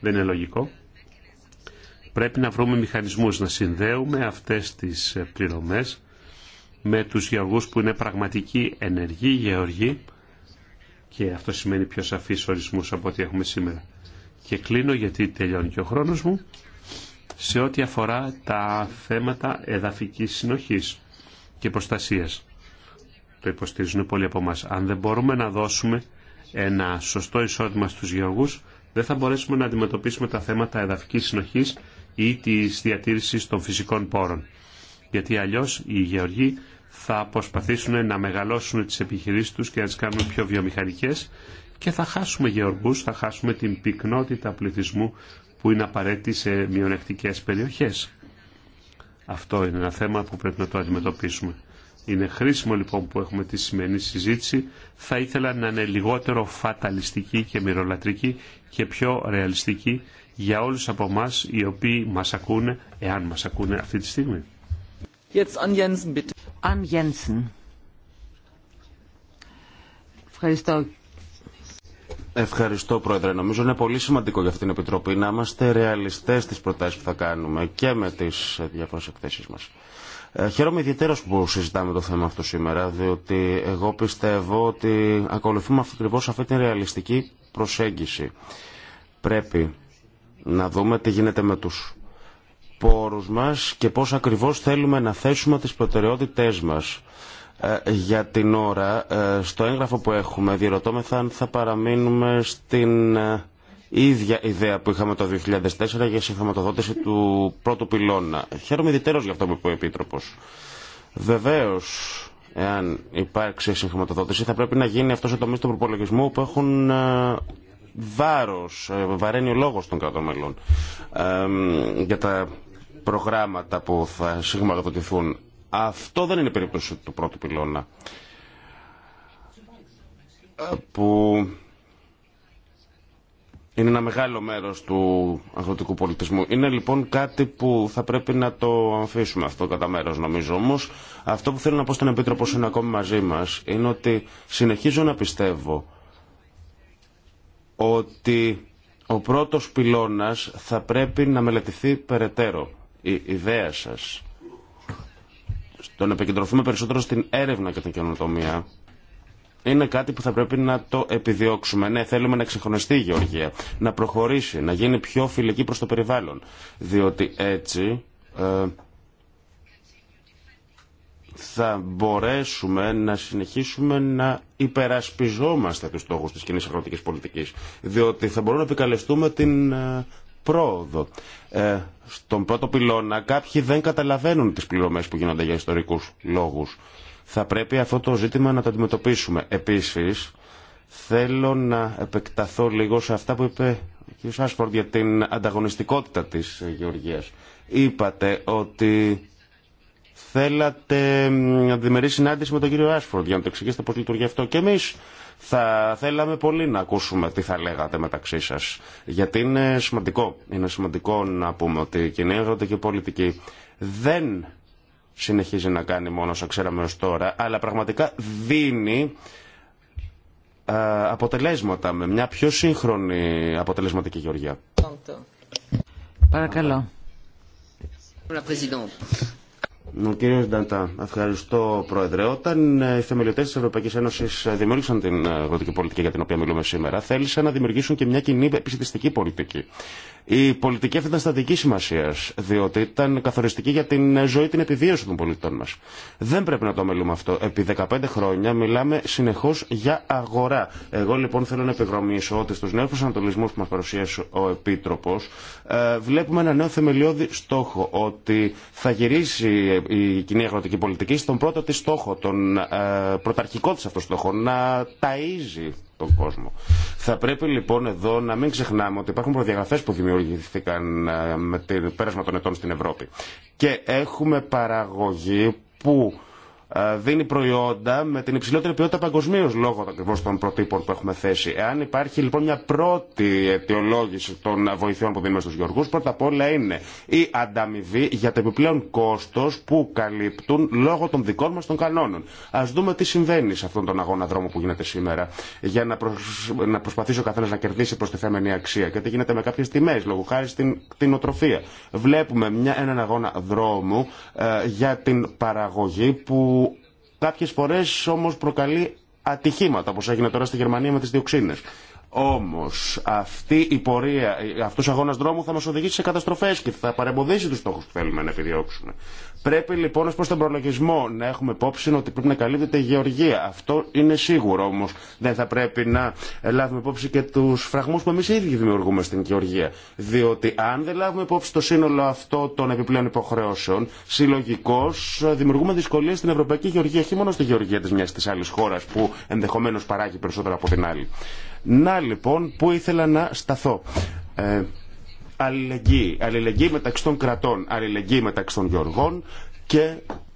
δεν είναι λογικό. Πρέπει να βρούμε μηχανισμούς να συνδέουμε αυτές τις πληρωμές με τους γεωργούς που είναι πραγματικοί ενεργοί γεωργοί και αυτό σημαίνει πιο σαφείς ορισμούς από ό,τι έχουμε σήμερα. Και κλείνω γιατί τελειώνει και ο χρόνος μου σε ό,τι αφορά τα θέματα εδαφικής συνοχής και προστασίας. Το υποστηρίζουν πολλοί από εμά. Αν δεν μπορούμε να δώσουμε ένα σωστό εισόδημα στους γεωργούς, δεν θα μπορέσουμε να αντιμετωπίσουμε τα θέματα εδαφικής συνοχής ή της διατήρησης των φυσικών πόρων γιατί αλλιώς οι γεωργοί θα προσπαθήσουν να μεγαλώσουν τις επιχειρήσεις τους και να τις κάνουν πιο βιομηχανικές και θα χάσουμε γεωργού, θα χάσουμε την πυκνότητα πληθυσμού που είναι απαραίτητη σε μειονεκτικές περιοχές. Αυτό είναι ένα θέμα που πρέπει να το αντιμετωπίσουμε. Είναι χρήσιμο λοιπόν που έχουμε τη σημερινή συζήτηση. Θα ήθελα να είναι λιγότερο φαταλιστική και μυρολατρική και πιο ρεαλιστική για όλους από εμά οι οποίοι μας ακούνε, εάν μας ακούνε αυτή τη στιγμή. Ευχαριστώ. Πρόεδρε. Νομίζω είναι πολύ σημαντικό για αυτήν την Επιτροπή να είμαστε ρεαλιστέ στι προτάσει που θα κάνουμε και με τι διάφορε εκθέσει μα. Ε, χαίρομαι ιδιαίτερα που συζητάμε το θέμα αυτό σήμερα, διότι εγώ πιστεύω ότι ακολουθούμε ακριβώ αυτή την ρεαλιστική προσέγγιση. Πρέπει να δούμε τι γίνεται με του πόρους μας και πώς ακριβώς θέλουμε να θέσουμε τις προτεραιότητές μας. Ε, για την ώρα, ε, στο έγγραφο που έχουμε, διερωτώμεθα αν θα παραμείνουμε στην ε, ίδια ιδέα που είχαμε το 2004 για συγχρηματοδότηση του πρώτου πυλώνα. Χαίρομαι ιδιαίτερως για αυτό που είπε ο Επίτροπος. Βεβαίως, εάν υπάρξει συγχρηματοδότηση, θα πρέπει να γίνει αυτό ο τομής του προπολογισμού που έχουν βάρος, βαραίνει ο λόγος των κρατών μελών. Ε, για τα προγράμματα που θα συγχρηματοδοτηθούν. Αυτό δεν είναι περίπτωση του πρώτου πυλώνα που είναι ένα μεγάλο μέρος του αγροτικού πολιτισμού. Είναι λοιπόν κάτι που θα πρέπει να το αφήσουμε αυτό κατά μέρο νομίζω. Όμως αυτό που θέλω να πω στον Επίτροπο είναι ακόμη μαζί μας είναι ότι συνεχίζω να πιστεύω ότι ο πρώτος πυλώνας θα πρέπει να μελετηθεί περαιτέρω η ιδέα σας στο να επικεντρωθούμε περισσότερο στην έρευνα και την καινοτομία είναι κάτι που θα πρέπει να το επιδιώξουμε. Ναι, θέλουμε να εξυγχρονιστεί η γεωργία, να προχωρήσει, να γίνει πιο φιλική προς το περιβάλλον. Διότι έτσι ε, θα μπορέσουμε να συνεχίσουμε να υπερασπιζόμαστε τους στόχους της κοινής αγροτικής πολιτικής. Διότι θα μπορούμε να επικαλεστούμε την ε, πρόοδο. Ε, στον πρώτο πυλώνα κάποιοι δεν καταλαβαίνουν τις πληρωμές που γίνονται για ιστορικούς λόγους. Θα πρέπει αυτό το ζήτημα να το αντιμετωπίσουμε. Επίσης, θέλω να επεκταθώ λίγο σε αυτά που είπε ο κ. Σάσφορντ για την ανταγωνιστικότητα της Γεωργίας. Είπατε ότι θέλατε δημιουργήσει συνάντηση με τον κύριο Άσφορντ για να το εξηγήσετε πώς λειτουργεί αυτό. Και εμείς θα θέλαμε πολύ να ακούσουμε τι θα λέγατε μεταξύ σα. Γιατί είναι σημαντικό. Είναι σημαντικό να πούμε ότι η κοινή αγροτική πολιτική δεν συνεχίζει να κάνει μόνο όσα ξέραμε ω τώρα, αλλά πραγματικά δίνει ε, αποτελέσματα με μια πιο σύγχρονη αποτελεσματική γεωργία. Παρακαλώ. Κύριε Νταντά, ευχαριστώ Πρόεδρε. Όταν ε, οι θεμελιωτέ τη Ευρωπαϊκή Ένωση ε, δημιούργησαν την αγροτική ε, πολιτική για την οποία μιλούμε σήμερα, θέλησαν να δημιουργήσουν και μια κοινή επιστημιστική πολιτική. Η πολιτική αυτή ήταν στατική σημασία, διότι ήταν καθοριστική για την ζωή, την επιβίωση των πολιτών μα. Δεν πρέπει να το αμελούμε αυτό. Επί 15 χρόνια μιλάμε συνεχώ για αγορά. Εγώ λοιπόν θέλω να επιγραμμίσω ότι στου νέου προσανατολισμού που μα παρουσίασε ο Επίτροπο, ε, βλέπουμε ένα νέο θεμελιώδη στόχο, ότι θα γυρίσει η κοινή αγροτική πολιτική στον πρώτο τη στόχο, τον ε, πρωταρχικό τη αυτό στόχο, να ταΐζει τον κόσμο. Θα πρέπει λοιπόν εδώ να μην ξεχνάμε ότι υπάρχουν προδιαγραφέ που δημιουργήθηκαν ε, με το πέρασμα των ετών στην Ευρώπη. Και έχουμε παραγωγή που ε, δίνει προϊόντα με την υψηλότερη ποιότητα παγκοσμίω λόγω ακριβώ των προτύπων που έχουμε θέσει. Εάν υπάρχει λοιπόν μια πρώτη αιτιολόγηση των βοηθειών που δίνουμε στου γεωργού, πρώτα απ' όλα είναι η ανταμοιβή για το επιπλέον κόστο που καλύπτουν λόγω των δικών μα των κανόνων. Α δούμε τι συμβαίνει σε αυτόν τον αγώνα δρόμου που γίνεται σήμερα για να, προσ... να προσπαθήσει ο καθένα να κερδίσει προ τη θεμενή αξία και τι γίνεται με κάποιε τιμέ λόγω χάρη στην κτηνοτροφία. Βλέπουμε μια, έναν αγώνα δρόμου ε, για την παραγωγή που Κάποιες φορές όμως προκαλεί ατυχήματα όπως έγινε τώρα στη Γερμανία με τις διοξίνες. Όμως αυτή η πορεία, ε, αυτός ο αγώνας δρόμου θα μας οδηγήσει σε καταστροφές και θα παρεμποδίσει τους στόχους που θέλουμε να επιδιώξουμε. Πρέπει λοιπόν ω προ τον προλογισμό να έχουμε υπόψη ότι πρέπει να καλύπτεται η γεωργία. Αυτό είναι σίγουρο όμω. Δεν θα πρέπει να λάβουμε υπόψη και του φραγμού που εμεί οι ίδιοι δημιουργούμε στην γεωργία. Διότι αν δεν λάβουμε υπόψη το σύνολο αυτό των επιπλέον υποχρεώσεων, συλλογικώ δημιουργούμε δυσκολίε στην Ευρωπαϊκή Γεωργία, όχι μόνο στη γεωργία τη μια τη άλλη χώρα που ενδεχομένω παράγει περισσότερο από την άλλη. Να λοιπόν που ήθελα να σταθώ. Ε, αλληλεγγύη. Αλληλεγγύη μεταξύ των κρατών, αλληλεγγύη μεταξύ των γεωργών και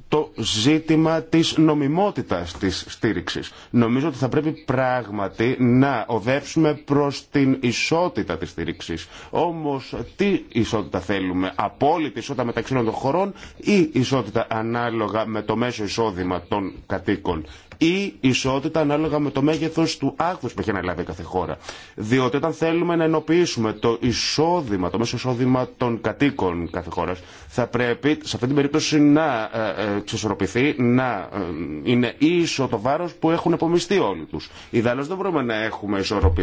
το ζήτημα της νομιμότητας της στήριξης. Νομίζω ότι θα πρέπει πράγματι να οδεύσουμε προς την ισότητα της στήριξης. Όμως τι ισότητα θέλουμε, απόλυτη ισότητα μεταξύ των χωρών ή ισότητα ανάλογα με το μέσο εισόδημα των κατοίκων ή ισότητα ανάλογα με το μέγεθο του άκου που έχει αναλάβει κάθε χώρα. Διότι όταν θέλουμε να ενοποιήσουμε το εισόδημα, το μέσο εισόδημα των κατοίκων κάθε χώρα, θα πρέπει σε αυτή την περίπτωση να ε, ε, εξισορροπηθεί, να ε, είναι ίσο το βάρο που έχουν επομιστεί όλοι του. Ιδάλω δεν μπορούμε να έχουμε ισορροπή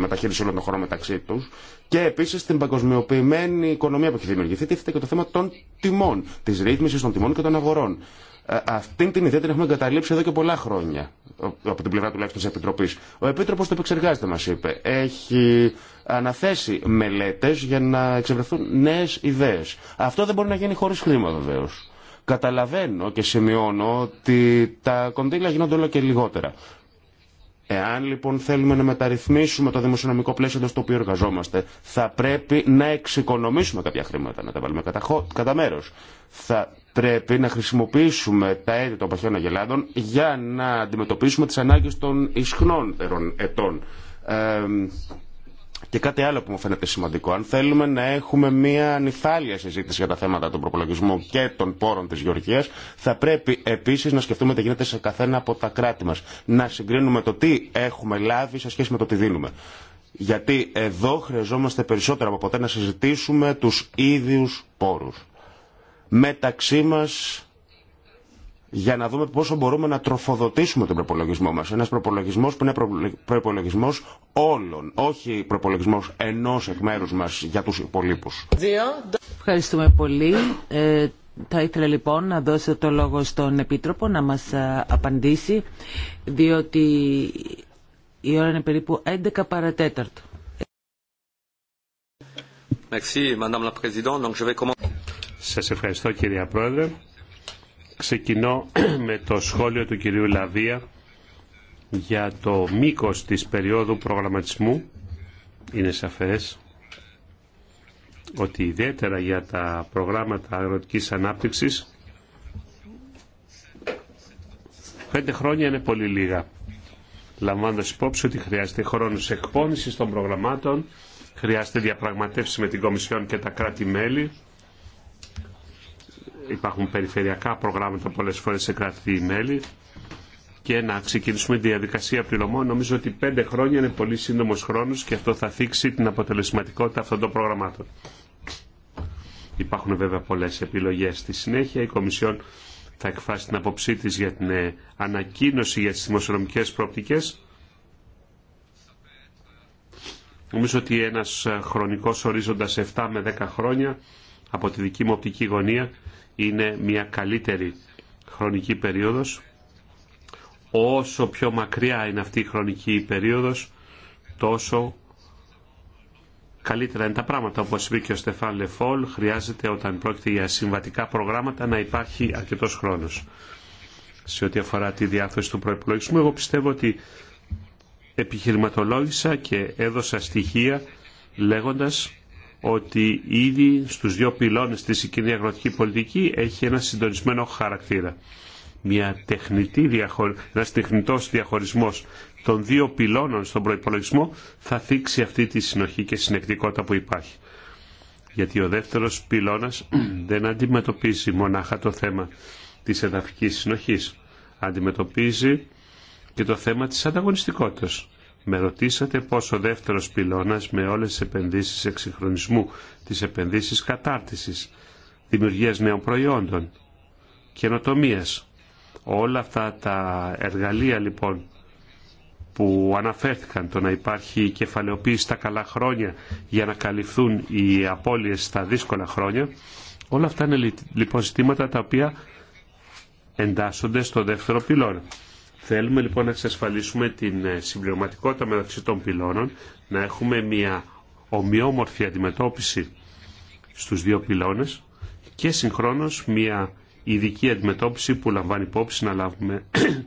μεταχείριση όλων των χωρών μεταξύ του. Και επίση στην παγκοσμιοποιημένη οικονομία που έχει δημιουργηθεί, τίθεται και το θέμα των τιμών, τη ρύθμιση των τιμών και των αγορών. Ε, Αυτή την ιδέα την έχουμε εγκαταλείψει εδώ και πολλά χρόνια, από την πλευρά τουλάχιστον τη Επιτροπή. Ο Επίτροπο το επεξεργάζεται, μα είπε. Έχει αναθέσει μελέτε για να εξευρεθούν νέε ιδέε. Αυτό δεν μπορεί να γίνει χωρί χρήμα, βεβαίω. Καταλαβαίνω και σημειώνω ότι τα κονδύλια γίνονται όλο και λιγότερα. Εάν λοιπόν θέλουμε να μεταρρυθμίσουμε το δημοσιονομικό πλαίσιο εντό οποίο εργαζόμαστε, θα πρέπει να εξοικονομήσουμε κάποια χρήματα, να τα βάλουμε κατά, κατά μέρο. Θα πρέπει να χρησιμοποιήσουμε τα έτη των παχιών αγελάδων για να αντιμετωπίσουμε τις ανάγκες των ισχνότερων ετών. Ε, και κάτι άλλο που μου φαίνεται σημαντικό. Αν θέλουμε να έχουμε μια ανιθάλια συζήτηση για τα θέματα των προπολογισμού και των πόρων τη Γεωργία, θα πρέπει επίση να σκεφτούμε τι γίνεται σε καθένα από τα κράτη μα. Να συγκρίνουμε το τι έχουμε λάβει σε σχέση με το τι δίνουμε. Γιατί εδώ χρειαζόμαστε περισσότερο από ποτέ να συζητήσουμε του ίδιου πόρου μεταξύ μας για να δούμε πόσο μπορούμε να τροφοδοτήσουμε τον προπολογισμό μας. Ένας προπολογισμός που είναι προπολογισμός όλων, όχι προπολογισμός ενός εκ μέρους μας για τους υπολείπους. Ευχαριστούμε πολύ. Ε, θα ήθελα λοιπόν να δώσω το λόγο στον Επίτροπο να μας ε, απαντήσει, διότι η ώρα είναι περίπου 11 παρατέταρτο. Σας ευχαριστώ κυρία Πρόεδρε. Ξεκινώ με το σχόλιο του κυρίου Λαβία για το μήκος της περίοδου προγραμματισμού. Είναι σαφές ότι ιδιαίτερα για τα προγράμματα αγροτικής ανάπτυξης πέντε χρόνια είναι πολύ λίγα. Λαμβάνοντας υπόψη ότι χρειάζεται χρόνος εκπόνησης των προγραμμάτων, χρειάζεται διαπραγματεύσει με την Κομισιόν και τα κράτη-μέλη, υπάρχουν περιφερειακά προγράμματα πολλές φορές σε κράτη-μέλη και να ξεκινήσουμε τη διαδικασία πληρωμών. Νομίζω ότι πέντε χρόνια είναι πολύ σύντομος χρόνος και αυτό θα θίξει την αποτελεσματικότητα αυτών των προγραμμάτων. Υπάρχουν βέβαια πολλές επιλογές στη συνέχεια. Η Κομισιόν θα εκφράσει την απόψή της για την ε, ανακοίνωση για τις δημοσιονομικές προοπτικές. Νομίζω ότι ένας ε, χρονικός ορίζοντας 7 με 10 χρόνια από τη δική μου οπτική γωνία είναι μια καλύτερη χρονική περίοδος. Όσο πιο μακριά είναι αυτή η χρονική περίοδος, τόσο καλύτερα είναι τα πράγματα. Όπως είπε και ο Στεφάν Λεφόλ, χρειάζεται όταν πρόκειται για συμβατικά προγράμματα να υπάρχει αρκετός χρόνος. Σε ό,τι αφορά τη διάθεση του προϋπολογισμού, εγώ πιστεύω ότι επιχειρηματολόγησα και έδωσα στοιχεία λέγοντας ότι ήδη στους δύο πυλώνες της η κοινή αγροτική πολιτική έχει ένα συντονισμένο χαρακτήρα. Μια τεχνητή διαχω... Ένας τεχνητός διαχωρισμός των δύο πυλώνων στον προϋπολογισμό θα θίξει αυτή τη συνοχή και συνεκτικότητα που υπάρχει. Γιατί ο δεύτερος πυλώνας δεν αντιμετωπίζει μονάχα το θέμα της εδαφικής συνοχής. Αντιμετωπίζει και το θέμα της ανταγωνιστικότητας. Με ρωτήσατε πώς ο δεύτερος πυλώνας με όλες τις επενδύσεις εξυγχρονισμού, τις επενδύσεις κατάρτισης, δημιουργίας νέων προϊόντων, καινοτομίας. Όλα αυτά τα εργαλεία λοιπόν που αναφέρθηκαν το να υπάρχει κεφαλαιοποίηση στα καλά χρόνια για να καλυφθούν οι απώλειες στα δύσκολα χρόνια, όλα αυτά είναι λοιπόν ζητήματα τα οποία εντάσσονται στο δεύτερο πυλώνα. Θέλουμε λοιπόν να εξασφαλίσουμε την ε, συμπληρωματικότητα μεταξύ των πυλώνων, να έχουμε μια ομοιόμορφη αντιμετώπιση στους δύο πυλώνες και συγχρόνως μια ειδική αντιμετώπιση που λαμβάνει υπόψη να, λάβουμε,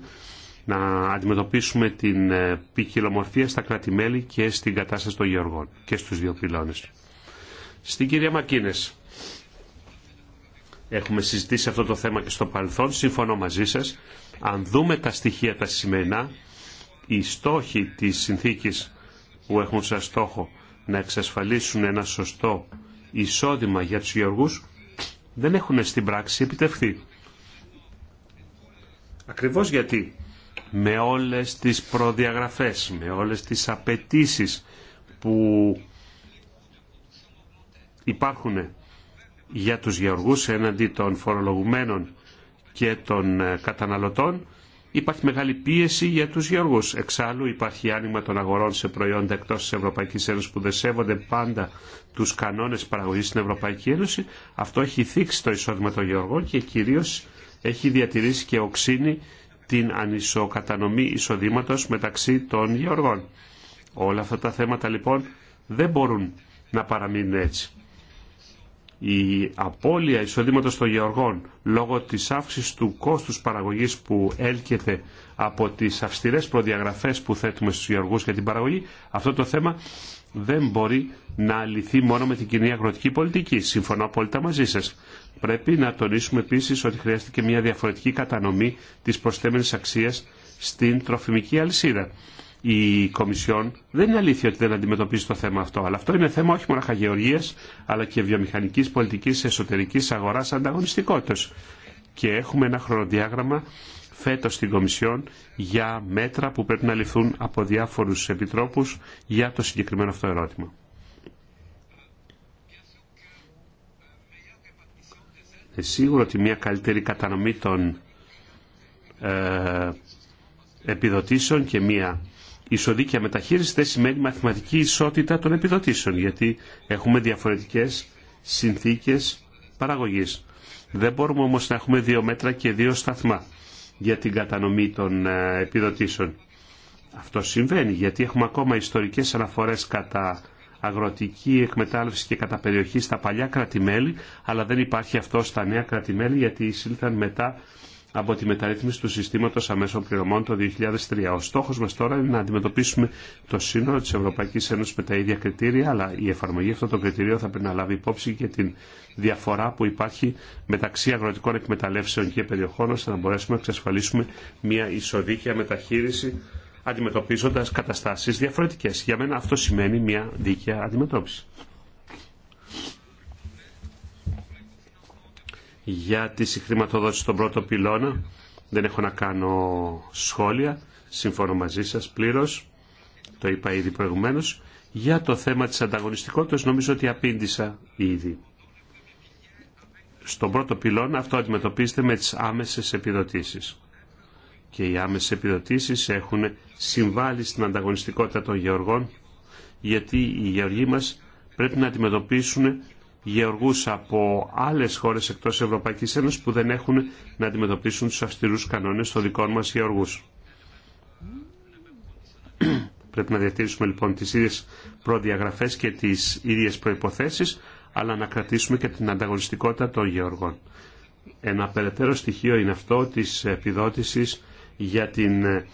να αντιμετωπίσουμε την ε, ποικιλομορφία στα κρατημέλη και στην κατάσταση των γεωργών και στους δύο πυλώνες. Στην κυρία Μακίνες, έχουμε συζητήσει αυτό το θέμα και στο παρελθόν, συμφωνώ μαζί σας αν δούμε τα στοιχεία τα σημερινά, οι στόχοι της συνθήκης που έχουν σαν στόχο να εξασφαλίσουν ένα σωστό εισόδημα για τους γεωργούς δεν έχουν στην πράξη επιτευχθεί. Ακριβώς γιατί με όλες τις προδιαγραφές, με όλες τις απαιτήσει που υπάρχουν για τους γεωργούς έναντι των φορολογουμένων και των ε, καταναλωτών, υπάρχει μεγάλη πίεση για τους γεωργούς. Εξάλλου υπάρχει άνοιγμα των αγορών σε προϊόντα εκτός της Ευρωπαϊκής Ένωσης που δεν σέβονται πάντα τους κανόνες παραγωγής στην Ευρωπαϊκή Ένωση. Αυτό έχει θίξει το εισόδημα των γεωργών και κυρίως έχει διατηρήσει και οξύνει την ανισοκατανομή εισοδήματος μεταξύ των γεωργών. Όλα αυτά τα θέματα λοιπόν δεν μπορούν να παραμείνουν έτσι η απώλεια εισοδήματο των γεωργών λόγω της αύξησης του κόστους παραγωγής που έλκεται από τις αυστηρέ προδιαγραφές που θέτουμε στους γεωργού για την παραγωγή, αυτό το θέμα δεν μπορεί να λυθεί μόνο με την κοινή αγροτική πολιτική. Συμφωνώ απόλυτα μαζί σα. Πρέπει να τονίσουμε επίσης ότι χρειάζεται μια διαφορετική κατανομή της προσθέμενης αξίας στην τροφιμική αλυσίδα η Κομισιόν δεν είναι αλήθεια ότι δεν αντιμετωπίζει το θέμα αυτό, αλλά αυτό είναι θέμα όχι μόνο γεωργία, αλλά και βιομηχανική πολιτική εσωτερική αγορά ανταγωνιστικότητα. Και έχουμε ένα χρονοδιάγραμμα φέτο στην Κομισιόν για μέτρα που πρέπει να ληφθούν από διάφορου επιτρόπου για το συγκεκριμένο αυτό ερώτημα. Ε, σίγουρο ότι μια καλύτερη κατανομή των ε, επιδοτήσεων και μια Ισοδίκια μεταχείριση δεν σημαίνει μαθηματική ισότητα των επιδοτήσεων, γιατί έχουμε διαφορετικές συνθήκες παραγωγής. Δεν μπορούμε όμως να έχουμε δύο μέτρα και δύο σταθμά για την κατανομή των ε, επιδοτήσεων. Αυτό συμβαίνει γιατί έχουμε ακόμα ιστορικές αναφορές κατά αγροτική εκμετάλλευση και κατά περιοχή στα παλιά κρατημέλη, αλλά δεν υπάρχει αυτό στα νέα κρατημέλη γιατί εισήλθαν μετά από τη μεταρρύθμιση του συστήματο αμέσων πληρωμών το 2003. Ο στόχο μα τώρα είναι να αντιμετωπίσουμε το σύνολο τη Ευρωπαϊκή Ένωση με τα ίδια κριτήρια, αλλά η εφαρμογή αυτών των κριτηρίων θα πρέπει να λάβει υπόψη και την διαφορά που υπάρχει μεταξύ αγροτικών εκμεταλλεύσεων και περιοχών, ώστε να μπορέσουμε να εξασφαλίσουμε μια ισοδίκαια μεταχείριση αντιμετωπίζοντα καταστάσει διαφορετικέ. Για μένα αυτό σημαίνει μια δίκαια αντιμετώπιση. για τη συγχρηματοδότηση στον πρώτο πυλώνα. Δεν έχω να κάνω σχόλια. Συμφωνώ μαζί σας πλήρως. Το είπα ήδη προηγουμένως. Για το θέμα της ανταγωνιστικότητας νομίζω ότι απήντησα ήδη. Στον πρώτο πυλώνα αυτό αντιμετωπίζεται με τις άμεσες επιδοτήσεις. Και οι άμεσες επιδοτήσεις έχουν συμβάλει στην ανταγωνιστικότητα των γεωργών γιατί οι γεωργοί μας πρέπει να αντιμετωπίσουν γεωργούς από άλλες χώρες εκτός Ευρωπαϊκής Ένωσης που δεν έχουν να αντιμετωπίσουν τους αυστηρούς κανόνες των δικών μας γεωργούς. Πρέπει να διατηρήσουμε λοιπόν τις ίδιες προδιαγραφές και τις ίδιες προϋποθέσεις, αλλά να κρατήσουμε και την ανταγωνιστικότητα των γεωργών. Ένα περαιτέρω στοιχείο είναι αυτό της επιδότησης για την ε,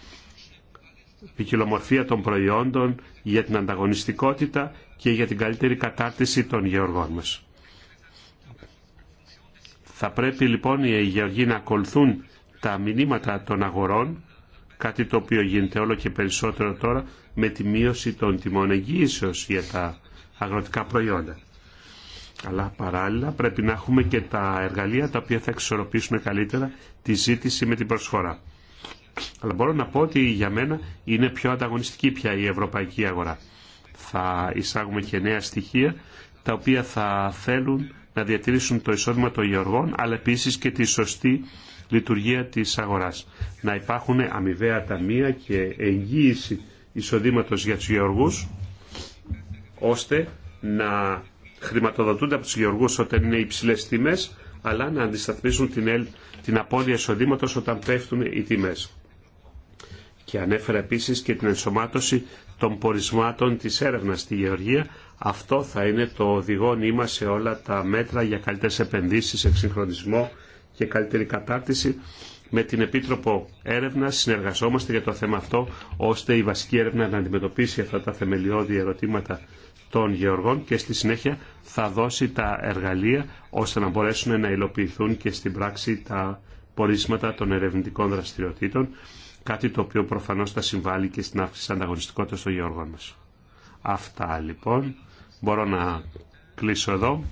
ποικιλομορφία των προϊόντων, για την ανταγωνιστικότητα και για την καλύτερη κατάρτιση των γεωργών μας. Θα πρέπει λοιπόν οι γεωργοί να ακολουθούν τα μηνύματα των αγορών, κάτι το οποίο γίνεται όλο και περισσότερο τώρα με τη μείωση των τιμών εγγύησεως για τα αγροτικά προϊόντα. Αλλά παράλληλα πρέπει να έχουμε και τα εργαλεία τα οποία θα εξορροπήσουν καλύτερα τη ζήτηση με την προσφορά. Αλλά μπορώ να πω ότι για μένα είναι πιο ανταγωνιστική πια η ευρωπαϊκή αγορά θα εισάγουμε και νέα στοιχεία τα οποία θα θέλουν να διατηρήσουν το εισόδημα των γεωργών αλλά επίσης και τη σωστή λειτουργία της αγοράς. Να υπάρχουν αμοιβαία ταμεία και εγγύηση εισοδήματος για τους γεωργούς ώστε να χρηματοδοτούνται από τους γεωργούς όταν είναι υψηλέ τιμές αλλά να αντισταθμίσουν την, την απώλεια εισοδήματος όταν πέφτουν οι τιμές και ανέφερα επίσης και την ενσωμάτωση των πορισμάτων της έρευνας στη Γεωργία. Αυτό θα είναι το οδηγό νήμα σε όλα τα μέτρα για καλύτερες επενδύσεις, εξυγχρονισμό και καλύτερη κατάρτιση. Με την Επίτροπο Έρευνα συνεργαζόμαστε για το θέμα αυτό, ώστε η βασική έρευνα να αντιμετωπίσει αυτά τα θεμελιώδη ερωτήματα των γεωργών και στη συνέχεια θα δώσει τα εργαλεία ώστε να μπορέσουν να υλοποιηθούν και στην πράξη τα πορίσματα των ερευνητικών δραστηριοτήτων κάτι το οποίο προφανώς θα συμβάλλει και στην αύξηση της ανταγωνιστικότητας των γεωργών μας. Αυτά λοιπόν. Μπορώ να κλείσω εδώ.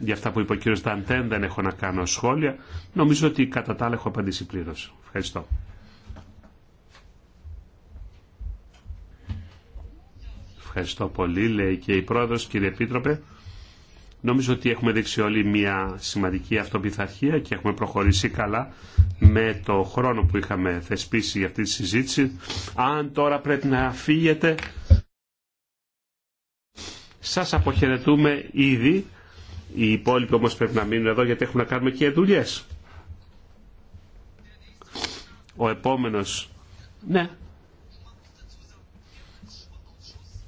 Για αυτά που είπε ο κύριος Δαντέν δεν έχω να κάνω σχόλια. Νομίζω ότι κατά τα άλλα έχω απαντήσει πλήρως. Ευχαριστώ. Ευχαριστώ πολύ, λέει και η πρόεδρος, κύριε Επίτροπε. Νομίζω ότι έχουμε δείξει όλοι μια σημαντική αυτοπιθαρχία και έχουμε προχωρήσει καλά με το χρόνο που είχαμε θεσπίσει για αυτή τη συζήτηση. Αν τώρα πρέπει να φύγετε, σας αποχαιρετούμε ήδη. Οι υπόλοιποι όμως πρέπει να μείνουν εδώ γιατί έχουμε να κάνουμε και δουλειές. Ο επόμενος... Ναι.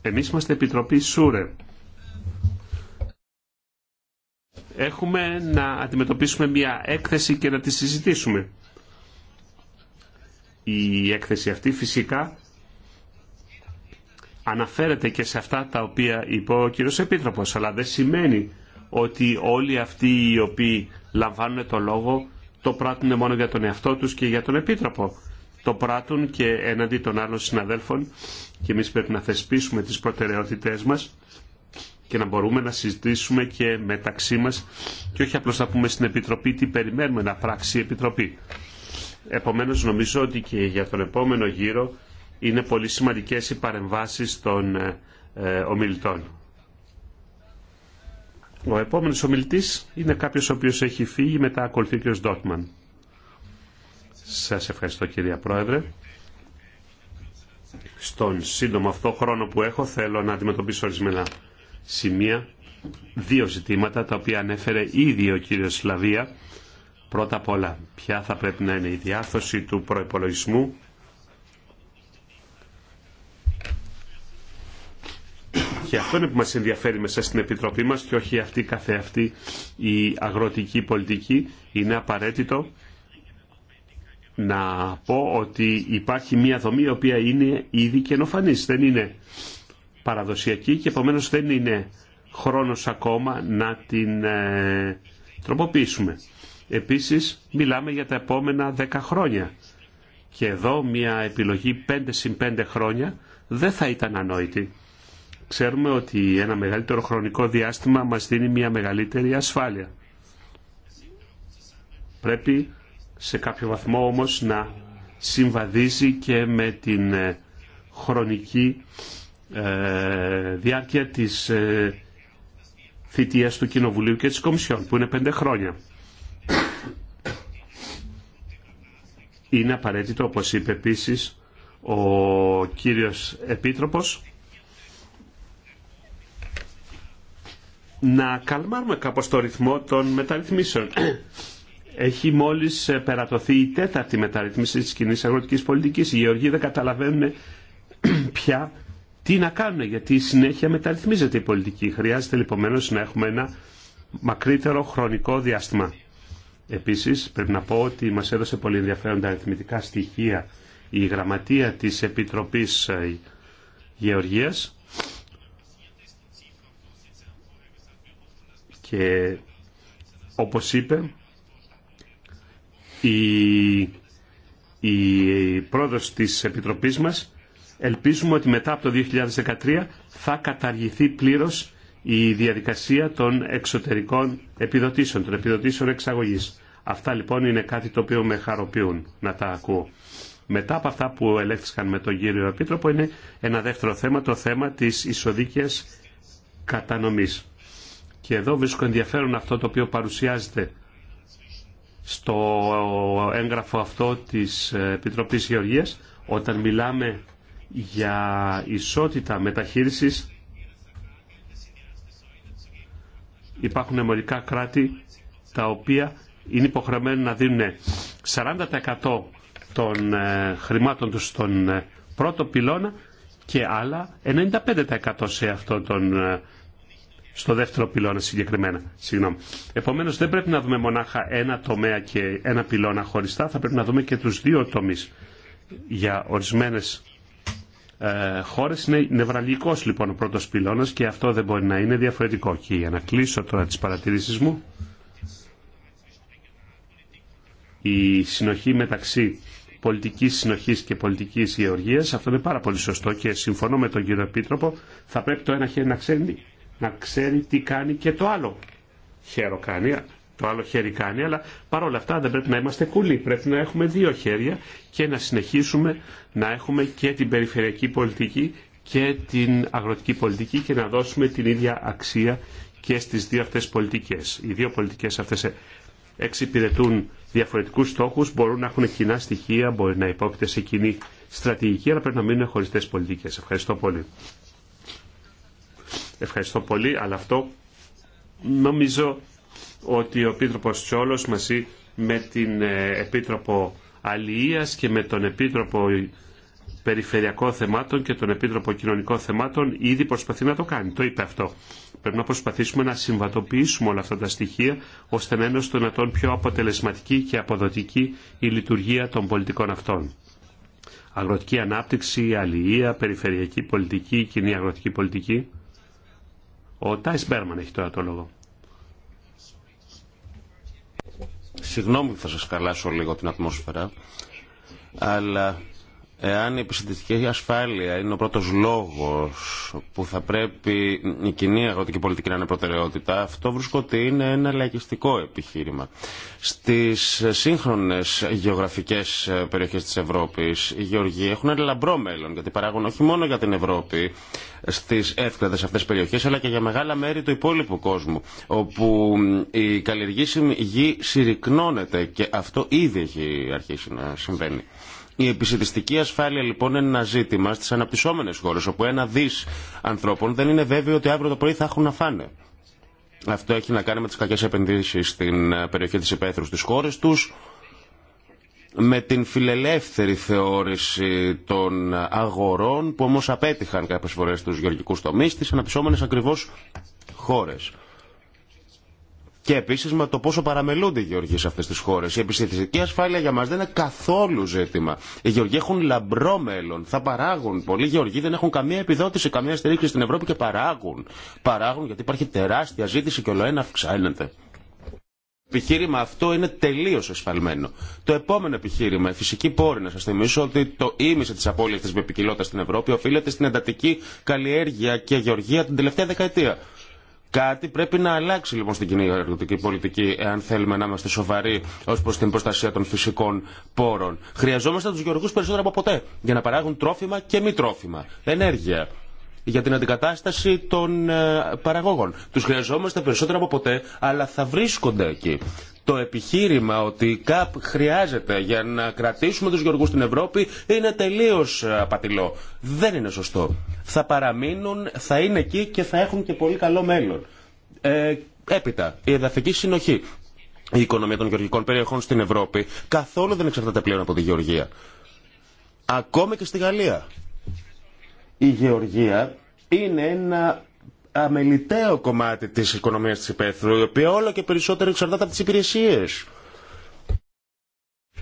Εμείς είμαστε Επιτροπή Σούρε. έχουμε να αντιμετωπίσουμε μια έκθεση και να τη συζητήσουμε. Η έκθεση αυτή φυσικά αναφέρεται και σε αυτά τα οποία είπε ο κύριος Επίτροπος, αλλά δεν σημαίνει ότι όλοι αυτοί οι οποίοι λαμβάνουν το λόγο το πράττουν μόνο για τον εαυτό τους και για τον Επίτροπο. Το πράττουν και έναντι των άλλων συναδέλφων και εμείς πρέπει να θεσπίσουμε τις προτεραιότητές μας και να μπορούμε να συζητήσουμε και μεταξύ μας και όχι απλώς να πούμε στην Επιτροπή τι περιμένουμε να πράξει η Επιτροπή. Επομένως νομίζω ότι και για τον επόμενο γύρο είναι πολύ σημαντικές οι παρεμβάσεις των ε, ε, ομιλητών. Ο επόμενος ομιλητής είναι κάποιος ο οποίος έχει φύγει, μετά ακολουθεί και ο Ντότμαν. Σας ευχαριστώ κυρία Πρόεδρε. Στον σύντομο αυτό χρόνο που έχω θέλω να αντιμετωπίσω ορισμένα σημεία, δύο ζητήματα τα οποία ανέφερε ήδη ο κύριος Σλαβία. Πρώτα απ' όλα, ποια θα πρέπει να είναι η διάθεση του προϋπολογισμού Και αυτό είναι που μας ενδιαφέρει μέσα στην Επιτροπή μας και όχι αυτή καθεαυτή η αγροτική πολιτική. Είναι απαραίτητο να πω ότι υπάρχει μια δομή η οποία είναι ήδη καινοφανής. Δεν είναι παραδοσιακή και επομένω δεν είναι χρόνος ακόμα να την ε, τροποποιήσουμε. Επίσης μιλάμε για τα επόμενα 10 χρόνια και εδώ μια επιλογή 5 συν 5 χρόνια δεν θα ήταν ανόητη. Ξέρουμε ότι ένα μεγαλύτερο χρονικό διάστημα μας δίνει μια μεγαλύτερη ασφάλεια. Πρέπει σε κάποιο βαθμό όμως να συμβαδίζει και με την ε, χρονική ε, διάρκεια της ε, θητείας του Κοινοβουλίου και της Κομισιόν, που είναι πέντε χρόνια. Είναι απαραίτητο, όπως είπε επίση ο κύριος Επίτροπος, να καλμάρουμε κάπως το ρυθμό των μεταρρυθμίσεων. Έχει μόλις ε, περατωθεί η τέταρτη μεταρρυθμίση της κοινή αγροτικής πολιτικής. Οι γεωργοί δεν καταλαβαίνουν ποια τι να κάνουν, γιατί συνέχεια μεταρρυθμίζεται η πολιτική. Χρειάζεται λοιπόν να έχουμε ένα μακρύτερο χρονικό διάστημα. Επίσης, πρέπει να πω ότι μας έδωσε πολύ ενδιαφέροντα αριθμητικά στοιχεία η γραμματεία της Επιτροπής ε, Γεωργίας και όπως είπε η, η πρόεδρος της Επιτροπής μας Ελπίζουμε ότι μετά από το 2013 θα καταργηθεί πλήρως η διαδικασία των εξωτερικών επιδοτήσεων, των επιδοτήσεων εξαγωγής. Αυτά λοιπόν είναι κάτι το οποίο με χαροποιούν να τα ακούω. Μετά από αυτά που ελέγχθηκαν με τον κύριο Επίτροπο είναι ένα δεύτερο θέμα, το θέμα της ισοδίκαιας κατανομής. Και εδώ βρίσκω ενδιαφέρον αυτό το οποίο παρουσιάζεται στο έγγραφο αυτό της Επιτροπής Γεωργίας, όταν μιλάμε για ισότητα μεταχείρισης υπάρχουν μερικά κράτη τα οποία είναι υποχρεωμένα να δίνουν 40% των ε, χρημάτων τους στον ε, πρώτο πυλώνα και άλλα 95% σε αυτό τον, ε, στο δεύτερο πυλώνα συγκεκριμένα. Συγγνώμη. Επομένως δεν πρέπει να δούμε μονάχα ένα τομέα και ένα πυλώνα χωριστά, θα πρέπει να δούμε και τους δύο τομείς για ορισμένες ε, χώρες. Είναι νευραλικός λοιπόν ο πρώτος πυλώνας και αυτό δεν μπορεί να είναι διαφορετικό. Και για να κλείσω τώρα τις παρατηρήσεις μου, η συνοχή μεταξύ πολιτικής συνοχής και πολιτικής γεωργίας, αυτό είναι πάρα πολύ σωστό και συμφωνώ με τον κύριο Επίτροπο, θα πρέπει το ένα χέρι να ξέρει, να ξέρει τι κάνει και το άλλο χέρο κάνει, το άλλο χέρι κάνει, αλλά παρόλα αυτά δεν πρέπει να είμαστε κουλοί. Πρέπει να έχουμε δύο χέρια και να συνεχίσουμε να έχουμε και την περιφερειακή πολιτική και την αγροτική πολιτική και να δώσουμε την ίδια αξία και στις δύο αυτές πολιτικές. Οι δύο πολιτικές αυτές εξυπηρετούν διαφορετικούς στόχους, μπορούν να έχουν κοινά στοιχεία, μπορεί να υπόκειται σε κοινή στρατηγική, αλλά πρέπει να μείνουν χωριστές πολιτικές. Ευχαριστώ πολύ. Ευχαριστώ πολύ, αλλά αυτό νομίζω ότι ο Επίτροπος Τσόλος μαζί με την ε, Επίτροπο Αλληλείας και με τον Επίτροπο Περιφερειακών Θεμάτων και τον Επίτροπο Κοινωνικών Θεμάτων ήδη προσπαθεί να το κάνει. Το είπε αυτό. Πρέπει να προσπαθήσουμε να συμβατοποιήσουμε όλα αυτά τα στοιχεία ώστε να είναι στον δυνατόν πιο αποτελεσματική και αποδοτική η λειτουργία των πολιτικών αυτών. Αγροτική ανάπτυξη, αλληλεία, περιφερειακή πολιτική, κοινή αγροτική πολιτική. Ο Τάις Μπέρμαν έχει τώρα το λόγο. Συγγνώμη που θα σας καλάσω λίγο την ατμόσφαιρα, αλλά Εάν η επιστημιστική ασφάλεια είναι ο πρώτο λόγο που θα πρέπει η κοινή αγροτική πολιτική να είναι προτεραιότητα, αυτό βρίσκω ότι είναι ένα λαϊκιστικό επιχείρημα. Στι σύγχρονε γεωγραφικέ περιοχέ τη Ευρώπη, οι γεωργοί έχουν ένα λαμπρό μέλλον, γιατί παράγουν όχι μόνο για την Ευρώπη στι εύκολε αυτέ περιοχέ, αλλά και για μεγάλα μέρη του υπόλοιπου κόσμου, όπου η καλλιεργήσιμη γη συρρυκνώνεται και αυτό ήδη έχει αρχίσει να συμβαίνει. Η επισητιστική ασφάλεια λοιπόν είναι ένα ζήτημα στι αναπτυσσόμενε χώρε, όπου ένα δι ανθρώπων δεν είναι βέβαιο ότι αύριο το πρωί θα έχουν να φάνε. Αυτό έχει να κάνει με τι κακέ επενδύσει στην ε, περιοχή τη υπαίθρου στι χώρε του, με την φιλελεύθερη θεώρηση των αγορών, που όμω απέτυχαν κάποιε φορέ στου γεωργικού τομεί, στι αναπτυσσόμενε ακριβώ χώρε. Και επίση με το πόσο παραμελούνται οι γεωργοί σε αυτέ τι χώρε. Η επιστημιστική ασφάλεια για μα δεν είναι καθόλου ζήτημα. Οι γεωργοί έχουν λαμπρό μέλλον. Θα παράγουν. Πολλοί γεωργοί δεν έχουν καμία επιδότηση, καμία στηρίξη στην Ευρώπη και παράγουν. Παράγουν γιατί υπάρχει τεράστια ζήτηση και ολοένα αυξάνεται. Το επιχείρημα αυτό είναι τελείω εσφαλμένο. Το επόμενο επιχείρημα, η φυσική πόρη, να σα θυμίσω ότι το ίμιση τη απόλυτη τη βιοπικιλότητα στην Ευρώπη οφείλεται στην εντατική καλλιέργεια και γεωργία την τελευταία δεκαετία. Κάτι πρέπει να αλλάξει λοιπόν στην κοινή αγροτική πολιτική, εάν θέλουμε να είμαστε σοβαροί ω προ την προστασία των φυσικών πόρων. Χρειαζόμαστε του γεωργού περισσότερο από ποτέ για να παράγουν τρόφιμα και μη τρόφιμα. Ενέργεια. Για την αντικατάσταση των ε, παραγόγων. Του χρειαζόμαστε περισσότερο από ποτέ, αλλά θα βρίσκονται εκεί. Το επιχείρημα ότι η ΚΑΠ χρειάζεται για να κρατήσουμε τους γεωργούς στην Ευρώπη είναι τελείως απατηλό. Δεν είναι σωστό. Θα παραμείνουν, θα είναι εκεί και θα έχουν και πολύ καλό μέλλον. Ε, έπειτα, η εδαφική συνοχή. Η οικονομία των γεωργικών περιοχών στην Ευρώπη καθόλου δεν εξαρτάται πλέον από τη γεωργία. Ακόμα και στη Γαλλία. Η γεωργία είναι ένα αμεληταίο κομμάτι της οικονομίας της υπαίθρου, η οποία όλο και περισσότερο εξαρτάται από τις υπηρεσίες.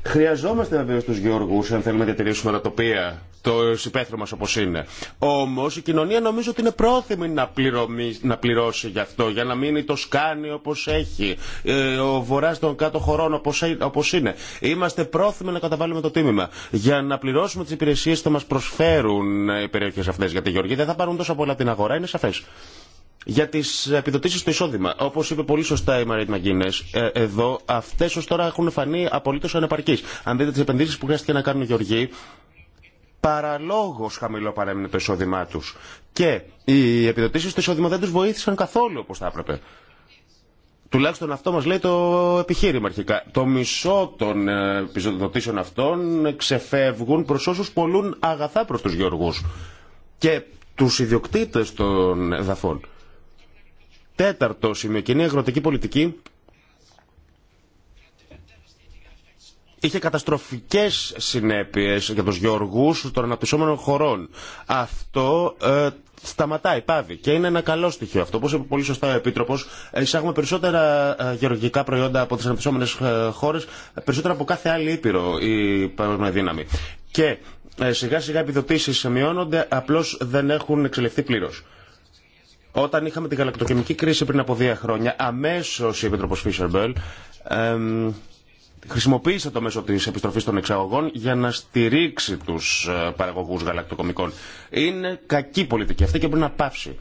Χρειαζόμαστε βεβαίω του Γιώργου, αν θέλουμε να διατηρήσουμε τα τοπία, το υπαίθρο μα όπω είναι. Όμω η κοινωνία νομίζω ότι είναι πρόθυμη να, πληρωμη, να πληρώσει γι' αυτό, για να μείνει το σκάνι όπω έχει, ε, ο βορρά των κάτω χωρών όπω είναι. Είμαστε πρόθυμοι να καταβάλουμε το τίμημα για να πληρώσουμε τι υπηρεσίε που μα προσφέρουν ε, οι περιοχέ αυτέ. Γιατί οι Γεωργοί δεν θα πάρουν τόσο πολλά την αγορά, είναι σαφέ για τι επιδοτήσει στο εισόδημα. Όπω είπε πολύ σωστά η Μαρίτ Μαγκίνε, ε, εδώ αυτέ ω τώρα έχουν φανεί απολύτω ανεπαρκεί. Αν δείτε τι επενδύσει που χρειάστηκε να κάνουν οι Γεωργοί, παραλόγω χαμηλό παρέμεινε το εισόδημά του. Και οι επιδοτήσει στο εισόδημα δεν του βοήθησαν καθόλου όπω θα έπρεπε. Τουλάχιστον αυτό μα λέει το επιχείρημα αρχικά. Το μισό των ε, επιδοτήσεων αυτών ξεφεύγουν προ όσου πολλούν αγαθά προ του γεωργού και του ιδιοκτήτε των εδαφών. Τέταρτο σημείο, κοινή αγροτική πολιτική είχε καταστροφικές συνέπειες για τους γεωργούς των αναπτυσσόμενων χωρών. Αυτό ε, σταματάει, πάβει και είναι ένα καλό στοιχείο αυτό. όπω είπε πολύ σωστά ο Επίτροπος, εισάγουμε περισσότερα ε, γεωργικά προϊόντα από τις αναπτυσσόμενες ε, χώρες, περισσότερα από κάθε άλλη ήπειρο η παγκόσμια δύναμη. Και ε, σιγά σιγά επιδοτήσεις μειώνονται, απλώς δεν έχουν εξελιχθεί πλήρως. Όταν είχαμε τη γαλακτοκαιμική κρίση πριν από δύο χρόνια, αμέσω η Επίτροπο Φίσερμπελ χρησιμοποίησε το μέσο τη επιστροφή των εξαγωγών για να στηρίξει του ε, παραγωγού γαλακτοκομικών. Είναι κακή πολιτική αυτή και μπορεί να πάυσει.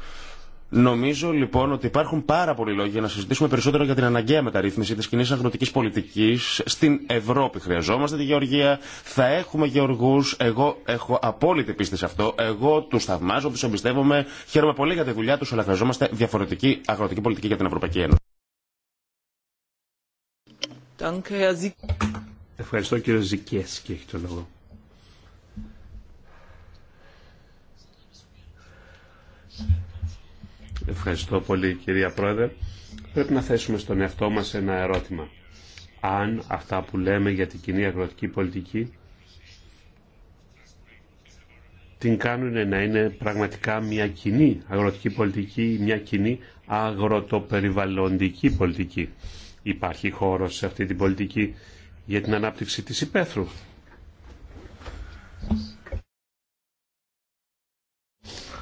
Νομίζω λοιπόν ότι υπάρχουν πάρα πολλοί λόγοι για να συζητήσουμε περισσότερο για την αναγκαία μεταρρύθμιση τη κοινή αγροτική πολιτική στην Ευρώπη. Χρειαζόμαστε τη γεωργία, θα έχουμε γεωργού. Εγώ έχω απόλυτη πίστη σε αυτό. Εγώ του θαυμάζω, του εμπιστεύομαι. Χαίρομαι πολύ για τη δουλειά του, αλλά χρειαζόμαστε διαφορετική αγροτική πολιτική για την Ευρωπαϊκή Ένωση. Ευχαριστώ Ευχαριστώ πολύ κυρία Πρόεδρε. Πρέπει να θέσουμε στον εαυτό μας ένα ερώτημα. Αν αυτά που λέμε για την κοινή αγροτική πολιτική την κάνουν να είναι πραγματικά μια κοινή αγροτική πολιτική, μια κοινή αγροτοπεριβαλλοντική πολιτική. Υπάρχει χώρος σε αυτή την πολιτική για την ανάπτυξη της υπαίθρου.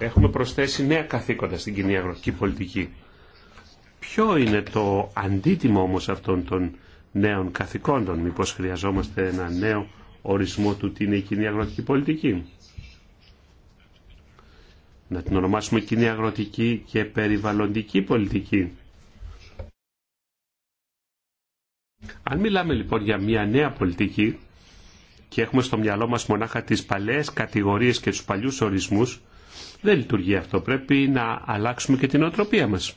Έχουμε προσθέσει νέα καθήκοντα στην κοινή αγροτική πολιτική. Ποιο είναι το αντίτιμο όμως αυτών των νέων καθηκόντων. Μήπως χρειαζόμαστε ένα νέο ορισμό του τι είναι η κοινή αγροτική πολιτική. Να την ονομάσουμε κοινή αγροτική και περιβαλλοντική πολιτική. Αν μιλάμε λοιπόν για μια νέα πολιτική και έχουμε στο μυαλό μας μονάχα τις παλαιές κατηγορίες και τους παλιούς ορισμούς, δεν λειτουργεί αυτό. Πρέπει να αλλάξουμε και την οτροπία μας.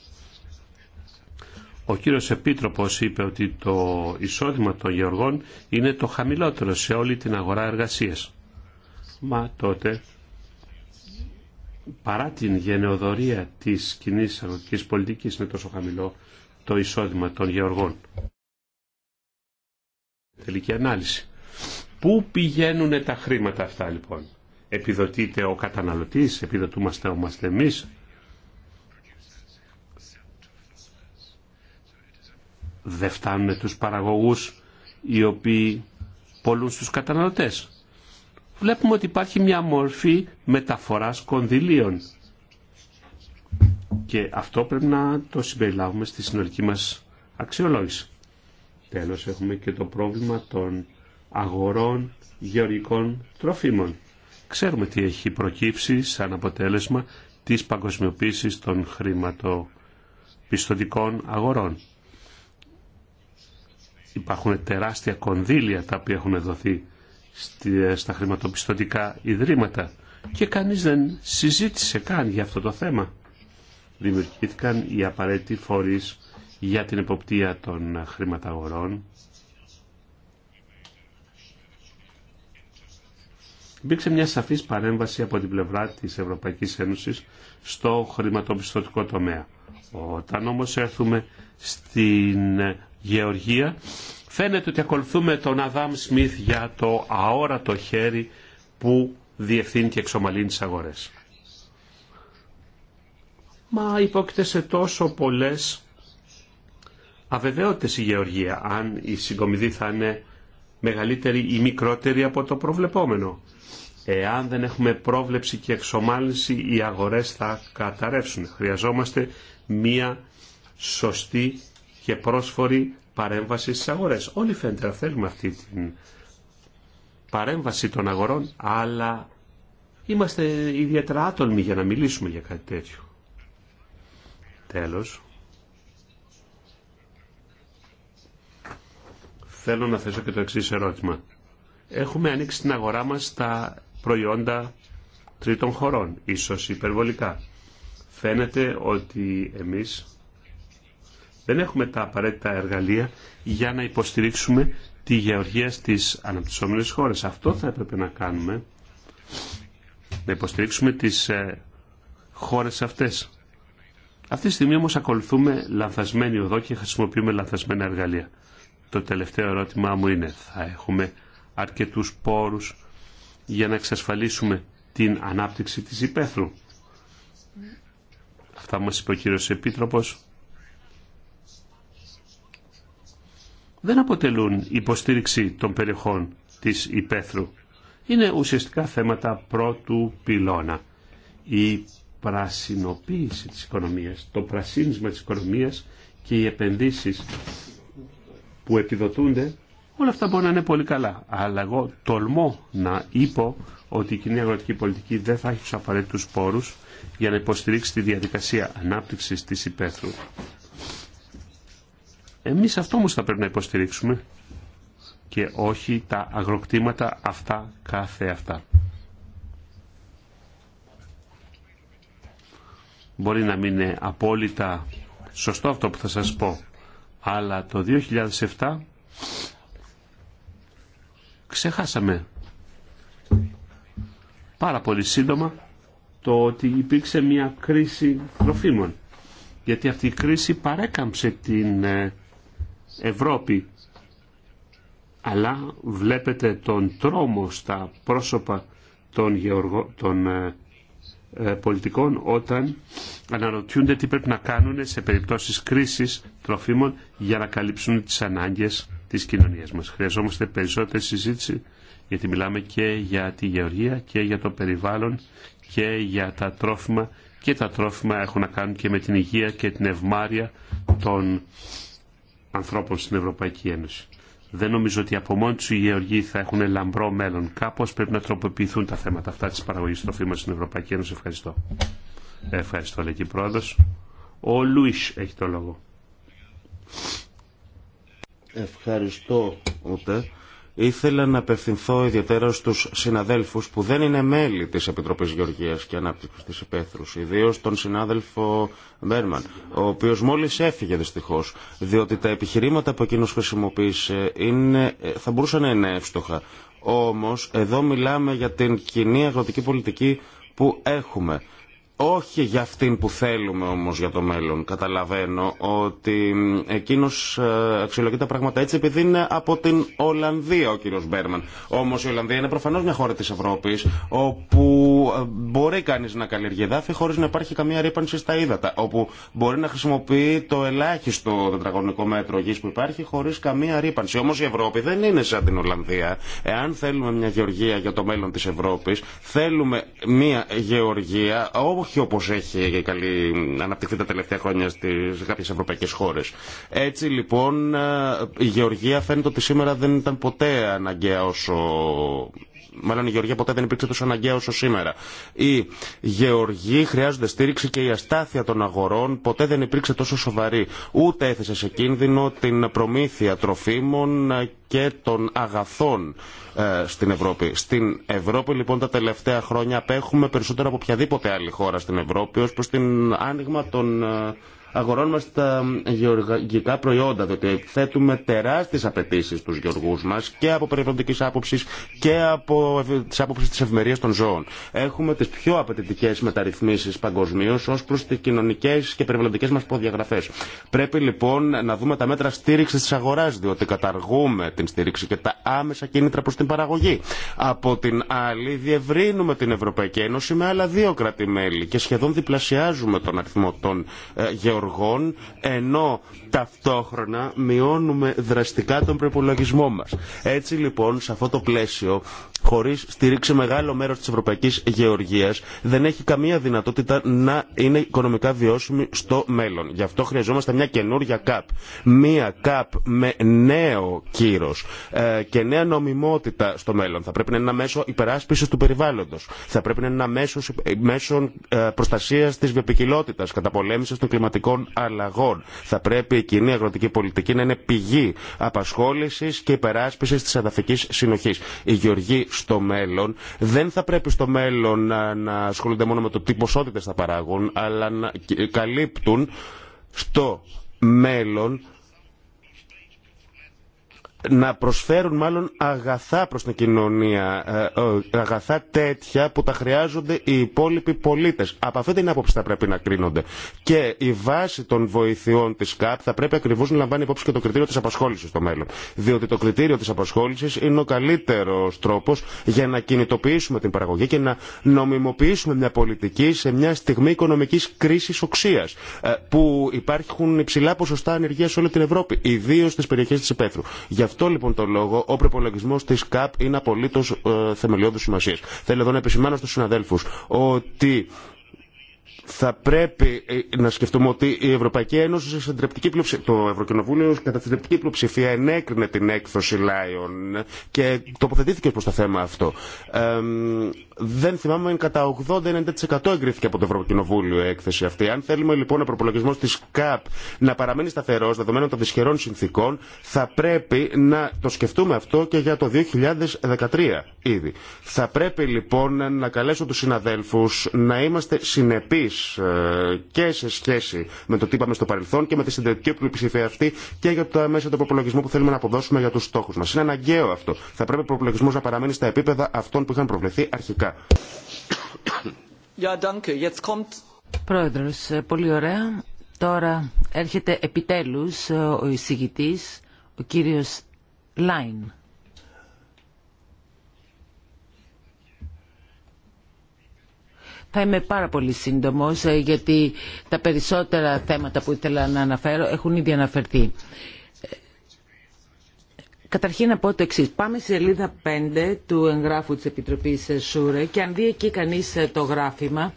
Ο κύριος Επίτροπος είπε ότι το εισόδημα των γεωργών είναι το χαμηλότερο σε όλη την αγορά εργασίας. Μα τότε, παρά την γενεοδορία της κοινή αγροτικής πολιτικής είναι τόσο χαμηλό το εισόδημα των γεωργών. Τελική ανάλυση. Πού πηγαίνουν τα χρήματα αυτά λοιπόν επιδοτείται ο καταναλωτής, επιδοτούμαστε όμως εμείς. Δεν φτάνουν τους παραγωγούς οι οποίοι πολλούν στους καταναλωτές. Βλέπουμε ότι υπάρχει μια μορφή μεταφοράς κονδυλίων και αυτό πρέπει να το συμπεριλάβουμε στη συνολική μας αξιολόγηση. Τέλος έχουμε και το πρόβλημα των αγορών γεωργικών τροφίμων. Ξέρουμε τι έχει προκύψει σαν αποτέλεσμα της παγκοσμιοποίησης των χρηματοπιστωτικών αγορών. Υπάρχουν τεράστια κονδύλια τα οποία έχουν δοθεί στα χρηματοπιστωτικά ιδρύματα και κανείς δεν συζήτησε καν για αυτό το θέμα. Δημιουργήθηκαν οι απαραίτητοι φορείς για την εποπτεία των χρηματαγορών Υπήρξε μια σαφής παρέμβαση από την πλευρά της Ευρωπαϊκής Ένωσης στο χρηματοπιστωτικό τομέα. Όταν όμως έρθουμε στην Γεωργία, φαίνεται ότι ακολουθούμε τον Αδάμ Σμιθ για το αόρατο χέρι που διευθύνει και εξομαλύνει τις αγορές. Μα υπόκειται σε τόσο πολλές αβεβαιότητες η γεωργία, αν η συγκομιδή θα είναι μεγαλύτερη ή μικρότερη από το προβλεπόμενο. Εάν δεν έχουμε πρόβλεψη και εξομάλυνση, οι αγορές θα καταρρεύσουν. Χρειαζόμαστε μία σωστή και πρόσφορη παρέμβαση στις αγορές. Όλοι φαίνεται να θέλουμε αυτή την παρέμβαση των αγορών, αλλά είμαστε ιδιαίτερα άτολμοι για να μιλήσουμε για κάτι τέτοιο. Τέλος. Θέλω να θέσω και το εξής ερώτημα. Έχουμε ανοίξει την αγορά μας στα προϊόντα τρίτων χωρών, ίσως υπερβολικά. Φαίνεται ότι εμείς δεν έχουμε τα απαραίτητα εργαλεία για να υποστηρίξουμε τη γεωργία στις αναπτυσσόμενες χώρες. Αυτό θα έπρεπε να κάνουμε, να υποστηρίξουμε τις ε, χώρες αυτές. Αυτή τη στιγμή όμως ακολουθούμε λανθασμένη οδό και χρησιμοποιούμε λανθασμένα εργαλεία. Το τελευταίο ερώτημά μου είναι, θα έχουμε αρκετούς πόρους για να εξασφαλίσουμε την ανάπτυξη της υπαίθρου. Αυτά μας είπε ο κύριος Επίτροπος. Δεν αποτελούν υποστήριξη των περιοχών της υπαίθρου. Είναι ουσιαστικά θέματα πρώτου πυλώνα. Η πρασινοποίηση της οικονομίας, το πρασίνισμα της οικονομίας και οι επενδύσεις που επιδοτούνται Όλα αυτά μπορεί να είναι πολύ καλά. Αλλά εγώ τολμώ να είπω ότι η κοινή αγροτική πολιτική δεν θα έχει τους απαραίτητου πόρους για να υποστηρίξει τη διαδικασία ανάπτυξης της υπαίθρου. Εμείς αυτό όμω θα πρέπει να υποστηρίξουμε και όχι τα αγροκτήματα αυτά κάθε αυτά. Μπορεί να μην είναι απόλυτα σωστό αυτό που θα σας πω, αλλά το 2007 ξεχάσαμε πάρα πολύ σύντομα το ότι υπήρξε μια κρίση τροφίμων. Γιατί αυτή η κρίση παρέκαμψε την ε, Ευρώπη. Αλλά βλέπετε τον τρόμο στα πρόσωπα των, γεωργο... των ε, ε, πολιτικών όταν αναρωτιούνται τι πρέπει να κάνουν σε περιπτώσεις κρίσης τροφίμων για να καλύψουν τις ανάγκες τη κοινωνία μα. Χρειαζόμαστε περισσότερη συζήτηση γιατί μιλάμε και για τη γεωργία και για το περιβάλλον και για τα τρόφιμα και τα τρόφιμα έχουν να κάνουν και με την υγεία και την ευμάρεια των ανθρώπων στην Ευρωπαϊκή Ένωση. Δεν νομίζω ότι από μόνοι του οι γεωργοί θα έχουν λαμπρό μέλλον. κάπω, πρέπει να τροποποιηθούν τα θέματα αυτά της παραγωγής τροφίμων στην Ευρωπαϊκή Ένωση. Ευχαριστώ. Ευχαριστώ, λέει και η πρόεδρος. Ο Λουίς έχει το λόγο. Ευχαριστώ, Ούτε. Ήθελα να απευθυνθώ ιδιαίτερα στους συναδέλφους που δεν είναι μέλη της Επιτροπής Γεωργίας και Ανάπτυξης της Υπέθρους, ιδίως τον συνάδελφο Μπέρμαν, ο οποίος μόλις έφυγε δυστυχώς, διότι τα επιχειρήματα που εκείνος χρησιμοποίησε είναι, θα μπορούσαν να είναι εύστοχα. Όμως εδώ μιλάμε για την κοινή αγροτική πολιτική που έχουμε όχι για αυτήν που θέλουμε όμως για το μέλλον. Καταλαβαίνω ότι εκείνος ε, αξιολογεί τα πράγματα έτσι επειδή είναι από την Ολλανδία ο κύριος Μπέρμαν. Όμως η Ολλανδία είναι προφανώς μια χώρα της Ευρώπης όπου ε, μπορεί κανείς να καλλιεργεί εδάφη χωρίς να υπάρχει καμία ρήπανση στα ύδατα. Όπου μπορεί να χρησιμοποιεί το ελάχιστο τετραγωνικό μέτρο γης που υπάρχει χωρίς καμία ρήπανση. Όμως η Ευρώπη δεν είναι σαν την Ολλανδία. Εάν θέλουμε μια γεωργία για το μέλλον της Ευρώπης, θέλουμε μια γεωργία όχι όπως έχει καλή αναπτυχθεί τα τελευταία χρόνια στις κάποιες ευρωπαϊκές χώρες. Έτσι λοιπόν ε, η Γεωργία φαίνεται ότι σήμερα δεν ήταν ποτέ αναγκαία όσο μάλλον η γεωργία ποτέ δεν υπήρξε τόσο αναγκαία όσο σήμερα. η γεωργοί χρειάζονται στήριξη και η αστάθεια των αγορών ποτέ δεν υπήρξε τόσο σοβαρή. Ούτε έθεσε σε κίνδυνο την προμήθεια τροφίμων και των αγαθών ε, στην Ευρώπη. Στην Ευρώπη λοιπόν τα τελευταία χρόνια απέχουμε περισσότερο από οποιαδήποτε άλλη χώρα στην Ευρώπη ως προς την άνοιγμα των ε, Αγορώνουμε στα τα γεωργικά προϊόντα, διότι θέτουμε τεράστιες απαιτήσεις στους γεωργούς μας και από περιβαλλοντικής άποψης και από τις άποψεις της ευημερίας των ζώων. Έχουμε τις πιο απαιτητικές μεταρρυθμίσεις παγκοσμίω ως προς τις κοινωνικές και περιβαλλοντικές μας προδιαγραφές. Πρέπει λοιπόν να δούμε τα μέτρα στήριξης της αγοράς, διότι καταργούμε την στήριξη και τα άμεσα κίνητρα προς την παραγωγή. Από την άλλη διευρύνουμε την Ευρωπαϊκή Ένωση με άλλα δύο κράτη-μέλη και σχεδόν διπλασιάζουμε τον αριθμό των ε, γεωργών ενώ ταυτόχρονα μειώνουμε δραστικά τον προπολογισμό μας. Έτσι λοιπόν σε αυτό το πλαίσιο χωρίς στηρίξει μεγάλο μέρος της Ευρωπαϊκής Γεωργίας δεν έχει καμία δυνατότητα να είναι οικονομικά βιώσιμη στο μέλλον. Γι' αυτό χρειαζόμαστε μια καινούργια ΚΑΠ. Μια ΚΑΠ με νέο κύρος ε, και νέα νομιμότητα στο μέλλον. Θα πρέπει να είναι ένα μέσο υπεράσπισης του περιβάλλοντος. Θα πρέπει να είναι ένα μέσο, μέσο ε, προστασίας της βιοπικιλότητας, καταπολέμησης των κλιματικών αλλαγών. Θα πρέπει η κοινή αγροτική πολιτική να είναι πηγή απασχόληση και υπεράσπιση τη εδαφική συνοχή. Οι γεωργοί στο μέλλον δεν θα πρέπει στο μέλλον να, να ασχολούνται μόνο με το τι ποσότητε θα παράγουν, αλλά να ε, καλύπτουν στο μέλλον να προσφέρουν μάλλον αγαθά προς την κοινωνία, ε, αγαθά τέτοια που τα χρειάζονται οι υπόλοιποι πολίτες. Από αυτή την άποψη θα πρέπει να κρίνονται. Και η βάση των βοηθειών της ΚΑΠ θα πρέπει ακριβώς να λαμβάνει υπόψη και το κριτήριο της απασχόλησης στο μέλλον. Διότι το κριτήριο της απασχόλησης είναι ο καλύτερος τρόπος για να κινητοποιήσουμε την παραγωγή και να νομιμοποιήσουμε μια πολιτική σε μια στιγμή οικονομικής κρίσης οξίας, ε, που υπάρχουν υψηλά ποσοστά ανεργία σε όλη την Ευρώπη, ιδίως στις περιοχές της υπαίθρου αυτό λοιπόν το λόγο ο προπολογισμό τη ΚΑΠ είναι απολύτω ε, θεμελιώδη σημασία. Θέλω εδώ να επισημάνω στου συναδέλφου ότι θα πρέπει ε, να σκεφτούμε ότι η Ευρωπαϊκή Ένωση, το Ευρωκοινοβούλιο κατά τη συντριπτική πλειοψηφία ενέκρινε την έκδοση Λάιον και τοποθετήθηκε προ το θέμα αυτό δεν θυμάμαι αν κατά 80-90% εγκρίθηκε από το Ευρωκοινοβούλιο η έκθεση αυτή. Αν θέλουμε λοιπόν ο προπολογισμό τη ΚΑΠ να παραμένει σταθερό δεδομένων των δυσχερών συνθήκων, θα πρέπει να το σκεφτούμε αυτό και για το 2013 ήδη. Θα πρέπει λοιπόν να καλέσω του συναδέλφου να είμαστε συνεπεί ε, και σε σχέση με το τι είπαμε στο παρελθόν και με τη συντριπτική πλειοψηφία αυτή και για το μέσα του προπολογισμού που θέλουμε να αποδώσουμε για του στόχου μα. Είναι αναγκαίο αυτό. Θα πρέπει ο προπολογισμό να παραμένει στα επίπεδα αυτών που είχαν προβλεφθεί αρχικά Πρόεδρο, πολύ ωραία. Τώρα έρχεται επιτέλους ο εισηγητής, ο κύριος Λάιν. Θα είμαι πάρα πολύ σύντομος ε, γιατί τα περισσότερα θέματα που ήθελα να αναφέρω έχουν ήδη αναφερθεί. Καταρχήν να πω το εξή. Πάμε στη σελίδα 5 του εγγράφου της Επιτροπής ε, ΣΟΥΡΕ και αν δει εκεί κανείς ε, το γράφημα,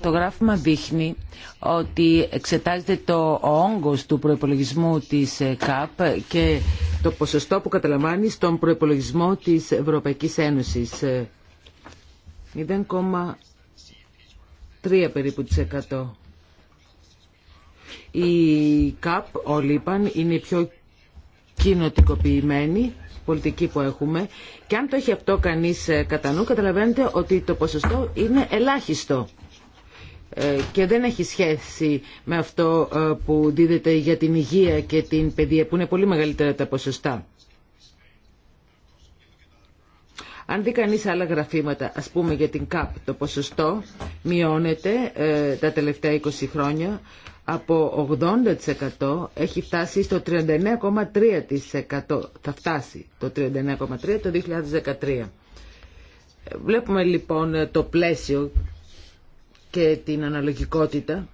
το γράφημα δείχνει ότι εξετάζεται το όγκος του προϋπολογισμού της ε, ΚΑΠ και το ποσοστό που καταλαμβάνει στον προϋπολογισμό της Ευρωπαϊκής Ένωσης. 0,3 περίπου της 100. Η ΚΑΠ, όλοι είπαν, είναι η πιο κοινοτικοποιημένη πολιτική που έχουμε και αν το έχει αυτό κανείς ε, κατά νου καταλαβαίνετε ότι το ποσοστό είναι ελάχιστο ε, και δεν έχει σχέση με αυτό ε, που δίδεται για την υγεία και την παιδεία που είναι πολύ μεγαλύτερα τα ποσοστά. Αν δει κανείς άλλα γραφήματα, ας πούμε για την ΚΑΠ, το ποσοστό μειώνεται τα τελευταία 20 χρόνια από 80% έχει φτάσει στο 39,3%. Θα φτάσει το 39,3% το 2013. Βλέπουμε λοιπόν το πλαίσιο και την αναλογικότητα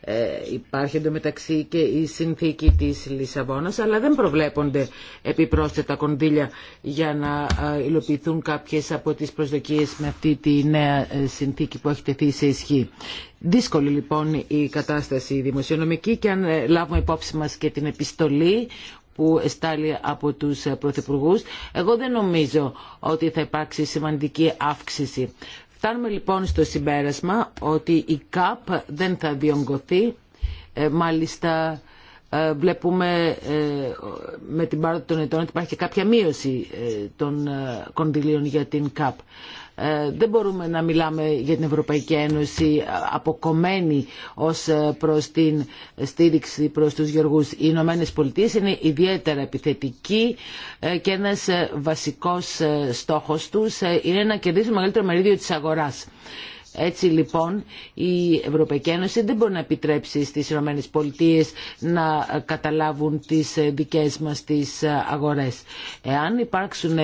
ε, υπάρχει εντωμεταξύ και η συνθήκη της Λισαβόνας αλλά δεν προβλέπονται επιπρόσθετα κονδύλια για να ε, υλοποιηθούν κάποιες από τις προσδοκίες με αυτή τη νέα ε, συνθήκη που έχει τεθεί σε ισχύ. Δύσκολη λοιπόν η κατάσταση δημοσιονομική και αν ε, λάβουμε υπόψη μας και την επιστολή που εστάλει από τους πρωθυπουργού. Εγώ δεν νομίζω ότι θα υπάρξει σημαντική αύξηση. Φτάνουμε λοιπόν στο συμπέρασμα ότι η ΚΑΠ δεν θα διονγκωθεί. Ε, μάλιστα ε, βλέπουμε ε, με την πάροδο των ετών ότι υπάρχει κάποια μείωση των κονδυλίων για την ΚΑΠ. Ε, δεν μπορούμε να μιλάμε για την Ευρωπαϊκή Ένωση αποκομμένη ως ε, προς την στήριξη προς τους γεωργούς. Οι Ηνωμένε Πολιτείες είναι ιδιαίτερα επιθετικοί ε, και ένας βασικός στόχος τους είναι να κερδίσουν μεγαλύτερο μερίδιο της αγοράς. Έτσι λοιπόν η Ευρωπαϊκή Ένωση δεν μπορεί να επιτρέψει στις Ηνωμένες Πολιτείες να καταλάβουν τις δικές μας τις αγορές. Εάν υπάρξουν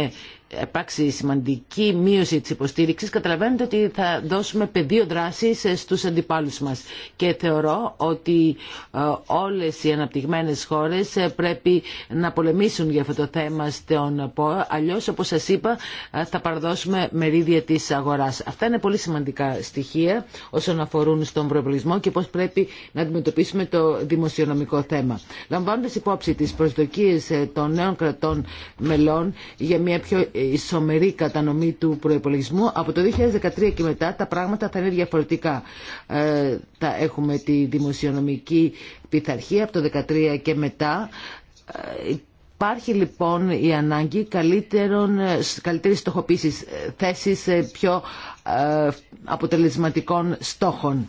υπάρξει σημαντική μείωση της υποστήριξης, καταλαβαίνετε ότι θα δώσουμε πεδίο δράσης ε, στους αντιπάλους μας. Και θεωρώ ότι ε, όλες οι αναπτυγμένες χώρες ε, πρέπει να πολεμήσουν για αυτό το θέμα στον ΠΟ. αλλιώς όπως σας είπα θα παραδώσουμε μερίδια της αγοράς. Αυτά είναι πολύ σημαντικά στοιχεία όσον αφορούν στον προεπλογισμό και πώς πρέπει να αντιμετωπίσουμε το δημοσιονομικό θέμα. Λαμβάνοντας υπόψη τις προσδοκίες των νέων κρατών μελών για μια πιο ισομερή κατανομή του προϋπολογισμού. Από το 2013 και μετά τα πράγματα θα είναι διαφορετικά. Ε, θα έχουμε τη δημοσιονομική πειθαρχία από το 2013 και μετά. Ε, υπάρχει λοιπόν η ανάγκη καλύτερων, καλύτερης στοχοποίησης ε, θέσης πιο αποτελεσματικών στόχων.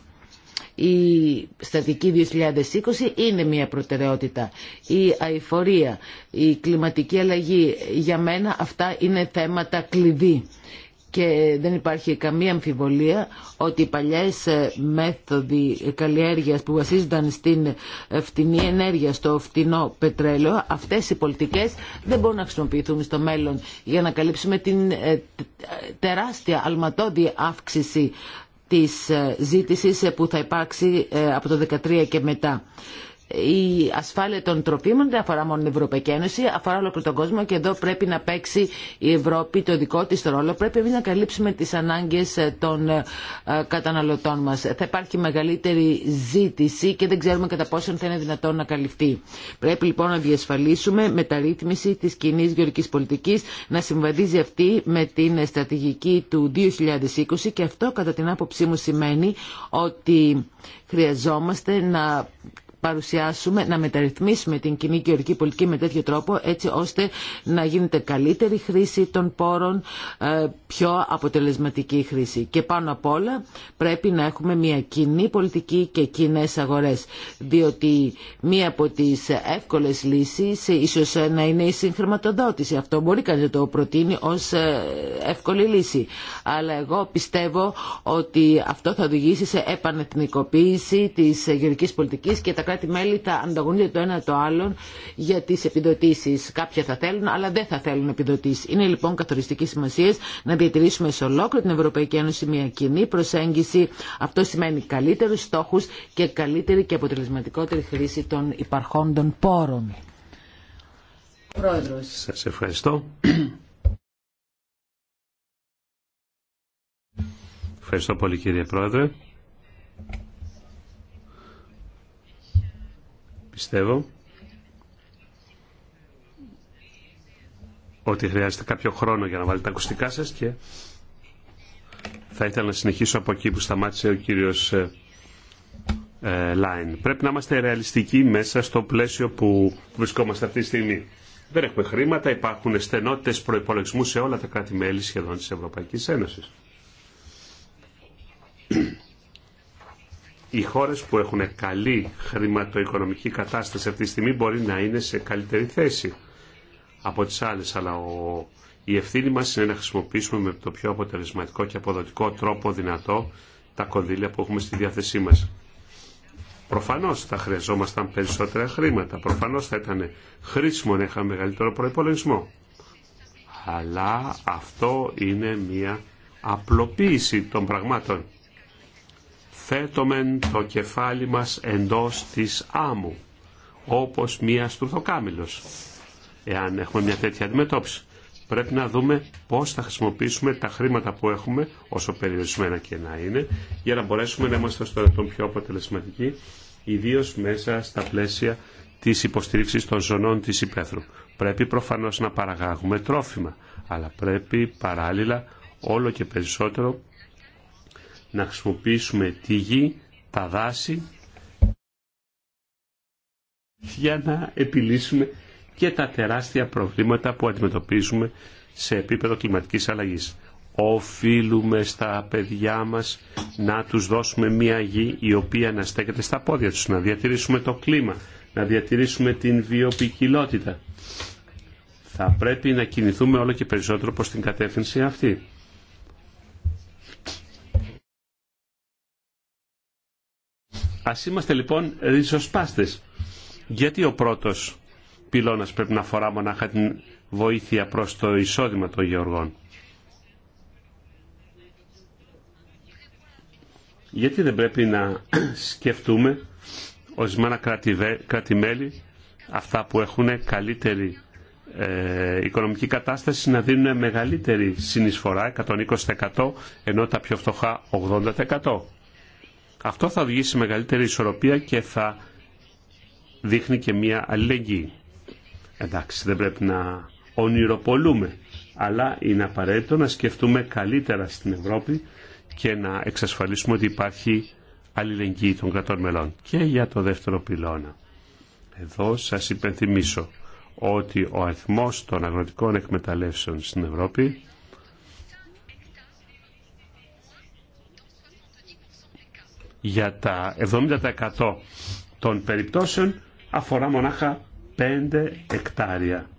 Η στατική 2020 είναι μια προτεραιότητα. Η αηφορία, η κλιματική αλλαγή, για μένα αυτά είναι θέματα κλειδί. Και δεν υπάρχει καμία αμφιβολία ότι οι παλιές ε, μέθοδοι καλλιέργειας που βασίζονταν στην ε, φτηνή ενέργεια, στο φτηνό πετρέλαιο, αυτές οι πολιτικές δεν μπορούν να χρησιμοποιηθούν στο μέλλον για να καλύψουμε την ε, τεράστια αλματώδη αύξηση της ε, ζήτησης ε, που θα υπάρξει ε, από το 2013 και μετά η ασφάλεια των τροφίμων δεν αφορά μόνο την Ευρωπαϊκή Ένωση, αφορά όλο τον κόσμο και εδώ πρέπει να παίξει η Ευρώπη το δικό της ρόλο. Πρέπει εμείς να καλύψουμε τις ανάγκες ε, των ε, καταναλωτών μας. Θα υπάρχει μεγαλύτερη ζήτηση και δεν ξέρουμε κατά πόσον θα είναι δυνατόν να καλυφθεί. Πρέπει λοιπόν να διασφαλίσουμε μεταρρύθμιση της κοινή γεωργικής πολιτικής, να συμβαδίζει αυτή με την στρατηγική του 2020 και αυτό κατά την άποψή μου σημαίνει ότι χρειαζόμαστε να παρουσιάσουμε, να μεταρρυθμίσουμε την κοινή γεωργική πολιτική με τέτοιο τρόπο έτσι ώστε να γίνεται καλύτερη χρήση των πόρων, ε, πιο αποτελεσματική χρήση. Και πάνω απ' όλα πρέπει να έχουμε μια κοινή πολιτική και κοινέ αγορέ, Διότι μία από τι εύκολε λύσει ίσω να είναι η συγχρηματοδότηση. Αυτό μπορεί κανεί να το προτείνει ως ε, εύκολη λύση. Αλλά εγώ πιστεύω ότι αυτό θα οδηγήσει σε επανεθνικοποίηση τη γεωρική πολιτική και τα κράτη-μέλη θα ανταγωνίζονται το ένα το άλλο για τι επιδοτήσει. Κάποια θα θέλουν, αλλά δεν θα θέλουν επιδοτήσεις. Είναι λοιπόν καθοριστική σημασία να διατηρήσουμε σε ολόκληρη την Ευρωπαϊκή Ένωση μια κοινή προσέγγιση. Αυτό σημαίνει καλύτερους στόχους και καλύτερη και αποτελεσματικότερη χρήση των υπαρχόντων πόρων. Πρόεδρος. Σας ευχαριστώ. Ευχαριστώ πολύ κύριε Πρόεδρε. πιστεύω ότι χρειάζεται κάποιο χρόνο για να βάλετε τα ακουστικά σας και θα ήθελα να συνεχίσω από εκεί που σταμάτησε ο κύριος ε, ε, Λάιν. Πρέπει να είμαστε ρεαλιστικοί μέσα στο πλαίσιο που βρισκόμαστε αυτή τη στιγμή. Δεν έχουμε χρήματα, υπάρχουν στενότητες προϋπολογισμού σε όλα τα κράτη-μέλη σχεδόν της Ευρωπαϊκής Ένωσης οι χώρες που έχουν καλή χρηματοοικονομική κατάσταση αυτή τη στιγμή μπορεί να είναι σε καλύτερη θέση από τις άλλες, αλλά ο, η ευθύνη μας είναι να χρησιμοποιήσουμε με το πιο αποτελεσματικό και αποδοτικό τρόπο δυνατό τα κονδύλια που έχουμε στη διάθεσή μας. Προφανώς θα χρειαζόμασταν περισσότερα χρήματα. προφανώς θα ήταν χρήσιμο να είχαμε μεγαλύτερο προπολογισμό. Αλλά αυτό είναι μια απλοποίηση των πραγμάτων θέτομεν το κεφάλι μας εντός της άμμου, όπως μία στουρθοκάμιλος, εάν έχουμε μια τέτοια αντιμετώπιση. Πρέπει να δούμε πώς θα χρησιμοποιήσουμε τα χρήματα που έχουμε, όσο περιορισμένα και να είναι, για να μπορέσουμε να είμαστε στο ρετό πιο αποτελεσματικοί, ιδίω μέσα στα πλαίσια της υποστήριξης των ζωνών της υπαίθρου. Πρέπει προφανώς να παραγάγουμε τρόφιμα, αλλά πρέπει παράλληλα όλο και περισσότερο να χρησιμοποιήσουμε τη γη, τα δάση για να επιλύσουμε και τα τεράστια προβλήματα που αντιμετωπίζουμε σε επίπεδο κλιματικής αλλαγής. Οφείλουμε στα παιδιά μας να τους δώσουμε μια γη η οποία να στέκεται στα πόδια τους, να διατηρήσουμε το κλίμα, να διατηρήσουμε την βιοποικιλότητα. Θα πρέπει να κινηθούμε όλο και περισσότερο προς την κατεύθυνση αυτή. Ας είμαστε λοιπόν ριζοσπάστες. Γιατί ο πρώτος πυλώνας πρέπει να αφορά μονάχα την βοήθεια προς το εισόδημα των γεωργών. Γιατί δεν πρέπει να σκεφτούμε ορισμένα κράτη-μέλη, αυτά που έχουν καλύτερη ε, οικονομική κατάσταση, να δίνουν μεγαλύτερη συνεισφορά, 120% ενώ τα πιο φτωχά 80%. Αυτό θα οδηγήσει σε μεγαλύτερη ισορροπία και θα δείχνει και μία αλληλεγγύη. Εντάξει, δεν πρέπει να ονειροπολούμε, αλλά είναι απαραίτητο να σκεφτούμε καλύτερα στην Ευρώπη και να εξασφαλίσουμε ότι υπάρχει αλληλεγγύη των κρατών μελών. Και για το δεύτερο πυλώνα. Εδώ σας υπενθυμίσω ότι ο αριθμός των αγροτικών εκμεταλλεύσεων στην Ευρώπη για τα 70% των περιπτώσεων αφορά μονάχα 5 εκτάρια.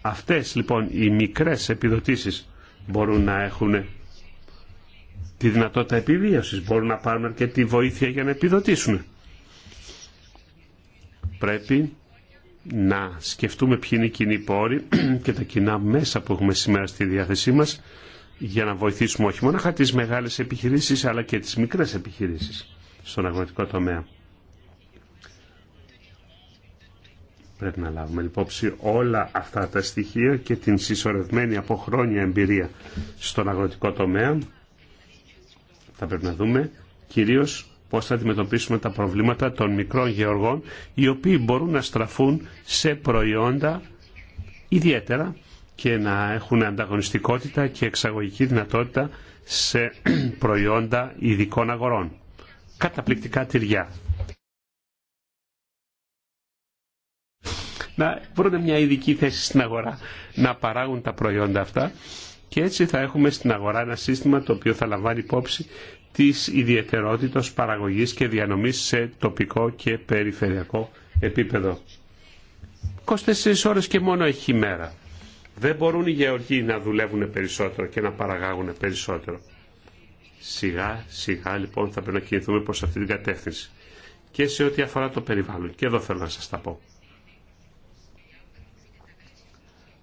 Αυτές λοιπόν οι μικρές επιδοτήσεις μπορούν να έχουν τη δυνατότητα επιβίωσης, μπορούν να πάρουν τη βοήθεια για να επιδοτήσουν. Πρέπει να σκεφτούμε ποιοι είναι οι κοινοί πόροι και τα κοινά μέσα που έχουμε σήμερα στη διάθεσή μας για να βοηθήσουμε όχι μόνο τις μεγάλες επιχειρήσεις αλλά και τις μικρές επιχειρήσεις στον αγροτικό τομέα. Πρέπει να λάβουμε υπόψη όλα αυτά τα στοιχεία και την συσσωρευμένη από χρόνια εμπειρία στον αγροτικό τομέα. Θα πρέπει να δούμε κυρίως πώς θα αντιμετωπίσουμε τα προβλήματα των μικρών γεωργών οι οποίοι μπορούν να στραφούν σε προϊόντα ιδιαίτερα και να έχουν ανταγωνιστικότητα και εξαγωγική δυνατότητα σε προϊόντα ειδικών αγορών. Καταπληκτικά τυριά. Να βρουν μια ειδική θέση στην αγορά να παράγουν τα προϊόντα αυτά και έτσι θα έχουμε στην αγορά ένα σύστημα το οποίο θα λαμβάνει υπόψη της ιδιαιτερότητας παραγωγής και διανομής σε τοπικό και περιφερειακό επίπεδο. 24 ώρες και μόνο έχει ημέρα. Δεν μπορούν οι γεωργοί να δουλεύουν περισσότερο και να παραγάγουν περισσότερο. Σιγά σιγά λοιπόν θα πρέπει να κινηθούμε προς αυτή την κατεύθυνση. Και σε ό,τι αφορά το περιβάλλον. Και εδώ θέλω να σας τα πω.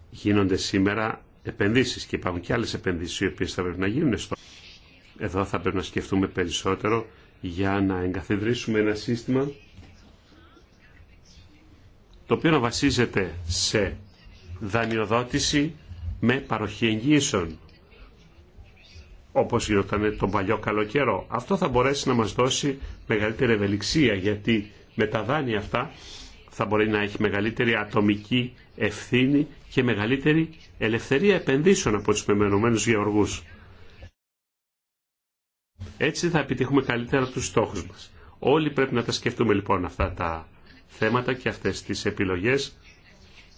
Γίνονται σήμερα επενδύσεις και υπάρχουν και άλλες επενδύσεις οι οποίες θα πρέπει να γίνουν Εδώ θα πρέπει να σκεφτούμε περισσότερο για να εγκαθιδρύσουμε ένα σύστημα το οποίο να βασίζεται σε δανειοδότηση με παροχή εγγύησεων όπως γινόταν τον παλιό καλοκαίρο. Αυτό θα μπορέσει να μας δώσει μεγαλύτερη ευελιξία γιατί με τα δάνεια αυτά θα μπορεί να έχει μεγαλύτερη ατομική ευθύνη και μεγαλύτερη ελευθερία επενδύσεων από τους μεμενωμένους γεωργούς. Έτσι θα επιτύχουμε καλύτερα τους στόχους μας. Όλοι πρέπει να τα σκεφτούμε λοιπόν αυτά τα θέματα και αυτές τις επιλογές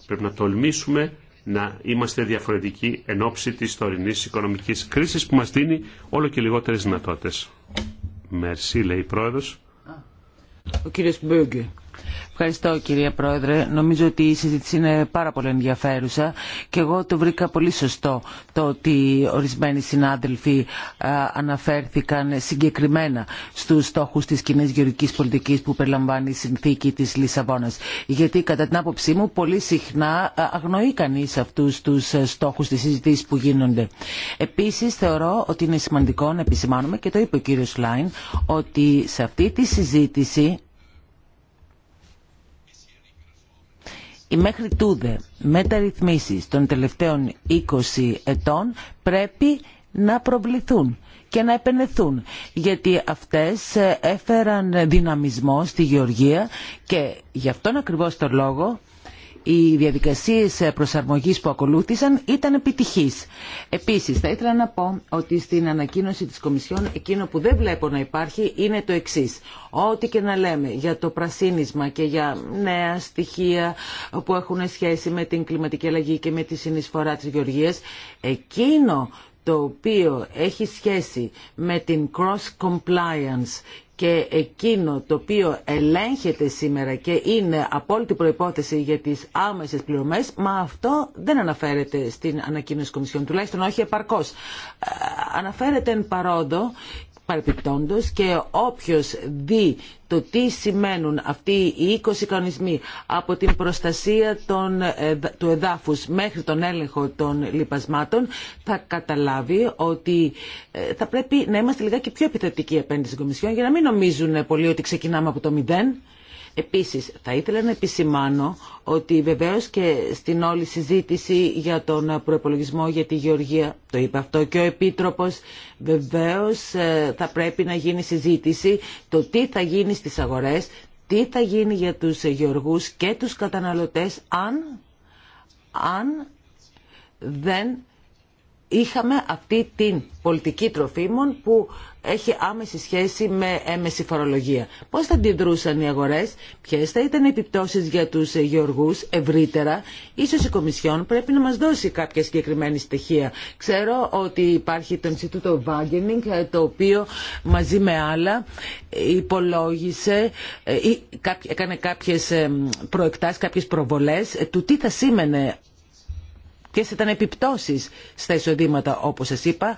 Πρέπει να τολμήσουμε να είμαστε διαφορετικοί εν ώψη της τωρινής οικονομικής κρίσης που μας δίνει όλο και λιγότερες δυνατότητες. Μερσή, λέει η Πρόεδρος. Ο κύριος Μπέγκε. Ευχαριστώ κυρία Πρόεδρε. Νομίζω ότι η συζήτηση είναι πάρα πολύ ενδιαφέρουσα και εγώ το βρήκα πολύ σωστό το ότι ορισμένοι συνάδελφοι αναφέρθηκαν συγκεκριμένα στους στόχους της κοινή γεωργικής πολιτικής που περιλαμβάνει η συνθήκη της Λισαβόνας. Γιατί κατά την άποψή μου πολύ συχνά αγνοεί κανείς αυτούς τους στόχους της συζήτηση που γίνονται. Επίσης θεωρώ ότι είναι σημαντικό να επισημάνουμε και το είπε ο κύριος Λάιν ότι σε αυτή τη συζήτηση Οι μέχρι τούδε μεταρρυθμίσεις των τελευταίων 20 ετών πρέπει να προβληθούν και να επενεθούν γιατί αυτές έφεραν δυναμισμό στη Γεωργία και γι' αυτόν ακριβώς τον λόγο οι διαδικασίες προσαρμογής που ακολούθησαν ήταν επιτυχείς. Επίσης, θα ήθελα να πω ότι στην ανακοίνωση της Κομισιόν εκείνο που δεν βλέπω να υπάρχει είναι το εξής. Ό,τι και να λέμε για το πρασίνισμα και για νέα στοιχεία που έχουν σχέση με την κλιματική αλλαγή και με τη συνεισφορά της γεωργίας, εκείνο το οποίο έχει σχέση με την cross compliance και εκείνο το οποίο ελέγχεται σήμερα και είναι απόλυτη προϋπόθεση για τις άμεσες πληρωμές, μα αυτό δεν αναφέρεται στην ανακοίνωση Κομισιόν, τουλάχιστον όχι επαρκώς. Ε, αναφέρεται εν παρόντο Παρεπιπτόντος και όποιος δει το τι σημαίνουν αυτοί οι 20 κανονισμοί από την προστασία των, ε, του εδάφους μέχρι τον έλεγχο των λοιπασμάτων θα καταλάβει ότι ε, θα πρέπει να είμαστε λιγάκι πιο επιθετικοί απέναντι στην Κομισιόν για να μην νομίζουν πολλοί ότι ξεκινάμε από το μηδέν. Επίσης, θα ήθελα να επισημάνω ότι βεβαίως και στην όλη συζήτηση για τον προεπολογισμό για τη Γεωργία, το είπε αυτό και ο Επίτροπος, βεβαίως ε, θα πρέπει να γίνει συζήτηση το τι θα γίνει στις αγορές, τι θα γίνει για τους γεωργούς και τους καταναλωτές αν, αν δεν είχαμε αυτή την πολιτική τροφίμων που έχει άμεση σχέση με έμεση φορολογία. Πώ θα αντιδρούσαν οι αγορέ. ποιε θα ήταν οι επιπτώσει για του γεωργού ευρύτερα. Ίσως η Κομισιόν πρέπει να μα δώσει κάποια συγκεκριμένη στοιχεία. Ξέρω ότι υπάρχει το Ινστιτούτο Βάγκενινγκ, το οποίο μαζί με άλλα υπολόγισε ε, ή έκανε κάποιε προεκτάσει, κάποιε προβολέ ε, του τι θα σήμαινε Ποιε ήταν επιπτώσεις στα εισοδήματα όπως σας είπα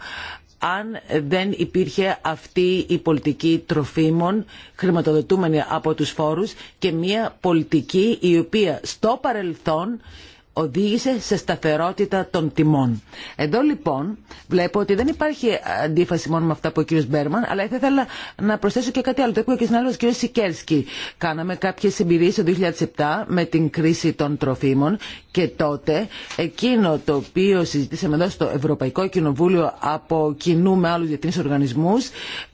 αν δεν υπήρχε αυτή η πολιτική τροφίμων χρηματοδοτούμενη από τους φόρους και μια πολιτική η οποία στο παρελθόν οδήγησε σε σταθερότητα των τιμών. Εδώ λοιπόν βλέπω ότι δεν υπάρχει αντίφαση μόνο με αυτά που ο κ. Μπέρμαν, αλλά θα ήθελα να προσθέσω και κάτι άλλο. Το είπα και στην άλλη ο κ. Σικέρσκι. Κάναμε κάποιε εμπειρίε το 2007 με την κρίση των τροφίμων και τότε εκείνο το οποίο συζητήσαμε εδώ στο Ευρωπαϊκό Κοινοβούλιο από κοινού με άλλου διεθνεί οργανισμού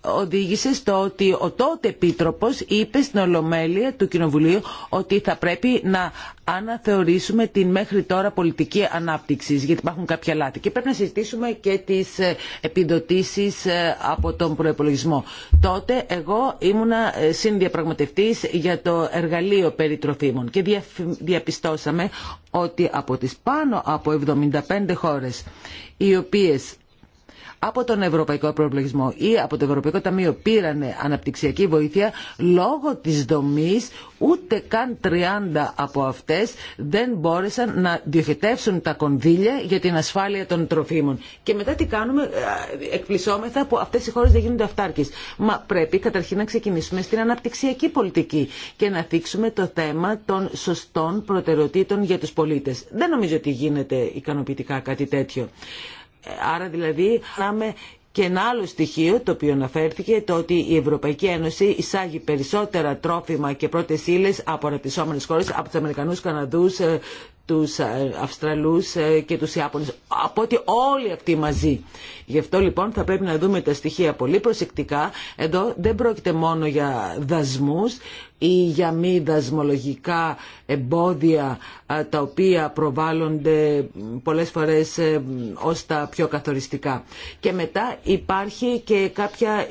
οδήγησε στο ότι ο τότε επίτροπο είπε στην Ολομέλεια του Κοινοβουλίου ότι θα πρέπει να αναθεωρήσουμε την μέχρι μέχρι τώρα πολιτική ανάπτυξη, γιατί υπάρχουν κάποια λάθη. Και πρέπει να συζητήσουμε και τι ε, επιδοτήσει ε, από τον προπολογισμό. Τότε εγώ ήμουνα ε, συνδιαπραγματευτή για το εργαλείο περί τροφίμων και διαπιστώσαμε ότι από τις πάνω από 75 χώρες οι οποίες από τον Ευρωπαϊκό Προπολογισμό ή από το Ευρωπαϊκό Ταμείο πήραν αναπτυξιακή βοήθεια λόγω της δομής ούτε καν 30 από αυτές δεν μπόρεσαν να διοχετεύσουν τα κονδύλια για την ασφάλεια των τροφίμων. Και μετά τι κάνουμε, ε, εκπλησόμεθα που αυτές οι χώρες δεν γίνονται αυτάρκες. Μα πρέπει καταρχήν να ξεκινήσουμε στην αναπτυξιακή πολιτική και να θίξουμε το θέμα των σωστών προτεραιοτήτων για τους πολίτες. Δεν νομίζω ότι γίνεται ικανοποιητικά κάτι τέτοιο. Άρα δηλαδή με και ένα άλλο στοιχείο το οποίο αναφέρθηκε το ότι η Ευρωπαϊκή Ένωση εισάγει περισσότερα τρόφιμα και πρώτε ύλε από αναπτυσσόμενες χώρες, από του Αμερικανούς, Καναδούς. Ε, τους Αυστραλούς ε, και τους Ιάπωνες, από ότι όλοι αυτοί μαζί. Γι' αυτό λοιπόν θα πρέπει να δούμε τα στοιχεία πολύ προσεκτικά. Εδώ δεν πρόκειται μόνο για δασμούς ή για μη δασμολογικά εμπόδια ε, τα οποία προβάλλονται πολλές φορές ε, ως τα πιο καθοριστικά. Και μετά υπάρχει και κάποια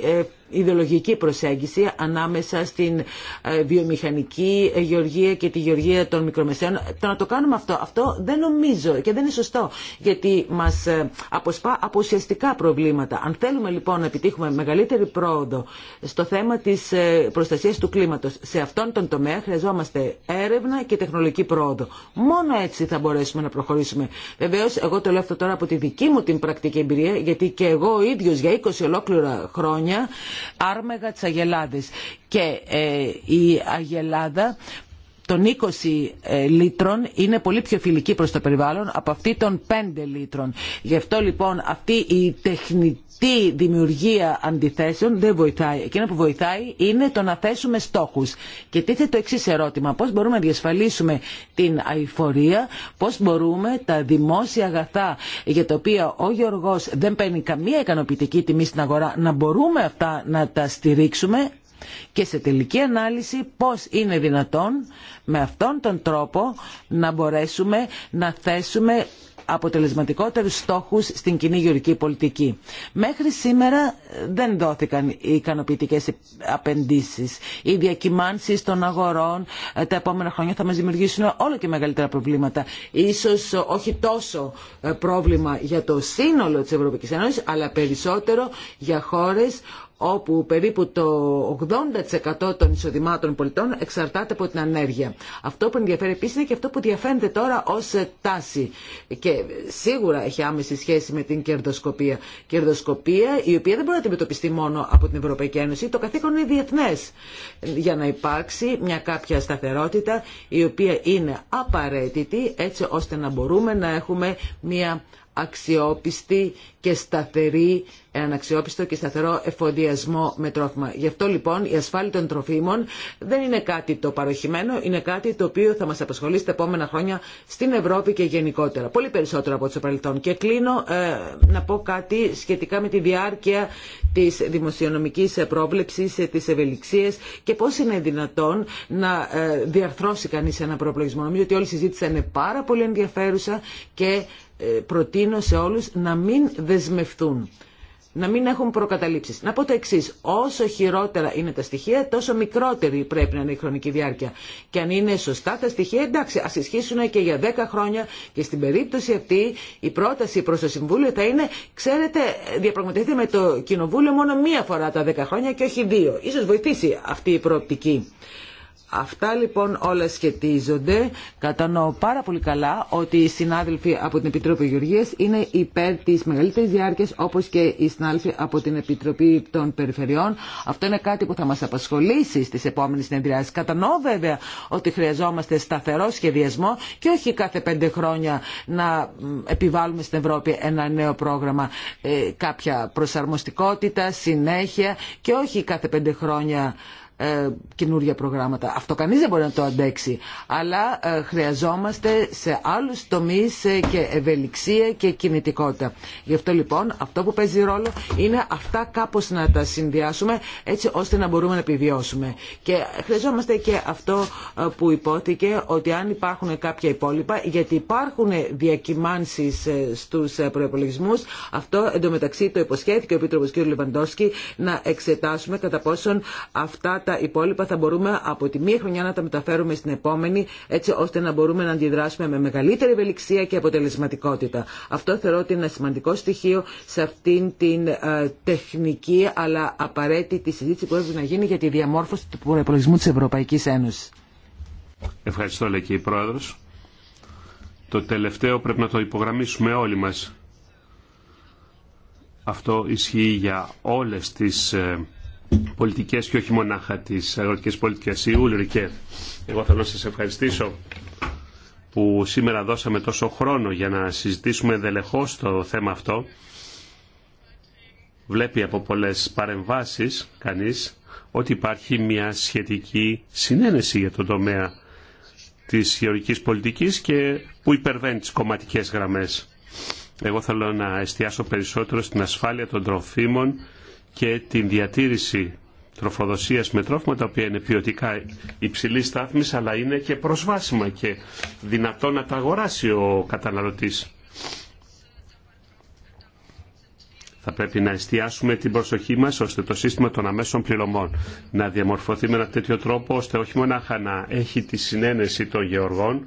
ιδεολογική προσέγγιση ανάμεσα στην ε, βιομηχανική γεωργία και τη γεωργία των μικρομεσαίων. Το να το κάνουμε αυτό, αυτό δεν νομίζω και δεν είναι σωστό, γιατί μας ε, αποσπά από ουσιαστικά προβλήματα. Αν θέλουμε λοιπόν να επιτύχουμε μεγαλύτερη πρόοδο στο θέμα της ε, προστασίας του κλίματος, σε αυτόν τον τομέα χρειαζόμαστε έρευνα και τεχνολογική πρόοδο. Μόνο έτσι θα μπορέσουμε να προχωρήσουμε. Βεβαίω, εγώ το λέω αυτό τώρα από τη δική μου την πρακτική εμπειρία, γιατί και εγώ ίδιο για 20 ολόκληρα χρόνια άρμεγα τη Αγελάδης και ε, η Αγελάδα των 20 ε, λίτρων είναι πολύ πιο φιλική προς το περιβάλλον από αυτή των 5 λίτρων. Γι' αυτό λοιπόν αυτή η τεχνική αυτή δημιουργία αντιθέσεων δεν βοηθάει. Εκείνο που βοηθάει είναι το να θέσουμε στόχους. Και τίθεται το εξή ερώτημα. Πώς μπορούμε να διασφαλίσουμε την αηφορία, πώς μπορούμε τα δημόσια αγαθά για τα οποία ο Γιώργος δεν παίρνει καμία ικανοποιητική τιμή στην αγορά, να μπορούμε αυτά να τα στηρίξουμε και σε τελική ανάλυση πώς είναι δυνατόν με αυτόν τον τρόπο να μπορέσουμε να θέσουμε αποτελεσματικότερους στόχους στην κοινή γεωργική πολιτική. Μέχρι σήμερα δεν δόθηκαν οι ικανοποιητικές απεντήσεις. Οι διακυμάνσεις των αγορών ε, τα επόμενα χρόνια θα μας δημιουργήσουν όλο και μεγαλύτερα προβλήματα. Ίσως ε, όχι τόσο ε, πρόβλημα για το σύνολο της Ευρωπαϊκής Ένωσης, αλλά περισσότερο για χώρες όπου περίπου το 80% των εισοδημάτων πολιτών εξαρτάται από την ανέργεια. Αυτό που ενδιαφέρει επίση είναι και αυτό που διαφαίνεται τώρα ως τάση και σίγουρα έχει άμεση σχέση με την κερδοσκοπία. Κερδοσκοπία η οποία δεν μπορεί να αντιμετωπιστεί μόνο από την Ευρωπαϊκή Ένωση, το καθήκον είναι διεθνέ για να υπάρξει μια κάποια σταθερότητα η οποία είναι απαραίτητη έτσι ώστε να μπορούμε να έχουμε μια αξιόπιστη και σταθερή, έναν αξιόπιστο και σταθερό εφοδιασμό με τρόφιμα. Γι' αυτό λοιπόν η ασφάλεια των τροφίμων δεν είναι κάτι το παροχημένο, είναι κάτι το οποίο θα μας απασχολεί στα επόμενα χρόνια στην Ευρώπη και γενικότερα. Πολύ περισσότερο από το παρελθόν. Και κλείνω ε, να πω κάτι σχετικά με τη διάρκεια της δημοσιονομικής πρόβλεψης, ε, της ευελιξίας και πώς είναι δυνατόν να ε, διαρθρώσει κανείς ένα προπλογισμό. Νομίζω ότι όλη η συζήτηση είναι πάρα πολύ ενδιαφέρουσα και ε, προτείνω σε όλους να μην δεσμευτούν να μην έχουν προκαταλήψεις. Να πω το εξή. Όσο χειρότερα είναι τα στοιχεία, τόσο μικρότερη πρέπει να είναι η χρονική διάρκεια. Και αν είναι σωστά τα στοιχεία, εντάξει, α ισχύσουν και για 10 χρόνια. Και στην περίπτωση αυτή, η πρόταση προ το Συμβούλιο θα είναι, ξέρετε, διαπραγματευτείτε με το Κοινοβούλιο μόνο μία φορά τα 10 χρόνια και όχι δύο. Ίσως βοηθήσει αυτή η προοπτική. Αυτά λοιπόν όλα σχετίζονται. Κατανοώ πάρα πολύ καλά ότι οι συνάδελφοι από την Επιτροπή Γεωργίας είναι υπέρ της μεγαλύτερης διάρκειας όπως και οι συνάδελφοι από την Επιτροπή των Περιφερειών. Αυτό είναι κάτι που θα μας απασχολήσει στις επόμενες συνεδριάσεις. Κατανοώ βέβαια ότι χρειαζόμαστε σταθερό σχεδιασμό και όχι κάθε πέντε χρόνια να επιβάλλουμε στην Ευρώπη ένα νέο πρόγραμμα ε, κάποια προσαρμοστικότητα, συνέχεια και όχι κάθε πέντε χρόνια ε, καινούργια προγράμματα. Αυτό κανεί δεν μπορεί να το αντέξει. Αλλά ε, χρειαζόμαστε σε άλλου τομεί ε, και ευελιξία και κινητικότητα. Γι' αυτό λοιπόν αυτό που παίζει ρόλο είναι αυτά κάπω να τα συνδυάσουμε έτσι ώστε να μπορούμε να επιβιώσουμε. Και χρειαζόμαστε και αυτό ε, που υπόθηκε ότι αν υπάρχουν κάποια υπόλοιπα, γιατί υπάρχουν διακυμάνσεις ε, στους προπολογισμού. αυτό εντωμεταξύ το υποσχέθηκε ο Επίτροπο κ. Λεβαντόσκη να εξετάσουμε κατά πόσον αυτά τα τα υπόλοιπα θα μπορούμε από τη μία χρονιά να τα μεταφέρουμε στην επόμενη έτσι ώστε να μπορούμε να αντιδράσουμε με μεγαλύτερη ευελιξία και αποτελεσματικότητα. Αυτό θεωρώ ότι είναι ένα σημαντικό στοιχείο σε αυτήν την ε, τεχνική αλλά απαραίτητη συζήτηση που έπρεπε να γίνει για τη διαμόρφωση του προπολογισμού τη Ευρωπαϊκή Ένωση. Ευχαριστώ, λέει και η πρόεδρο. Το τελευταίο πρέπει να το υπογραμμίσουμε όλοι μας. Αυτό ισχύει για όλες τις ε, πολιτικές και όχι μονάχα τις αγροτικέ πολιτικές. Η Ούλρικε, εγώ θέλω να σα ευχαριστήσω που σήμερα δώσαμε τόσο χρόνο για να συζητήσουμε δελεχώς το θέμα αυτό. Βλέπει από πολλέ παρεμβάσει κανείς ότι υπάρχει μια σχετική συνένεση για τον τομέα της γεωργικής πολιτικής και που υπερβαίνει τις κομματικές γραμμές. Εγώ θέλω να εστιάσω περισσότερο στην ασφάλεια των τροφίμων και την διατήρηση τροφοδοσίας με τρόφιμα τα οποία είναι ποιοτικά υψηλή στάθμης αλλά είναι και προσβάσιμα και δυνατό να τα αγοράσει ο καταναλωτής. Θα πρέπει να εστιάσουμε την προσοχή μας ώστε το σύστημα των αμέσων πληρωμών να διαμορφωθεί με ένα τέτοιο τρόπο ώστε όχι μονάχα να έχει τη συνένεση των γεωργών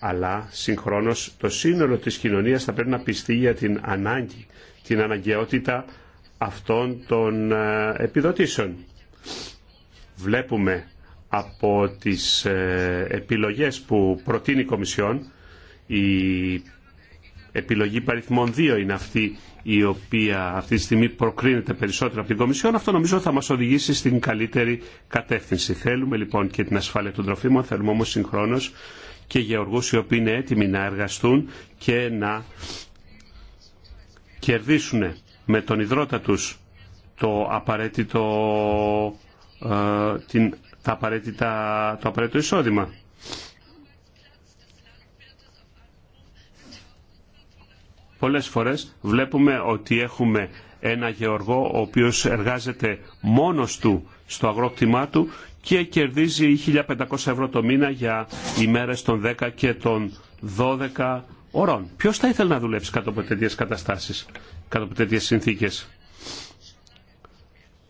αλλά συγχρόνως το σύνολο της κοινωνίας θα πρέπει να πιστεί για την ανάγκη, την αναγκαιότητα αυτών των ε, επιδοτήσεων. Βλέπουμε από τις ε, επιλογές που προτείνει η Κομισιόν, η επιλογή παριθμών 2 είναι αυτή η οποία αυτή τη στιγμή προκρίνεται περισσότερο από την Κομισιόν, αυτό νομίζω θα μας οδηγήσει στην καλύτερη κατεύθυνση. Θέλουμε λοιπόν και την ασφάλεια των τροφίμων, θέλουμε όμως συγχρόνως και γεωργούς οι οποίοι είναι έτοιμοι να εργαστούν και να κερδίσουν με τον ιδρώτα τους το απαραίτητο, ε, την, τα απαραίτητα, το απαραίτητο εισόδημα. Πολλές φορές βλέπουμε ότι έχουμε ένα γεωργό ο οποίος εργάζεται μόνος του στο αγρόκτημά του και κερδίζει 1.500 ευρώ το μήνα για ημέρες των 10 και των 12 ωρών. Ποιος θα ήθελε να δουλέψει κάτω από τέτοιες καταστάσεις κάτω από τέτοιες συνθήκες.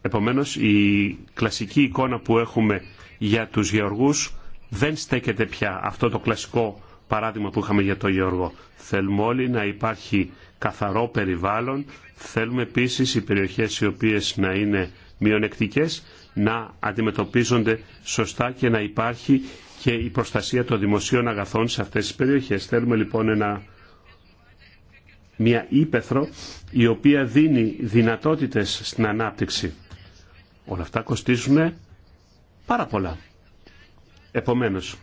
Επομένως, η κλασική εικόνα που έχουμε για τους γεωργούς δεν στέκεται πια αυτό το κλασικό παράδειγμα που είχαμε για τον Γεωργό. Θέλουμε όλοι να υπάρχει καθαρό περιβάλλον. Θέλουμε επίσης οι περιοχές οι οποίες να είναι μειονεκτικές να αντιμετωπίζονται σωστά και να υπάρχει και η προστασία των δημοσίων αγαθών σε αυτές τις περιοχές. Θέλουμε λοιπόν ένα μια ύπεθρο η οποία δίνει δυνατότητες στην ανάπτυξη. Όλα αυτά κοστίζουν πάρα πολλά. Επομένως,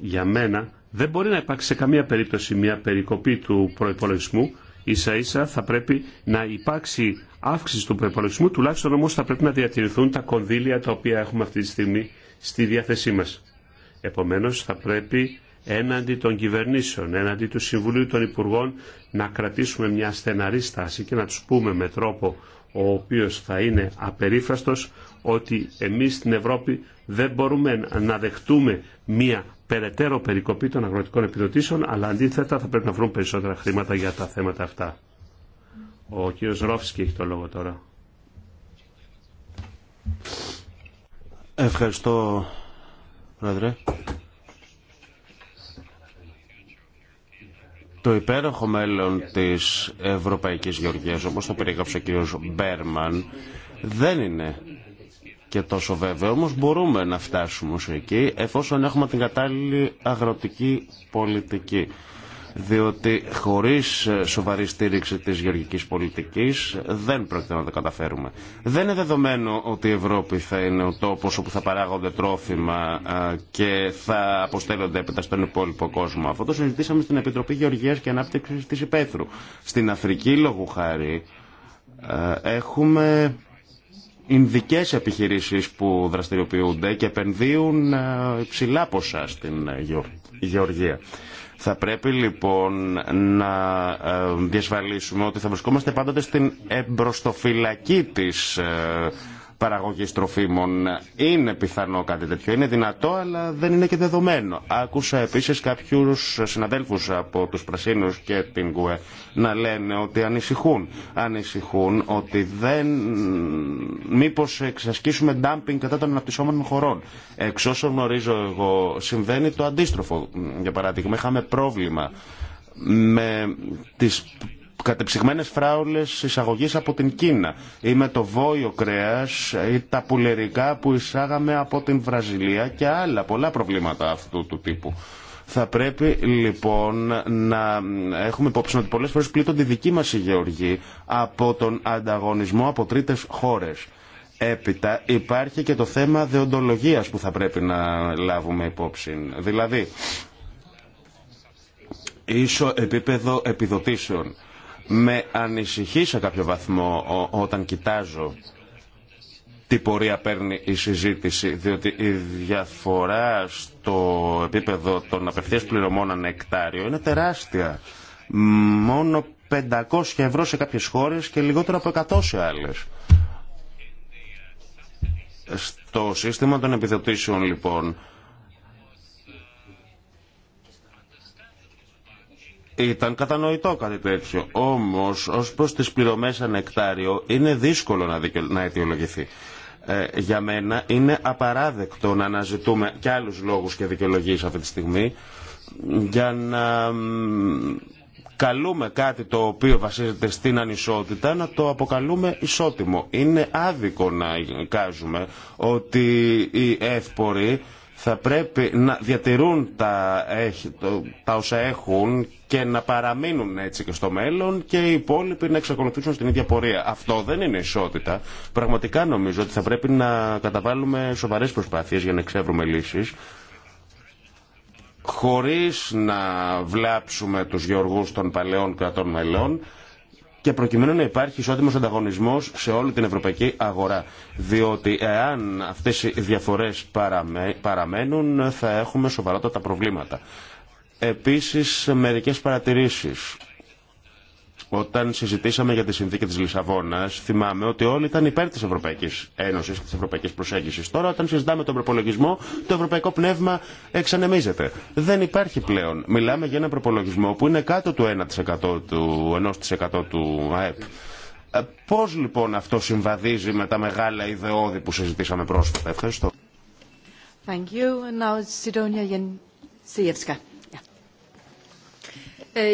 για μένα δεν μπορεί να υπάρξει σε καμία περίπτωση μια περικοπή του προϋπολογισμού. Ίσα ίσα θα πρέπει να υπάρξει αύξηση του προϋπολογισμού, τουλάχιστον όμως θα πρέπει να διατηρηθούν τα κονδύλια τα οποία έχουμε αυτή τη στιγμή στη διάθεσή μας. Επομένως θα πρέπει έναντι των κυβερνήσεων, έναντι του Συμβουλίου των Υπουργών να κρατήσουμε μια στεναρή στάση και να τους πούμε με τρόπο ο οποίος θα είναι απερίφραστος ότι εμείς στην Ευρώπη δεν μπορούμε να δεχτούμε μια περαιτέρω περικοπή των αγροτικών επιδοτήσεων, αλλά αντίθετα θα πρέπει να βρούμε περισσότερα χρήματα για τα θέματα αυτά. Ο κύριος Ρόφσκι έχει το λόγο τώρα. Ευχαριστώ, Πρόεδρε. Το υπέροχο μέλλον της Ευρωπαϊκής Γεωργίας, όπως το περιγράψε ο κ. Μπέρμαν, δεν είναι και τόσο βέβαιο, όμως μπορούμε να φτάσουμε ως εκεί, εφόσον έχουμε την κατάλληλη αγροτική πολιτική διότι χωρίς ε, σοβαρή στήριξη της γεωργικής πολιτικής δεν πρόκειται να τα καταφέρουμε. Δεν είναι δεδομένο ότι η Ευρώπη θα είναι ο τόπος όπου θα παράγονται τρόφιμα ε, και θα αποστέλλονται έπειτα στον υπόλοιπο κόσμο. Αυτό το συζητήσαμε στην Επιτροπή Γεωργίας και Ανάπτυξης της Υπέθρου. Στην Αφρική, λόγου χάρη, ε, έχουμε Ινδικές επιχειρήσεις που δραστηριοποιούνται και επενδύουν ψηλά ποσά στην Γεωργία. Θα πρέπει λοιπόν να ε, διασφαλίσουμε ότι θα βρισκόμαστε πάντοτε στην εμπροστοφυλακή της ε, Παραγωγή τροφίμων. Είναι πιθανό κάτι τέτοιο, είναι δυνατό, αλλά δεν είναι και δεδομένο. Άκουσα επίσης κάποιους συναδέλφους από τους Πρασίνους και την ΚΟΕ να λένε ότι ανησυχούν. Ανησυχούν ότι δεν... μήπως εξασκήσουμε ντάμπινγκ κατά των αναπτυσσόμενων χωρών. Εξ όσων γνωρίζω εγώ συμβαίνει το αντίστροφο. Για παράδειγμα, είχαμε πρόβλημα με τις κατεψυγμένες φράουλες εισαγωγής από την Κίνα ή με το βόηο κρέας ή ε, τα πουλερικά που εισάγαμε από την Βραζιλία και άλλα πολλά προβλήματα αυτού του τύπου. Θα πρέπει λοιπόν να ε, έχουμε υπόψη ότι πολλές φορές πλήττονται δικοί μας οι από τον ανταγωνισμό από τρίτες χώρες. Έπειτα υπάρχει και το θέμα δεοντολογίας που θα πρέπει να λάβουμε υπόψη. Δηλαδή, ίσο επίπεδο επιδοτήσεων με ανησυχεί σε κάποιο βαθμό όταν κοιτάζω τι πορεία παίρνει η συζήτηση, διότι η διαφορά στο επίπεδο των απευθείας πληρωμών ανεκτάριο είναι τεράστια. Μόνο 500 ευρώ σε κάποιες χώρες και λιγότερο από 100 σε άλλες. Στο σύστημα των επιδοτήσεων λοιπόν Ήταν κατανοητό κάτι τέτοιο. Όμως, ω προ τι πληρωμέ ανεκτάριο, είναι δύσκολο να, δικαι... αιτιολογηθεί. Ε, για μένα είναι απαράδεκτο να αναζητούμε και άλλου λόγου και δικαιολογίε αυτή τη στιγμή για να καλούμε κάτι το οποίο βασίζεται στην ανισότητα να το αποκαλούμε ισότιμο. Είναι άδικο να εικάζουμε ότι οι εύποροι θα πρέπει να διατηρούν τα, τα όσα έχουν και να παραμείνουν έτσι και στο μέλλον και οι υπόλοιποι να εξακολουθήσουν στην ίδια πορεία. Αυτό δεν είναι ισότητα. Πραγματικά νομίζω ότι θα πρέπει να καταβάλουμε σοβαρές προσπάθειες για να εξεύρουμε λύσεις χωρίς να βλάψουμε τους γεωργούς των παλαιών κρατών μελών και προκειμένου να υπάρχει ισότιμος ανταγωνισμός σε όλη την ευρωπαϊκή αγορά. Διότι εάν αυτές οι διαφορές παραμένουν θα έχουμε σοβαρότατα προβλήματα. Επίσης μερικές παρατηρήσεις όταν συζητήσαμε για τη συνθήκη τη Λισαβόνα, θυμάμαι ότι όλοι ήταν υπέρ τη Ευρωπαϊκή Ένωση και τη Ευρωπαϊκή Προσέγγιση. Τώρα, όταν συζητάμε τον προπολογισμό, το ευρωπαϊκό πνεύμα εξανεμίζεται. Δεν υπάρχει πλέον. Μιλάμε για ένα προπολογισμό που είναι κάτω του 1% του 1% του ΑΕΠ. Ε, Πώ λοιπόν αυτό συμβαδίζει με τα μεγάλα ιδεώδη που συζητήσαμε πρόσφατα. Ευχαριστώ. Thank ε,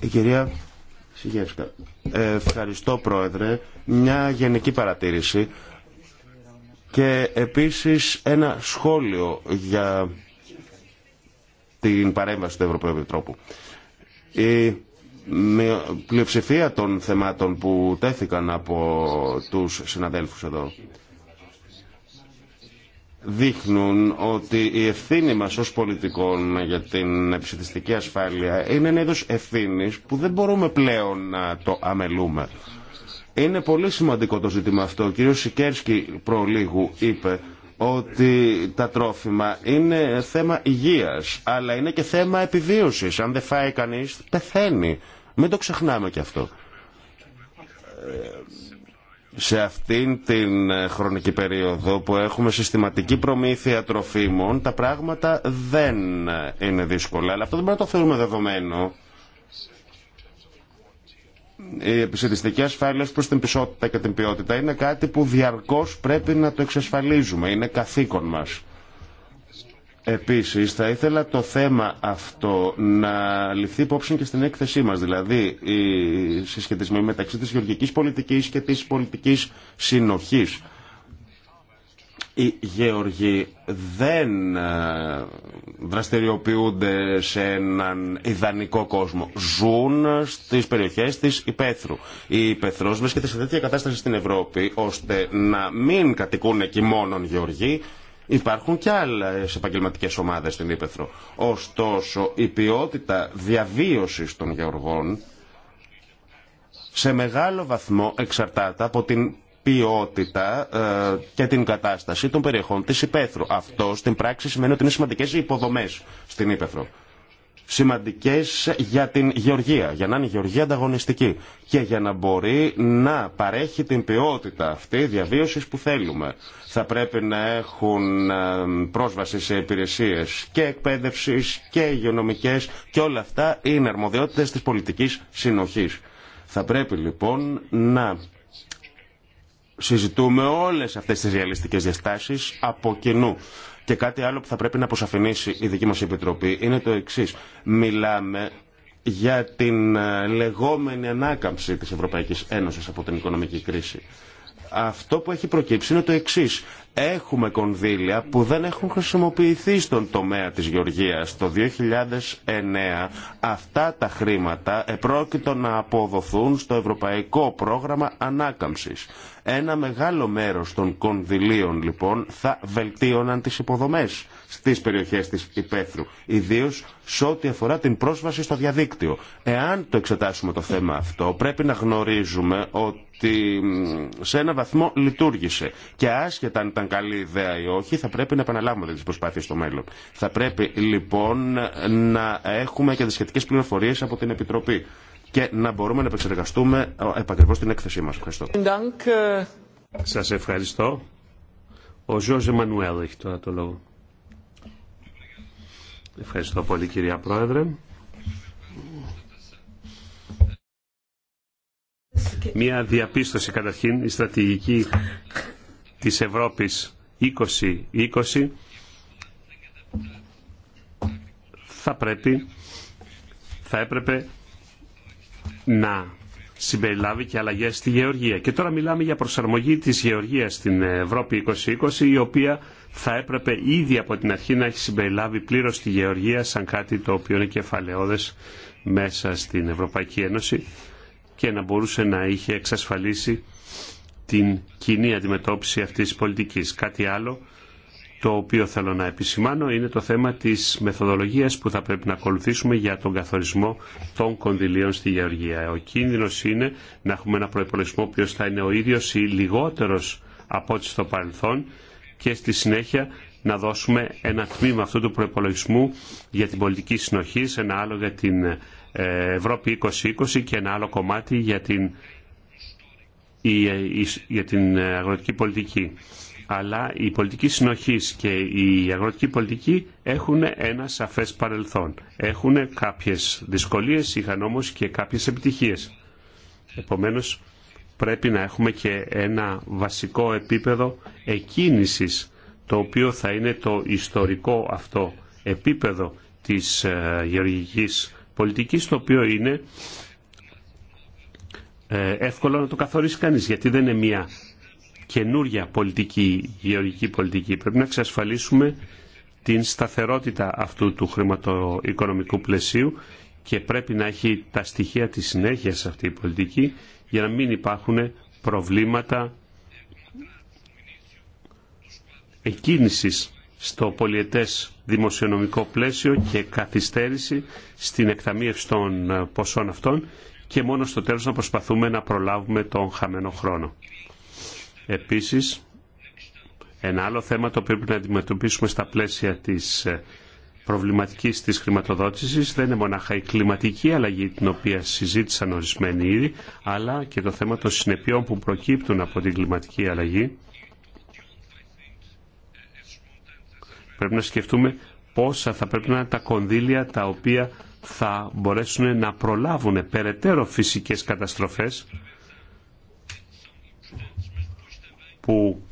Η κυρία Ευχαριστώ Πρόεδρε. Μια γενική παρατήρηση και επίσης ένα σχόλιο για την παρέμβαση του Ευρωπαϊκού Επιτρόπου. Η πλειοψηφία των θεμάτων που τέθηκαν από τους συναδέλφους εδώ δείχνουν ότι η ευθύνη μας ως πολιτικών για την ψηφιστική ασφάλεια είναι ένα είδος ευθύνης που δεν μπορούμε πλέον να το αμελούμε. Είναι πολύ σημαντικό το ζήτημα αυτό. Ο κ. Σικέρσκι προλίγου είπε ότι τα τρόφιμα είναι θέμα υγείας, αλλά είναι και θέμα επιβίωσης. Αν δεν φάει κανείς, πεθαίνει. Μην το ξεχνάμε και αυτό σε αυτήν την ε, χρονική περίοδο που έχουμε συστηματική προμήθεια τροφίμων τα πράγματα δεν ε, είναι δύσκολα. Αλλά αυτό δεν πρέπει να το θεωρούμε δεδομένο. Η επισητιστική ασφάλεια προ την πισότητα και την ποιότητα είναι κάτι που διαρκώς πρέπει να το εξασφαλίζουμε. Είναι καθήκον μας. Επίσης θα ήθελα το θέμα αυτό να ληφθεί υπόψη και στην έκθεσή μας, δηλαδή οι συσχετισμοί μεταξύ της γεωργικής πολιτικής και της πολιτικής συνοχής. Οι γεωργοί δεν ε, δραστηριοποιούνται σε έναν ιδανικό κόσμο. Ζουν στις περιοχές της Υπέθρου. Η Υπεθρός βρίσκεται σε τέτοια κατάσταση στην Ευρώπη, ώστε να μην κατοικούν εκεί μόνον γεωργοί, Υπάρχουν και άλλε επαγγελματικέ ομάδε στην Ήπεθρο. Ωστόσο, η ποιότητα διαβίωση των γεωργών σε μεγάλο βαθμό εξαρτάται από την ποιότητα ε, και την κατάσταση των περιοχών της Υπέθρου. Αυτό στην πράξη σημαίνει ότι είναι σημαντικές οι υποδομές στην Ήπεθρο σημαντικές για την γεωργία, για να είναι η γεωργία ανταγωνιστική και για να μπορεί να παρέχει την ποιότητα αυτή διαβίωση που θέλουμε. Θα πρέπει να έχουν ε, πρόσβαση σε υπηρεσίε και εκπαίδευση και υγειονομικέ και όλα αυτά είναι αρμοδιότητες της πολιτικής συνοχής. Θα πρέπει λοιπόν να συζητούμε όλες αυτές τις ρεαλιστικές διαστάσεις από κοινού και κάτι άλλο που θα πρέπει να αποσαφηνίσει η δική μας Επιτροπή είναι το εξής. Μιλάμε για την ε, λεγόμενη ανάκαμψη της Ευρωπαϊκής Ένωσης από την οικονομική κρίση. Αυτό που έχει προκύψει είναι το εξή. Έχουμε κονδύλια που δεν έχουν χρησιμοποιηθεί στον τομέα της γεωργίας. Το 2009 αυτά τα χρήματα επρόκειτο να αποδοθούν στο Ευρωπαϊκό Πρόγραμμα Ανάκαμψης. Ένα μεγάλο μέρος των κονδυλίων λοιπόν θα βελτίωναν τις υποδομές στις περιοχές της υπαίθρου, ιδίως σε ό,τι αφορά την πρόσβαση στο διαδίκτυο. Εάν το εξετάσουμε το θέμα αυτό, πρέπει να γνωρίζουμε ότι σε ένα βαθμό λειτουργήσε και άσχετα αν ήταν καλή ιδέα ή όχι, θα πρέπει να επαναλάβουμε τις προσπάθειες στο μέλλον. Θα πρέπει λοιπόν να έχουμε και τις σχετικές πληροφορίες από την Επιτροπή και να μπορούμε να επεξεργαστούμε επακριβώς την έκθεσή μας. Ευχαριστώ. Ε. Σας ευχαριστώ. Ο Ζωζε Μανουέλ έχει τώρα το λόγο. Ευχαριστώ πολύ κυρία Πρόεδρε. Μία διαπίστωση καταρχήν, η στρατηγική της Ευρώπης 2020 θα πρέπει, θα έπρεπε να συμπεριλάβει και αλλαγές στη γεωργία. Και τώρα μιλάμε για προσαρμογή της γεωργίας στην Ευρώπη 2020, η οποία θα έπρεπε ήδη από την αρχή να έχει συμπεριλάβει πλήρω τη γεωργία σαν κάτι το οποίο είναι κεφαλαιόδε μέσα στην Ευρωπαϊκή Ένωση και να μπορούσε να είχε εξασφαλίσει την κοινή αντιμετώπιση αυτής της πολιτικής. Κάτι άλλο το οποίο θέλω να επισημάνω είναι το θέμα της μεθοδολογίας που θα πρέπει να ακολουθήσουμε για τον καθορισμό των κονδυλίων στη γεωργία. Ο κίνδυνος είναι να έχουμε ένα προϋπολογισμό ο θα είναι ο ίδιος ή λιγότερος από ό,τι στο παρελθόν και στη συνέχεια να δώσουμε ένα τμήμα αυτού του προπολογισμού για την πολιτική συνοχή, ένα άλλο για την ε, Ευρώπη 2020 και ένα άλλο κομμάτι για την, για την αγροτική πολιτική. Αλλά η πολιτική συνοχή και η αγροτική πολιτική έχουν ένα σαφές παρελθόν. Έχουν κάποιες δυσκολίες, είχαν όμως και κάποιες επιτυχίες. Επομένως, πρέπει να έχουμε και ένα βασικό επίπεδο εκκίνησης, το οποίο θα είναι το ιστορικό αυτό επίπεδο της ε, γεωργικής πολιτικής, το οποίο είναι ε, εύκολο να το καθορίσει κανείς, γιατί δεν είναι μια καινούρια πολιτική, γεωργική πολιτική. Πρέπει να εξασφαλίσουμε την σταθερότητα αυτού του χρηματοοικονομικού πλαισίου και πρέπει να έχει τα στοιχεία της συνέχειας αυτή η πολιτική για να μην υπάρχουν προβλήματα εκκίνησης στο πολιετές δημοσιονομικό πλαίσιο και καθυστέρηση στην εκταμίευση των ε, ποσών αυτών και μόνο στο τέλος να προσπαθούμε να προλάβουμε τον χαμένο χρόνο. Επίσης, ένα άλλο θέμα το οποίο πρέπει να αντιμετωπίσουμε στα πλαίσια της ε, Προβληματική τη χρηματοδότηση δεν είναι μονάχα η κλιματική αλλαγή την οποία συζήτησαν ορισμένοι ήδη, αλλά και το θέμα των συνεπειών που προκύπτουν από την κλιματική αλλαγή. Πρέπει να σκεφτούμε πόσα θα πρέπει να είναι τα κονδύλια τα οποία θα μπορέσουν να προλάβουν περαιτέρω φυσικές καταστροφές που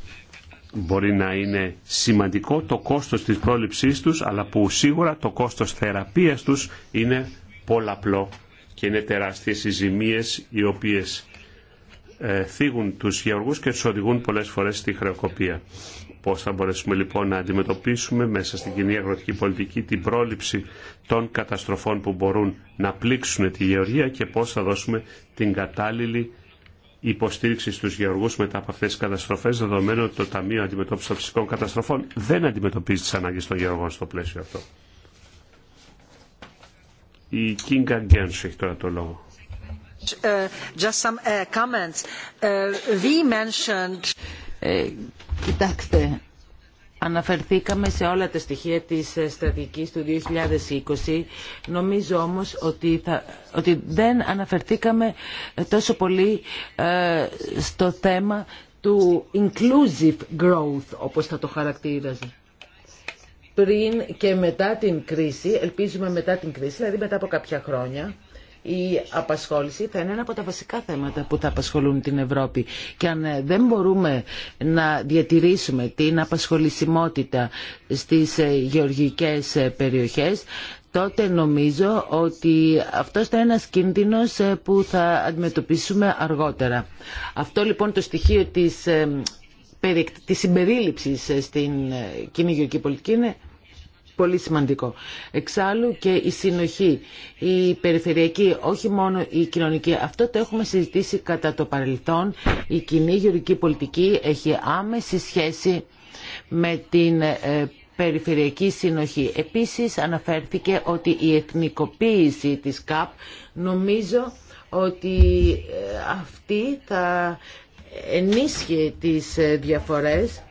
μπορεί να είναι σημαντικό το κόστος της πρόληψής τους, αλλά που σίγουρα το κόστος θεραπείας τους είναι πολλαπλό και είναι τεράστιες οι ζημίες οι οποίες ε, θίγουν τους γεωργούς και τους οδηγούν πολλές φορές στη χρεοκοπία. Πώς θα μπορέσουμε λοιπόν να αντιμετωπίσουμε μέσα στην κοινή αγροτική πολιτική την πρόληψη των καταστροφών που μπορούν να πλήξουν τη γεωργία και πώς θα δώσουμε την κατάλληλη υποστήριξη στου γεωργούς μετά από αυτέ τι καταστροφέ, δεδομένου ότι το Ταμείο αντιμετώπιση των Φυσικών Καταστροφών δεν αντιμετωπίζει τι ανάγκε των γεωργών στο πλαίσιο αυτό. Η Κίνγκα Γκένσου έχει τώρα το λόγο. Ε, ε, ε, κοιτάξτε, Αναφερθήκαμε σε όλα τα στοιχεία της στρατηγικής του 2020. Νομίζω όμως ότι, θα, ότι δεν αναφερθήκαμε τόσο πολύ ε, στο θέμα του inclusive growth, όπως θα το χαρακτήραζε. Πριν και μετά την κρίση, ελπίζουμε μετά την κρίση, δηλαδή μετά από κάποια χρόνια, η απασχόληση θα είναι ένα από τα βασικά θέματα που θα απασχολούν την Ευρώπη. Και αν ε, δεν μπορούμε να διατηρήσουμε την απασχολησιμότητα στις ε, γεωργικές ε, περιοχές, τότε νομίζω ότι αυτό θα είναι ένας κίνδυνος που θα αντιμετωπίσουμε αργότερα. Αυτό λοιπόν το στοιχείο της, της συμπερίληψης στην κοινή γεωργική πολιτική είναι πολύ σημαντικό. Εξάλλου και η συνοχή, η περιφερειακή, όχι μόνο η κοινωνική. Αυτό το έχουμε συζητήσει κατά το παρελθόν. Η κοινή γεωργική πολιτική έχει άμεση σχέση με την ε, περιφερειακή συνοχή. Επίσης αναφέρθηκε ότι η εθνικοποίηση της ΚΑΠ νομίζω ότι ε, αυτή θα ενίσχυε τις ε, διαφορές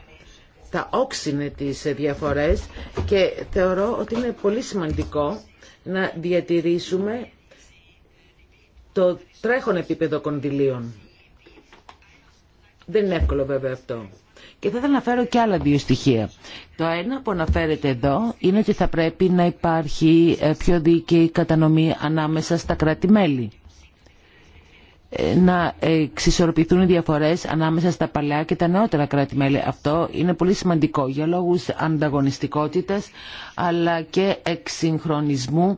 τα όξινε τις διαφορές και θεωρώ ότι είναι πολύ σημαντικό να διατηρήσουμε το τρέχον επίπεδο κονδυλίων. Δεν είναι εύκολο βέβαια αυτό. Και θα ήθελα να φέρω και άλλα δύο στοιχεία. Το ένα που αναφέρεται εδώ είναι ότι θα πρέπει να υπάρχει ε, πιο δίκαιη κατανομή ανάμεσα στα κράτη-μέλη να εξισορροπηθούν οι διαφορές ανάμεσα στα παλαιά και τα νεότερα κράτη-μέλη. Αυτό είναι πολύ σημαντικό για λόγους ανταγωνιστικότητας αλλά και εξυγχρονισμού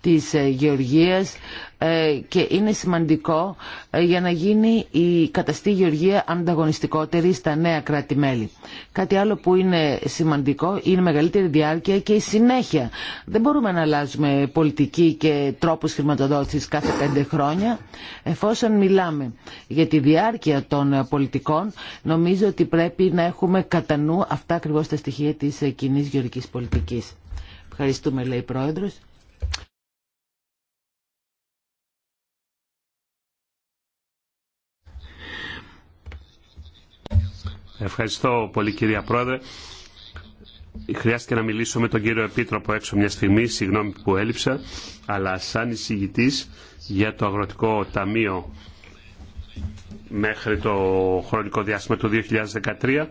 της ε, γεωργίας ε, και είναι σημαντικό ε, για να γίνει η καταστή γεωργία ανταγωνιστικότερη στα νέα κράτη-μέλη. Κάτι άλλο που είναι σημαντικό είναι η μεγαλύτερη διάρκεια και η συνέχεια. Δεν μπορούμε να αλλάζουμε πολιτική και τρόπους χρηματοδότησης κάθε πέντε χρόνια. Εφόσον μιλάμε για τη διάρκεια των πολιτικών, νομίζω ότι πρέπει να έχουμε κατά νου αυτά ακριβώς τα στοιχεία της ε, κοινή γεωργικής πολιτικής. Ευχαριστούμε, λέει η Πρόεδρος. Ευχαριστώ πολύ κυρία Πρόεδρε. Χρειάστηκε να μιλήσω με τον κύριο Επίτροπο έξω μια στιγμή, συγγνώμη που έλειψα, αλλά σαν εισηγητής για το Αγροτικό Ταμείο μέχρι το χρονικό διάστημα του 2013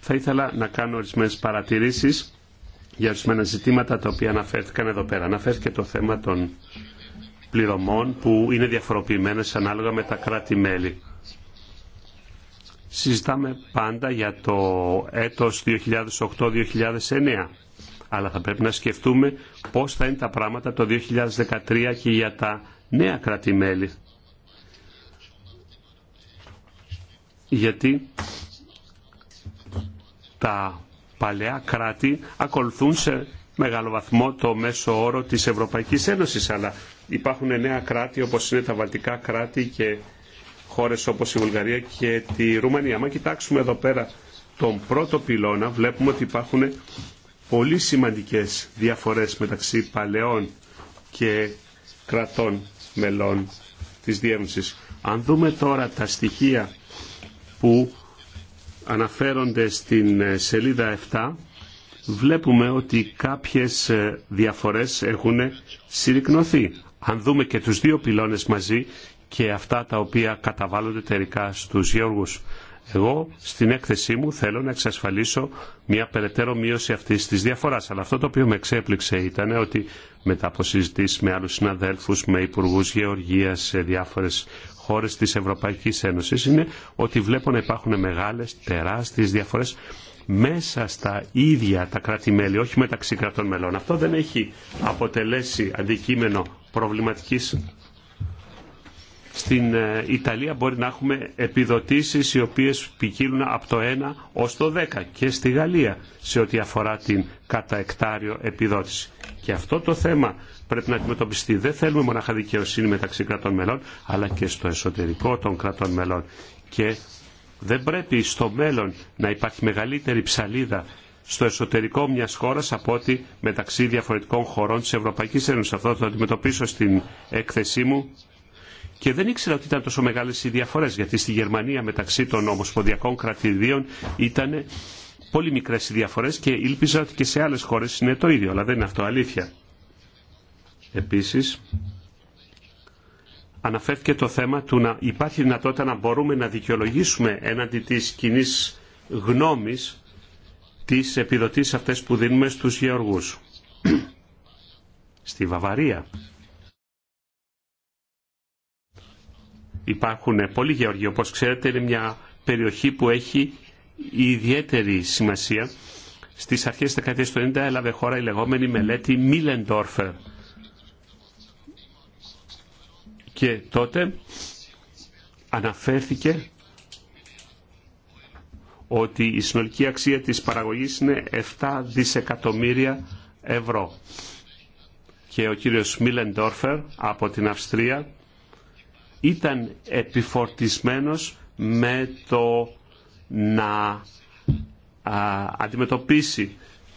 θα ήθελα να κάνω ορισμένε παρατηρήσεις για ορισμένα ζητήματα τα οποία αναφέρθηκαν εδώ πέρα. Αναφέρθηκε το θέμα των πληρωμών που είναι διαφοροποιημένες ανάλογα με τα κράτη-μέλη συζητάμε πάντα για το έτος 2008-2009 αλλά θα πρέπει να σκεφτούμε πώς θα είναι τα πράγματα το 2013 και για τα νέα κράτη-μέλη. Γιατί τα παλαιά κράτη ακολουθούν σε μεγάλο βαθμό το μέσο όρο της Ευρωπαϊκής Ένωσης, αλλά υπάρχουν νέα κράτη όπως είναι τα βαλτικά κράτη και χώρες όπως η Βουλγαρία και τη Ρουμανία. Αν κοιτάξουμε εδώ πέρα τον πρώτο πυλώνα βλέπουμε ότι υπάρχουν πολύ σημαντικές διαφορές μεταξύ παλαιών και κρατών μελών της διεύνησης. Αν δούμε τώρα τα στοιχεία που αναφέρονται στην ε, σελίδα 7 βλέπουμε ότι κάποιες ε, διαφορές έχουν συρρυκνωθεί. Αν δούμε και τους δύο πυλώνες μαζί και αυτά τα οποία καταβάλλονται τερικά στους γεωργούς. Εγώ στην έκθεσή μου θέλω να εξασφαλίσω μια περαιτέρω μείωση αυτή τη διαφορά. Αλλά αυτό το οποίο με εξέπληξε ήταν ότι μετά από συζητήσει με άλλου συναδέλφου, με υπουργού γεωργίας σε διάφορε χώρε τη Ευρωπαϊκή Ένωση είναι ότι βλέπω να υπάρχουν μεγάλε τεράστιε διαφορέ μέσα στα ίδια τα κράτη-μέλη, όχι μεταξύ κρατών μελών. Αυτό δεν έχει αποτελέσει αντικείμενο προβληματικής στην ε, Ιταλία μπορεί να έχουμε επιδοτήσεις οι οποίες ποικίλουν από το 1 ως το 10 και στη Γαλλία σε ό,τι αφορά την κατά εκτάριο επιδότηση. Και αυτό το θέμα πρέπει να αντιμετωπιστεί. Δεν θέλουμε μονάχα δικαιοσύνη μεταξύ κρατών μελών, αλλά και στο εσωτερικό των κρατών μελών. Και δεν πρέπει στο μέλλον να υπάρχει μεγαλύτερη ψαλίδα στο εσωτερικό μιας χώρας από ότι μεταξύ διαφορετικών χωρών της Ευρωπαϊκής Ένωσης. Αυτό θα το αντιμετωπίσω στην έκθεσή μου και δεν ήξερα ότι ήταν τόσο μεγάλες οι διαφορές γιατί στη Γερμανία μεταξύ των ομοσπονδιακών κρατηδίων ήταν πολύ μικρές οι διαφορές και ήλπιζα ότι και σε άλλες χώρες είναι το ίδιο αλλά δεν είναι αυτό αλήθεια. Επίσης αναφέρθηκε το θέμα του να υπάρχει δυνατότητα να μπορούμε να δικαιολογήσουμε έναντι τη κοινή γνώμη τι επιδοτήσει αυτέ που δίνουμε στου γεωργού. Στη Βαβαρία υπάρχουν πολλοί γεωργοί. Όπως ξέρετε είναι μια περιοχή που έχει ιδιαίτερη σημασία. Στις αρχές της δεκαετίας του 1990 έλαβε χώρα η λεγόμενη μελέτη Μίλεντόρφερ. Και τότε αναφέρθηκε ότι η συνολική αξία της παραγωγής είναι 7 δισεκατομμύρια ευρώ. Και ο κύριος Μίλεντόρφερ από την Αυστρία ήταν επιφορτισμένος με το να αντιμετωπίσει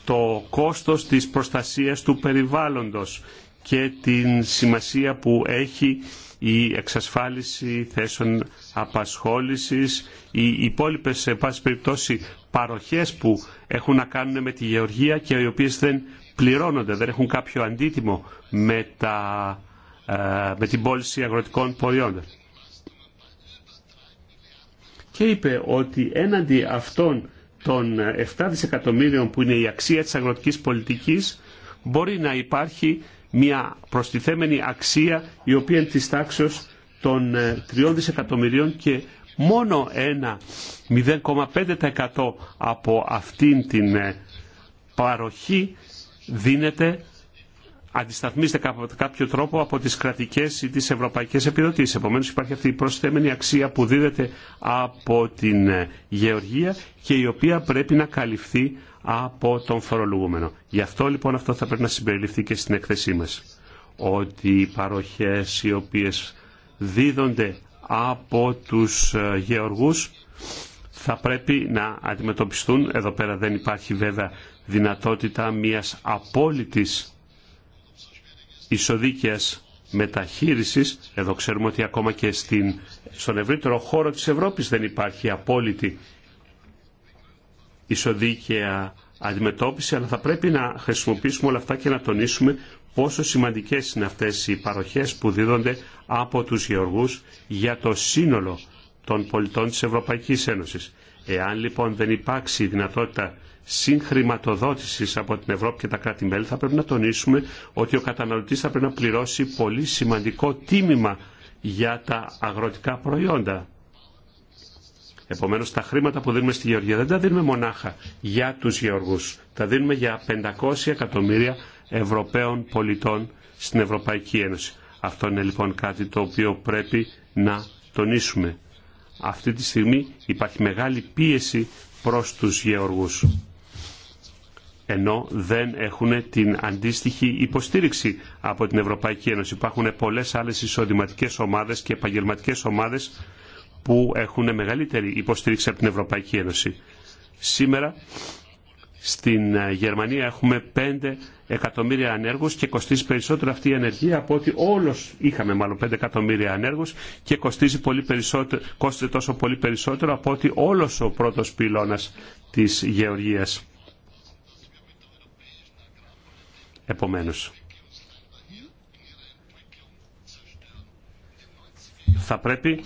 το κόστος της προστασίας του περιβάλλοντος και την σημασία που έχει η εξασφάλιση θέσεων απασχόλησης, οι υπόλοιπες σε πάση περιπτώσει παροχές που έχουν να κάνουν με τη γεωργία και οι οποίες δεν πληρώνονται, δεν έχουν κάποιο αντίτιμο με τα ε, με την πώληση αγροτικών προϊόντων. Και είπε ότι έναντι αυτών των 7 δισεκατομμύριων που είναι η αξία της αγροτικής πολιτικής μπορεί να υπάρχει μια προστιθέμενη αξία η οποία είναι της τάξεως των 3 ε, δισεκατομμυρίων και μόνο ένα 0,5% από αυτήν την ε, παροχή δίνεται αντισταθμίζεται κάποιο τρόπο από τις κρατικές ή τις ευρωπαϊκές επιδοτήσεις. Επομένως υπάρχει αυτή η προσθέμενη αξία που δίδεται από την ε, γεωργία και η οποία πρέπει να καλυφθεί από τον φορολογούμενο. Γι' αυτό λοιπόν αυτό θα πρέπει να συμπεριληφθεί και στην έκθεσή μας. Ότι οι παροχές οι οποίες δίδονται από τους ε, γεωργούς θα πρέπει να αντιμετωπιστούν. Εδώ πέρα δεν υπάρχει βέβαια δυνατότητα μιας απόλυτης ισοδίκαιας μεταχείρισης. Εδώ ξέρουμε ότι ακόμα και στην, στον ευρύτερο χώρο της Ευρώπης δεν υπάρχει απόλυτη ισοδίκαια αντιμετώπιση, αλλά θα πρέπει να χρησιμοποιήσουμε όλα αυτά και να τονίσουμε πόσο σημαντικές είναι αυτές οι παροχές που δίδονται από τους γεωργούς για το σύνολο των πολιτών της Ευρωπαϊκής Ένωσης. Εάν λοιπόν δεν υπάρξει δυνατότητα συγχρηματοδότησης από την Ευρώπη και τα κράτη-μέλη θα πρέπει να τονίσουμε ότι ο καταναλωτής θα πρέπει να πληρώσει πολύ σημαντικό τίμημα για τα αγροτικά προϊόντα. Επομένως τα χρήματα που δίνουμε στη Γεωργία δεν τα δίνουμε μονάχα για τους γεωργούς. Τα δίνουμε για 500 εκατομμύρια Ευρωπαίων πολιτών στην Ευρωπαϊκή Ένωση. Αυτό είναι λοιπόν κάτι το οποίο πρέπει να τονίσουμε. Αυτή τη στιγμή υπάρχει μεγάλη πίεση προς τους γεωργούς ενώ δεν έχουν την αντίστοιχη υποστήριξη από την Ευρωπαϊκή Ένωση. Υπάρχουν πολλές άλλες εισοδηματικές ομάδες και επαγγελματικέ ομάδες που έχουν μεγαλύτερη υποστήριξη από την Ευρωπαϊκή Ένωση. Σήμερα στην ε, Γερμανία έχουμε 5 εκατομμύρια ανέργους και κοστίζει περισσότερο αυτή η ανεργία από ότι όλος είχαμε μάλλον 5 εκατομμύρια ανέργους και κοστίζει πολύ περισσότερο, τόσο πολύ περισσότερο από ότι όλος ο πρώτος πυλώνας της γεωργίας. Επομένως, θα πρέπει,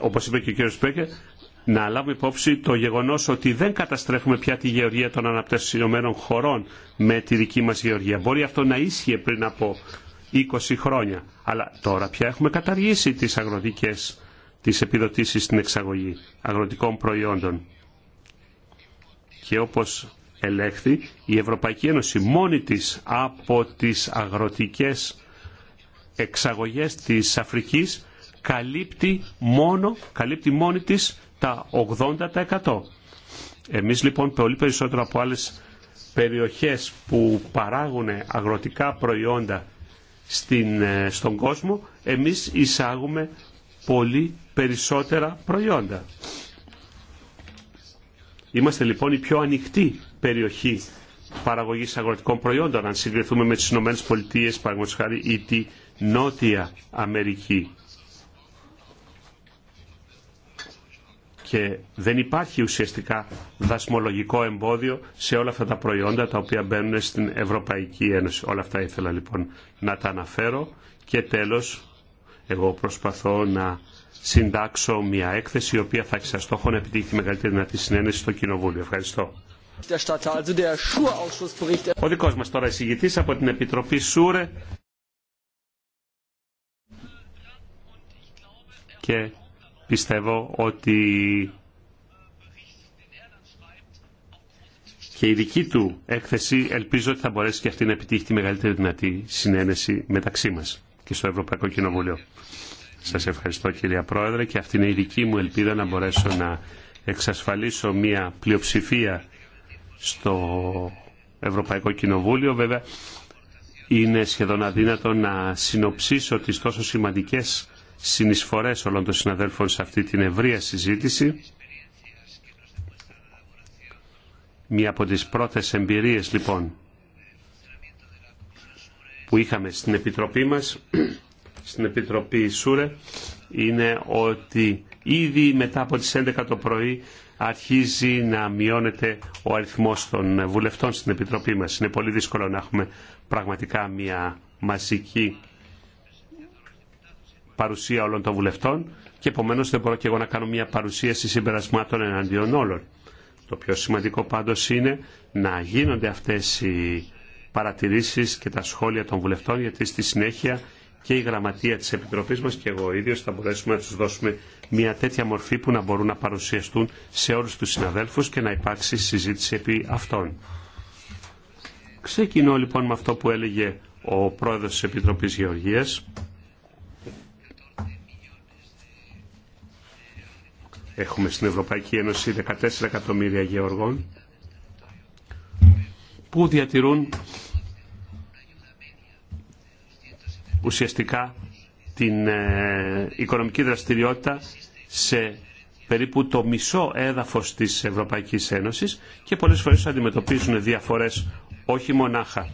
όπως είπε και ο κ. Σπέκε, να λάβουμε υπόψη το γεγονός ότι δεν καταστρέφουμε πια τη γεωργία των αναπτυσσιωμένων χωρών με τη δική μας γεωργία. Μπορεί αυτό να ίσχυε πριν από 20 χρόνια, αλλά τώρα πια έχουμε καταργήσει τις αγροτικές τις επιδοτήσεις στην εξαγωγή αγροτικών προϊόντων. Και όπως ελέγχθη, η Ευρωπαϊκή Ένωση μόνη της από τις αγροτικές εξαγωγές της Αφρικής καλύπτει, μόνο, καλύπτει μόνη της τα 80%. Εμείς λοιπόν πολύ περισσότερο από άλλες περιοχές που παράγουν αγροτικά προϊόντα στην, ε, στον κόσμο, εμείς εισάγουμε πολύ περισσότερα προϊόντα. Είμαστε λοιπόν οι πιο ανοιχτοί περιοχή παραγωγή αγροτικών προϊόντων, αν συγκριθούμε με τι ΗΠΑ χάρη, ή τη Νότια Αμερική. Και δεν υπάρχει ουσιαστικά δασμολογικό εμπόδιο σε όλα αυτά τα προϊόντα τα οποία μπαίνουν στην Ευρωπαϊκή Ένωση. Όλα αυτά ήθελα λοιπόν να τα αναφέρω. Και τέλος, εγώ προσπαθώ να συντάξω μια έκθεση η οποία θα έχει σαν στόχο να επιτύχει τη μεγαλύτερη δυνατή συνένεση στο Κοινοβούλιο. Ευχαριστώ. Ο δικός μας τώρα εισηγητής από την Επιτροπή ΣΟΥΡΕ και πιστεύω ότι και η δική του έκθεση ελπίζω ότι θα μπορέσει και αυτή να επιτύχει τη μεγαλύτερη δυνατή συνένεση μεταξύ μας και στο Ευρωπαϊκό Κοινοβουλίο. Σας ευχαριστώ κυρία Πρόεδρε και αυτή είναι η δική μου ελπίδα να μπορέσω να εξασφαλίσω μια πλειοψηφία στο Ευρωπαϊκό Κοινοβούλιο. Βέβαια, είναι σχεδόν αδύνατο να συνοψίσω τις τόσο σημαντικές συνεισφορές όλων των συναδέλφων σε αυτή την ευρεία συζήτηση. Μία από τις πρώτες εμπειρίες λοιπόν που είχαμε στην Επιτροπή μας, στην Επιτροπή ΣΟΥΡΕ, είναι ότι ήδη μετά από τις 11 το πρωί αρχίζει να μειώνεται ο αριθμός των βουλευτών στην Επιτροπή μας. Είναι πολύ δύσκολο να έχουμε πραγματικά μια μαζική παρουσία όλων των βουλευτών και επομένως δεν μπορώ και εγώ να κάνω μια παρουσίαση συμπερασμάτων εναντίον όλων. Το πιο σημαντικό πάντως είναι να γίνονται αυτές οι παρατηρήσεις και τα σχόλια των βουλευτών γιατί στη συνέχεια και η γραμματεία της Επιτροπής μας και εγώ ίδιος θα μπορέσουμε να τους δώσουμε μια τέτοια μορφή που να μπορούν να παρουσιαστούν σε όλους τους συναδέλφους και να υπάρξει συζήτηση επί αυτών. Ξεκινώ λοιπόν με αυτό που έλεγε ο πρόεδρος της Επιτροπής Γεωργίας. Έχουμε στην Ευρωπαϊκή Ένωση 14 εκατομμύρια γεωργών που διατηρούν ουσιαστικά την ε, οικονομική δραστηριότητα σε περίπου το μισό έδαφος της Ευρωπαϊκής Ένωσης και πολλές φορές αντιμετωπίζουν διαφορές όχι μονάχα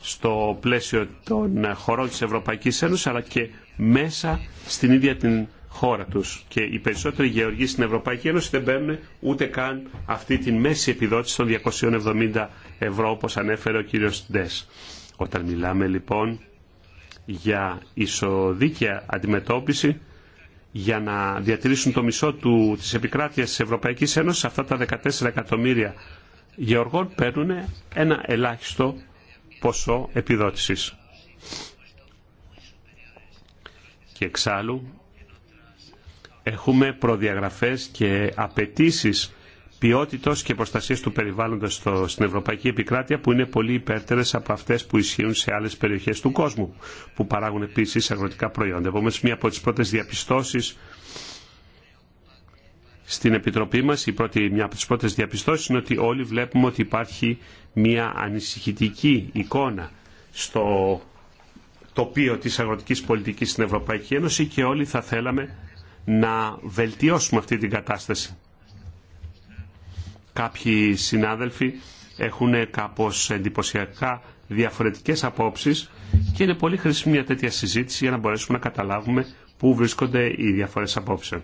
στο πλαίσιο των χωρών της Ευρωπαϊκής Ένωσης αλλά και μέσα στην ίδια την χώρα τους. Και οι περισσότεροι γεωργοί στην Ευρωπαϊκή Ένωση δεν παίρνουν ούτε καν αυτή τη μέση επιδότηση των 270 ευρώ όπως ανέφερε ο κύριος Ντες. Όταν μιλάμε λοιπόν για ισοδίκαια αντιμετώπιση για να διατηρήσουν το μισό του, της επικράτειας της Ευρωπαϊκής Ένωσης αυτά τα 14 εκατομμύρια γεωργών παίρνουν ένα ελάχιστο ποσό επιδότησης. Και εξάλλου έχουμε προδιαγραφές και απαιτήσει ποιότητο και προστασία του περιβάλλοντο στην Ευρωπαϊκή Επικράτεια που είναι πολύ υπέρτερε από αυτέ που ισχύουν σε άλλε περιοχέ του κόσμου που παράγουν επίση αγροτικά προϊόντα. Επομένως μία από τι πρώτε διαπιστώσει στην Επιτροπή μας, η πρώτη, μια από τις πρώτες διαπιστώσεις είναι ότι όλοι βλέπουμε ότι υπάρχει μια ανησυχητική εικόνα στο τοπίο της αγροτικής πολιτικής στην Ευρωπαϊκή Ένωση και όλοι θα θέλαμε να βελτιώσουμε αυτή την κατάσταση. Κάποιοι συνάδελφοι έχουν κάπως εντυπωσιακά διαφορετικές απόψεις και είναι πολύ χρήσιμη μια τέτοια συζήτηση για να μπορέσουμε να καταλάβουμε πού βρίσκονται οι διαφορές απόψεων.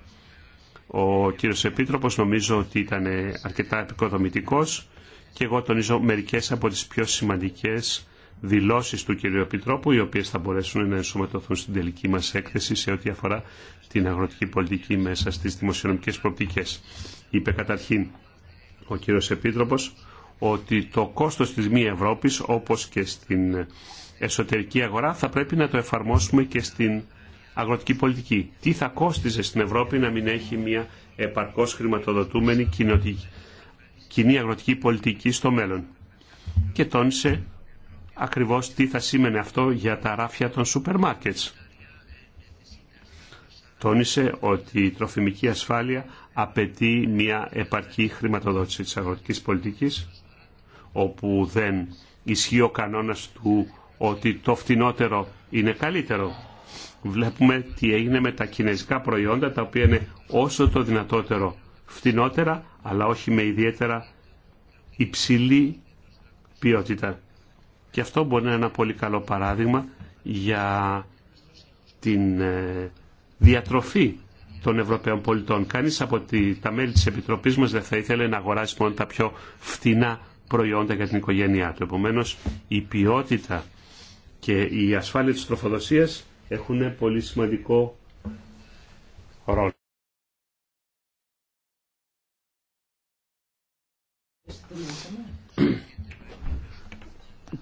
Ο κύριος Επίτροπος νομίζω ότι ήταν αρκετά επικοδομητικός και εγώ τονίζω μερικές από τις πιο σημαντικές δηλώσεις του κυρίου Επιτρόπου, οι οποίες θα μπορέσουν να ενσωματωθούν στην τελική μας έκθεση σε ό,τι αφορά την αγροτική πολιτική μέσα στις δημοσιονομικές προοπτικές. Είπε καταρχήν ο κύριος Επίτροπος ότι το κόστος της μη Ευρώπης όπως και στην εσωτερική αγορά θα πρέπει να το εφαρμόσουμε και στην αγροτική πολιτική. Τι θα κόστιζε στην Ευρώπη να μην έχει μια επαρκώς χρηματοδοτούμενη κοινή αγροτική πολιτική στο μέλλον. Και τόνισε ακριβώς τι θα σήμαινε αυτό για τα ράφια των σούπερ μάρκετς. Τόνισε ότι η τροφιμική ασφάλεια απαιτεί μια επαρκή χρηματοδότηση της αγροτικής πολιτικής, όπου δεν ισχύει ο κανόνας του ότι το φτηνότερο είναι καλύτερο. Βλέπουμε τι έγινε με τα κινέζικα προϊόντα, τα οποία είναι όσο το δυνατότερο φτηνότερα, αλλά όχι με ιδιαίτερα υψηλή ποιότητα. Και αυτό μπορεί να είναι ένα πολύ καλό παράδειγμα για την ε, διατροφή των Ευρωπαίων πολιτών. Κάνει από τα μέλη της Επιτροπής μας δεν θα ήθελε να αγοράσει μόνο τα πιο φτηνά προϊόντα για την οικογένειά του. Επομένω, η ποιότητα και η ασφάλεια της τροφοδοσίας έχουν πολύ σημαντικό ρόλο.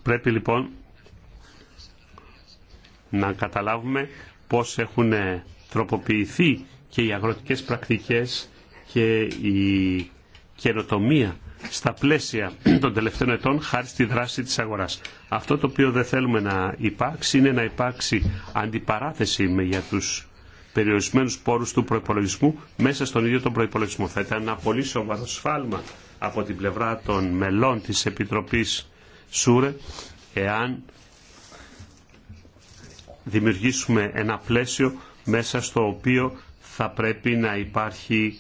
Πρέπει λοιπόν να καταλάβουμε πώς έχουν τροποποιηθεί και οι αγροτικές πρακτικές και η καινοτομία στα πλαίσια των τελευταίων ετών χάρη στη δράση της αγοράς. Αυτό το οποίο δεν θέλουμε να υπάρξει είναι να υπάρξει αντιπαράθεση με για τους περιορισμένους πόρους του προϋπολογισμού μέσα στον ίδιο τον προϋπολογισμό. Θα ήταν ένα πολύ σοβαρό σφάλμα από την πλευρά των μελών της Επιτροπής ΣΟΥΡΕ εάν δημιουργήσουμε ένα πλαίσιο μέσα στο οποίο θα πρέπει να υπάρχει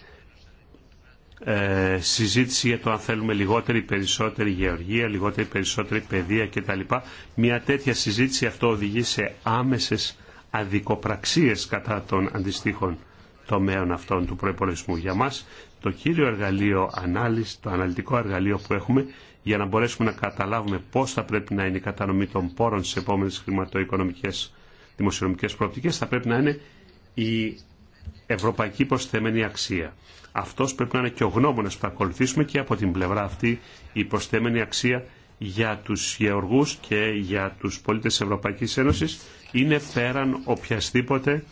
ε, συζήτηση για το αν θέλουμε λιγότερη ή περισσότερη γεωργία, λιγότερη ή περισσότερη παιδεία κτλ. Μια τέτοια συζήτηση αυτό οδηγεί σε άμεσες αδικοπραξίες κατά των αντιστοίχων τομέων αυτών του προπολογισμού. Για μας το κύριο εργαλείο ανάλυση, το αναλυτικό εργαλείο που έχουμε για να μπορέσουμε να καταλάβουμε πώς θα πρέπει να είναι η κατανομή των πόρων στις επόμενες χρηματοοικονομικές δημοσιονομικές προοπτικές θα πρέπει να είναι η ευρωπαϊκή προσθέμενη αξία. Αυτός πρέπει να είναι και ο γνώμονας που θα ακολουθήσουμε και από την πλευρά αυτή η προσθέμενη αξία για τους γεωργούς και για τους πολίτες της Ευρωπαϊκής Ένωσης είναι πέραν οποιασδήποτε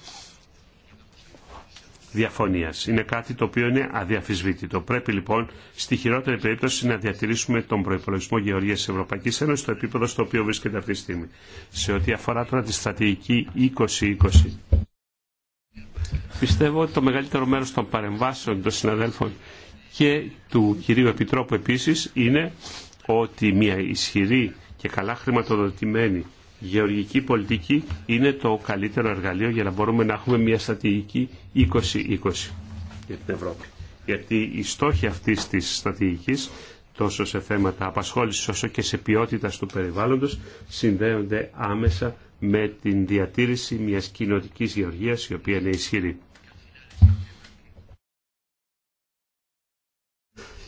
διαφωνίας. Είναι κάτι το οποίο είναι αδιαφυσβήτητο. Πρέπει λοιπόν στη χειρότερη περίπτωση να διατηρήσουμε τον προπολογισμό γεωργίας της Ευρωπαϊκής Ένωσης στο επίπεδο στο οποίο βρίσκεται αυτή τη στιγμή. Σε ό,τι αφορά τώρα τη στρατηγική 2020 Πιστεύω ότι το μεγαλύτερο μέρος των παρεμβάσεων των συναδέλφων και του κυρίου Επιτρόπου επίσης είναι ότι μια ισχυρή και καλά χρηματοδοτημένη γεωργική πολιτική είναι το καλύτερο εργαλείο για να μπορούμε να έχουμε μια στρατηγική 2020 για την Ευρώπη. Γιατί οι στόχοι αυτή της στρατηγική, τόσο σε θέματα απασχόλησης όσο και σε ποιότητα του περιβάλλοντος συνδέονται άμεσα με την διατήρηση μιας κοινοτική γεωργίας η οποία είναι ισχυρή.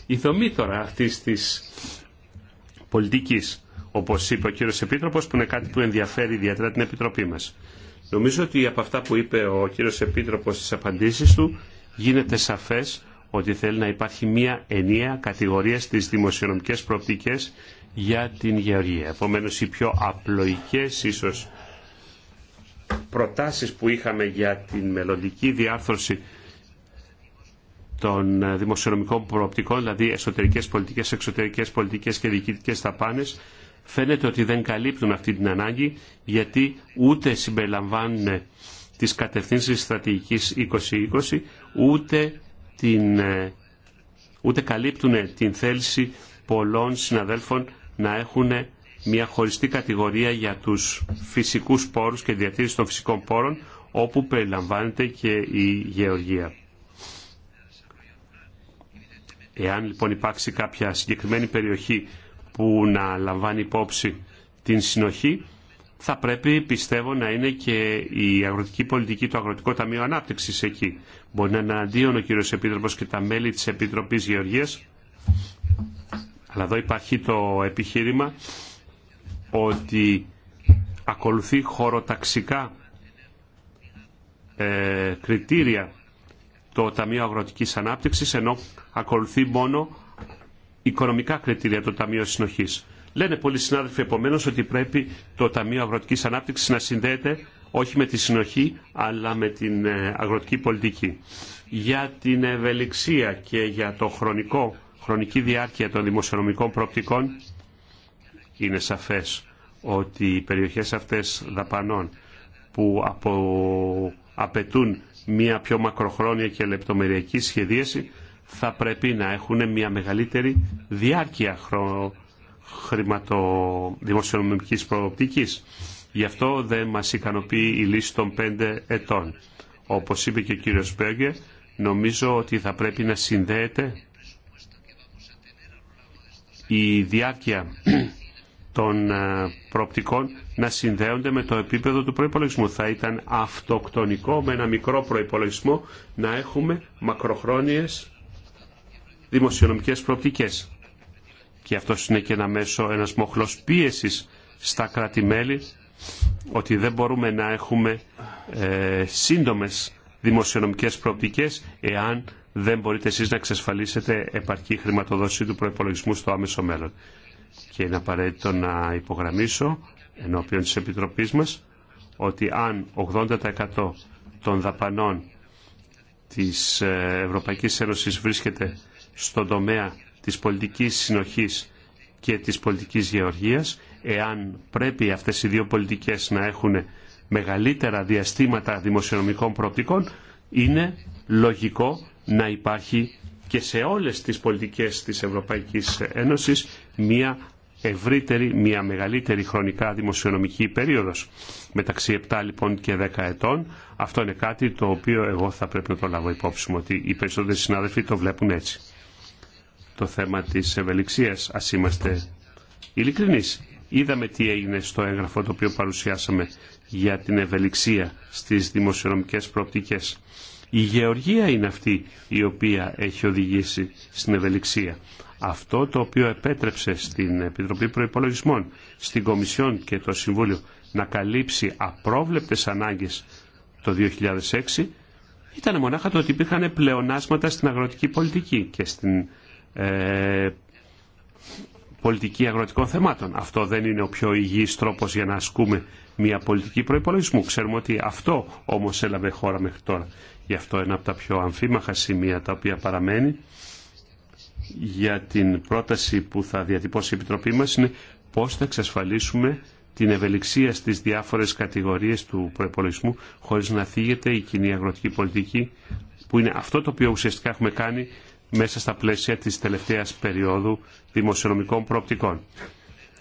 Η δομή τώρα αυτής της πολιτικής, όπως είπε ο κύριος Επίτροπος, που είναι κάτι που ενδιαφέρει ιδιαίτερα την Επιτροπή μας. Νομίζω ότι από αυτά που είπε ο κύριος Επίτροπος στις απαντήσεις του, γίνεται σαφές ότι θέλει να υπάρχει μία ενιαία κατηγορία στις δημοσιονομικές προοπτικές για την γεωργία. Επομένως οι πιο απλοϊκές ίσως προτάσεις που είχαμε για την μελλοντική διάρθρωση των ε, δημοσιονομικών προοπτικών, δηλαδή εσωτερικές πολιτικές, εξωτερικές πολιτικές και διοικητικές ταπάνες, φαίνεται ότι δεν καλύπτουν αυτή την ανάγκη γιατί ούτε συμπεριλαμβάνουν τις κατευθύνσεις στρατηγικής 2020, ούτε, την, ε, ούτε καλύπτουν την θέληση πολλών συναδέλφων να έχουν μια χωριστή κατηγορία για τους φυσικούς πόρους και διατήρηση των φυσικών πόρων όπου περιλαμβάνεται και η γεωργία. Εάν λοιπόν υπάρξει κάποια συγκεκριμένη περιοχή που να λαμβάνει υπόψη την συνοχή, θα πρέπει πιστεύω να είναι και η αγροτική πολιτική, του Αγροτικό Ταμείο ανάπτυξη εκεί. Μπορεί να είναι αντίον ο κύριος Επίτροπος και τα μέλη της Επιτροπής Γεωργίας, αλλά εδώ υπάρχει το επιχείρημα ότι ακολουθεί χωροταξικά ε, κριτήρια το Ταμείο Αγροτικής Ανάπτυξης ενώ ακολουθεί μόνο οικονομικά κριτήρια το Ταμείο Συνοχής. Λένε πολλοί συνάδελφοι επομένω ότι πρέπει το Ταμείο Αγροτικής Ανάπτυξης να συνδέεται όχι με τη συνοχή αλλά με την ε, αγροτική πολιτική. Για την ευελιξία και για το χρονικό, χρονική διάρκεια των δημοσιονομικών προοπτικών είναι σαφές ότι οι περιοχές αυτές δαπανών που απο... απαιτούν μια πιο μακροχρόνια και λεπτομεριακή σχεδίαση θα πρέπει να έχουν μια μεγαλύτερη διάρκεια χρο... χρηματο... δημοσιονομικής προοπτικής. Γι' αυτό δεν μας ικανοποιεί η λύση των πέντε ετών. Όπως είπε και ο κύριος Μπέγκε, νομίζω ότι θα πρέπει να συνδέεται η διάρκεια των ε, προοπτικών να συνδέονται με το επίπεδο του προϋπολογισμού. Θα ήταν αυτοκτονικό με ένα μικρό προϋπολογισμό να έχουμε μακροχρόνιες δημοσιονομικές προοπτικές. Και αυτό είναι και ένα μέσο, ένας μοχλός πίεσης στα κρατη ότι δεν μπορούμε να έχουμε ε, σύντομες δημοσιονομικές προοπτικές εάν δεν μπορείτε εσείς να εξασφαλίσετε επαρκή χρηματοδότηση του προϋπολογισμού στο άμεσο μέλλον και είναι απαραίτητο να υπογραμμίσω ενώπιον της Επιτροπής μας ότι αν 80% των δαπανών της ε, Ευρωπαϊκής Ένωσης βρίσκεται στον τομέα της πολιτικής συνοχής και της πολιτικής γεωργίας, εάν πρέπει αυτές οι δύο πολιτικές να έχουν μεγαλύτερα διαστήματα δημοσιονομικών προοπτικών, είναι λογικό να υπάρχει και σε όλες τις πολιτικές της Ευρωπαϊκής Ένωσης μια ευρύτερη, μια μεγαλύτερη χρονικά δημοσιονομική περίοδος. Μεταξύ 7 λοιπόν και 10 ετών. Αυτό είναι κάτι το οποίο εγώ θα πρέπει να το λάβω υπόψη μου, ότι οι περισσότεροι συνάδελφοι το βλέπουν έτσι. Το θέμα της ευελιξίας, ας είμαστε ειλικρινείς. Είδαμε τι έγινε στο έγγραφο το οποίο παρουσιάσαμε για την ευελιξία στις δημοσιονομικές προοπτικές. Η γεωργία είναι αυτή η οποία έχει οδηγήσει στην ευελιξία. Αυτό το οποίο επέτρεψε στην Επιτροπή Προϋπολογισμών, στην Κομισιόν και το Συμβούλιο να καλύψει απρόβλεπτες ανάγκες το 2006 ήταν μονάχα το ότι υπήρχαν πλεονάσματα στην αγροτική πολιτική και στην ε, πολιτική αγροτικών θεμάτων. Αυτό δεν είναι ο πιο υγιής τρόπος για να ασκούμε μια πολιτική προϋπολογισμού. Ξέρουμε ότι αυτό όμως έλαβε χώρα μέχρι τώρα. Γι' αυτό ένα από τα πιο αμφίμαχα σημεία τα οποία παραμένει για την πρόταση που θα διατυπώσει η Επιτροπή μας είναι πώς θα εξασφαλίσουμε την ευελιξία στις διάφορες κατηγορίες του προπολογισμού χωρίς να θίγεται η κοινή αγροτική πολιτική που είναι αυτό το οποίο ουσιαστικά έχουμε κάνει μέσα στα πλαίσια της τελευταίας περίοδου δημοσιονομικών προοπτικών.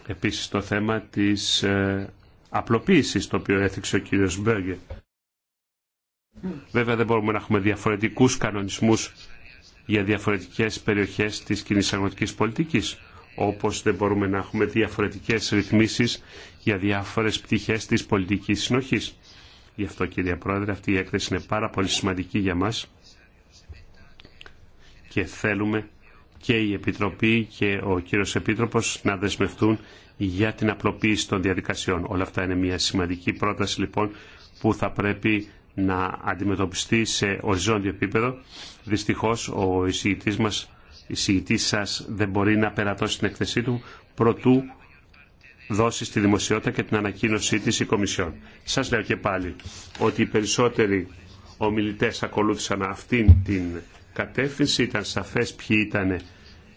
Επίσης το θέμα της ε, απλοποίησης το οποίο έθιξε ο κύριος Μπέργκερ. Βέβαια δεν μπορούμε να έχουμε διαφορετικούς κανονισμούς για διαφορετικές περιοχές της κοινή αγροτικής πολιτικής, όπως δεν μπορούμε να έχουμε διαφορετικές ρυθμίσεις για διάφορες πτυχές της πολιτικής συνοχής. Γι' αυτό κύριε Πρόεδρε αυτή η έκθεση είναι πάρα πολύ σημαντική για μας και θέλουμε και η Επιτροπή και ο κύριος Επίτροπος να δεσμευτούν για την απλοποίηση των διαδικασιών. Όλα αυτά είναι μια σημαντική πρόταση λοιπόν που θα πρέπει να αντιμετωπιστεί σε οριζόντιο επίπεδο. Δυστυχώ ο εισηγητής μας, εισηγητή σας δεν μπορεί να περατώσει την εκθεσή του προτού δώσει στη δημοσιότητα και την ανακοίνωσή της η Κομισιόν. Σας λέω και πάλι ότι οι περισσότεροι ομιλητέ ακολούθησαν αυτήν την κατεύθυνση, ήταν σαφές ποιοι ήταν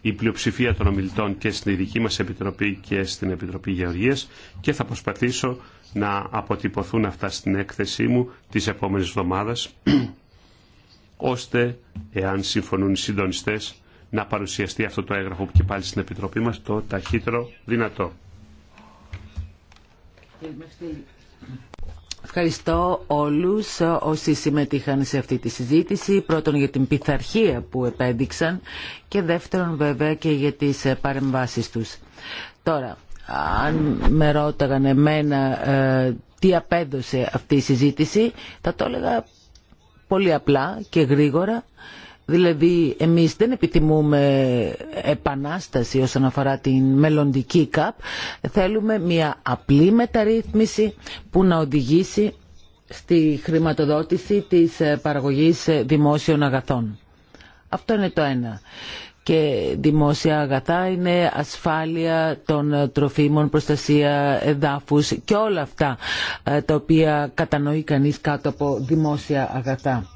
η πλειοψηφία των ομιλητών και στην ειδική μας Επιτροπή και στην Επιτροπή Γεωργίας και θα προσπαθήσω να αποτυπωθούν αυτά στην έκθεσή μου τις επόμενες εβδομάδες ώστε, εάν συμφωνούν οι συντονιστές, να παρουσιαστεί αυτό το έγγραφο που και πάλι στην Επιτροπή μας το ταχύτερο δυνατό. Ευχαριστώ όλους όσοι συμμετείχαν σε αυτή τη συζήτηση. Πρώτον για την πειθαρχία που επέδειξαν και δεύτερον βέβαια και για τις παρεμβάσεις τους. Τώρα, αν με ρώταγαν εμένα ε, τι απέδωσε αυτή η συζήτηση, θα το έλεγα πολύ απλά και γρήγορα Δηλαδή εμείς δεν επιθυμούμε επανάσταση όσον αφορά την μελλοντική ΚΑΠ. Θέλουμε μια απλή μεταρρύθμιση που να οδηγήσει στη χρηματοδότηση της ε, παραγωγής ε, δημόσιων αγαθών. Αυτό είναι το ένα. Και δημόσια αγαθά είναι ασφάλεια των ε, τροφίμων, προστασία εδάφους και όλα αυτά τα οποία κατανοεί κανείς κάτω από δημόσια αγαθά.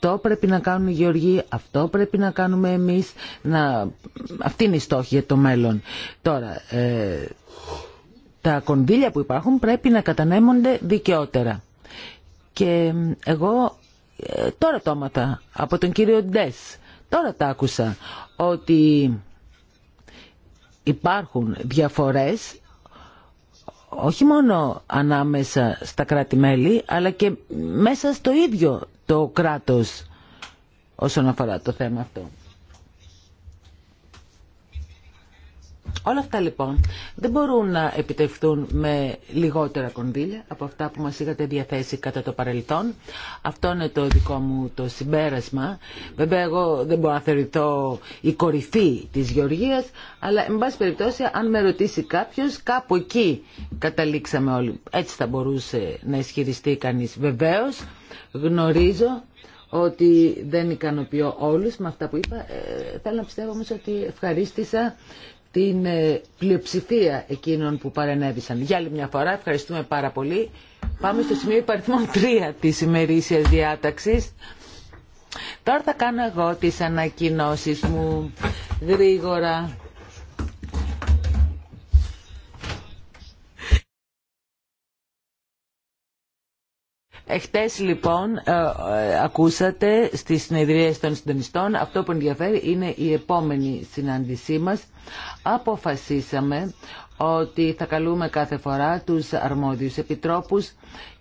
Αυτό πρέπει να κάνουν οι γεωργοί, αυτό πρέπει να κάνουμε εμείς. Να... Αυτή είναι η στόχη για το μέλλον. Τώρα, ε, τα κονδύλια που υπάρχουν πρέπει να κατανέμονται δικαιότερα. Και εγώ ε, τώρα το από τον κύριο Ντες. Τώρα τα άκουσα ότι υπάρχουν διαφορές όχι μόνο ανάμεσα στα κράτη-μέλη, αλλά και μέσα στο ίδιο το κράτος όσον αφορά το θέμα αυτό. Όλα αυτά λοιπόν δεν μπορούν να επιτευχθούν με λιγότερα κονδύλια από αυτά που μας είχατε διαθέσει κατά το παρελθόν. Αυτό είναι το δικό μου το συμπέρασμα. Βέβαια εγώ δεν μπορώ να θεωρηθώ η κορυφή της Γεωργίας, αλλά εν πάση περιπτώσει αν με ρωτήσει κάποιος κάπου εκεί καταλήξαμε όλοι. Έτσι θα μπορούσε να ισχυριστεί κανείς. Βεβαίως γνωρίζω ότι δεν ικανοποιώ όλους με αυτά που είπα. Ε, θέλω να πιστεύω όμως ότι ευχαρίστησα την ε, πλειοψηφία εκείνων που παρενέβησαν. Για άλλη μια φορά ευχαριστούμε πάρα πολύ. Πάμε στο σημείο υπαριθμών 3 της ημερήσιας διάταξης. Τώρα θα κάνω εγώ τις ανακοινώσεις μου γρήγορα. Εχθές λοιπόν ε, ε, ακούσατε στις συνεδρίες των συντονιστών, αυτό που ενδιαφέρει είναι η επόμενη συνάντησή μας. Αποφασίσαμε ότι θα καλούμε κάθε φορά τους αρμόδιους επιτρόπους.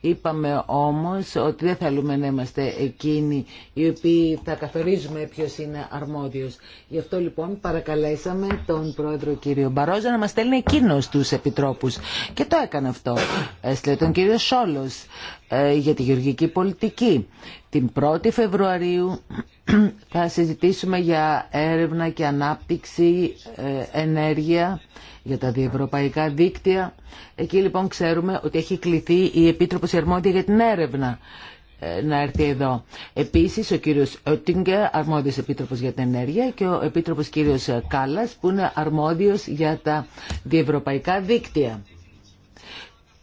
Είπαμε όμως ότι δεν θέλουμε να είμαστε εκείνοι οι οποίοι θα καθορίζουμε ποιος είναι αρμόδιος. Γι' αυτό λοιπόν παρακαλέσαμε τον πρόεδρο κύριο Μπαρόζα να μας στέλνει εκείνος τους επιτρόπους. Και το έκανε αυτό. Έστειλε τον κύριο Σόλος ε, για τη γεωργική πολιτική. Την 1η Φεβρουαρίου θα συζητήσουμε για έρευνα και ανάπτυξη, ε, ενέργεια για τα διευρωπαϊκά δίκτυα. Εκεί λοιπόν ξέρουμε ότι έχει κληθεί η Επίτροπος Αρμόδια για την έρευνα ε, να έρθει εδώ. Επίσης ο κύριος Ότιγκε, αρμόδιος επίτροπος για την ενέργεια και ο επίτροπος κύριος Κάλλας που είναι αρμόδιος για τα διευρωπαϊκά δίκτυα.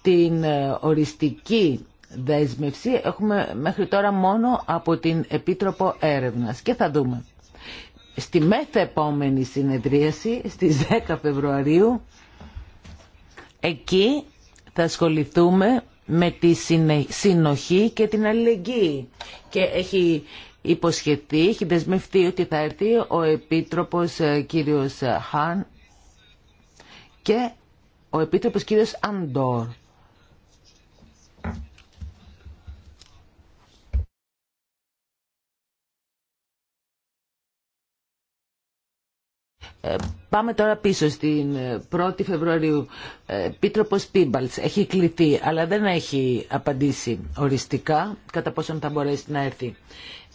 Την ε, οριστική δέσμευση έχουμε μέχρι τώρα μόνο από την Επίτροπο Έρευνας και θα δούμε στη μεθεπόμενη συνεδρίαση στις 10 Φεβρουαρίου εκεί θα ασχοληθούμε με τη συνοχή και την αλληλεγγύη και έχει υποσχεθεί, έχει δεσμευτεί ότι θα έρθει ο Επίτροπος ε, κύριος Χάν και ο Επίτροπος κύριος Αντόρ Ε, πάμε τώρα πίσω στην 1η ε, Φεβρουαρίου. Ε, Πίτροπος Πίμπαλτς έχει κληθεί, αλλά δεν έχει απαντήσει οριστικά κατά πόσον θα μπορέσει να έρθει.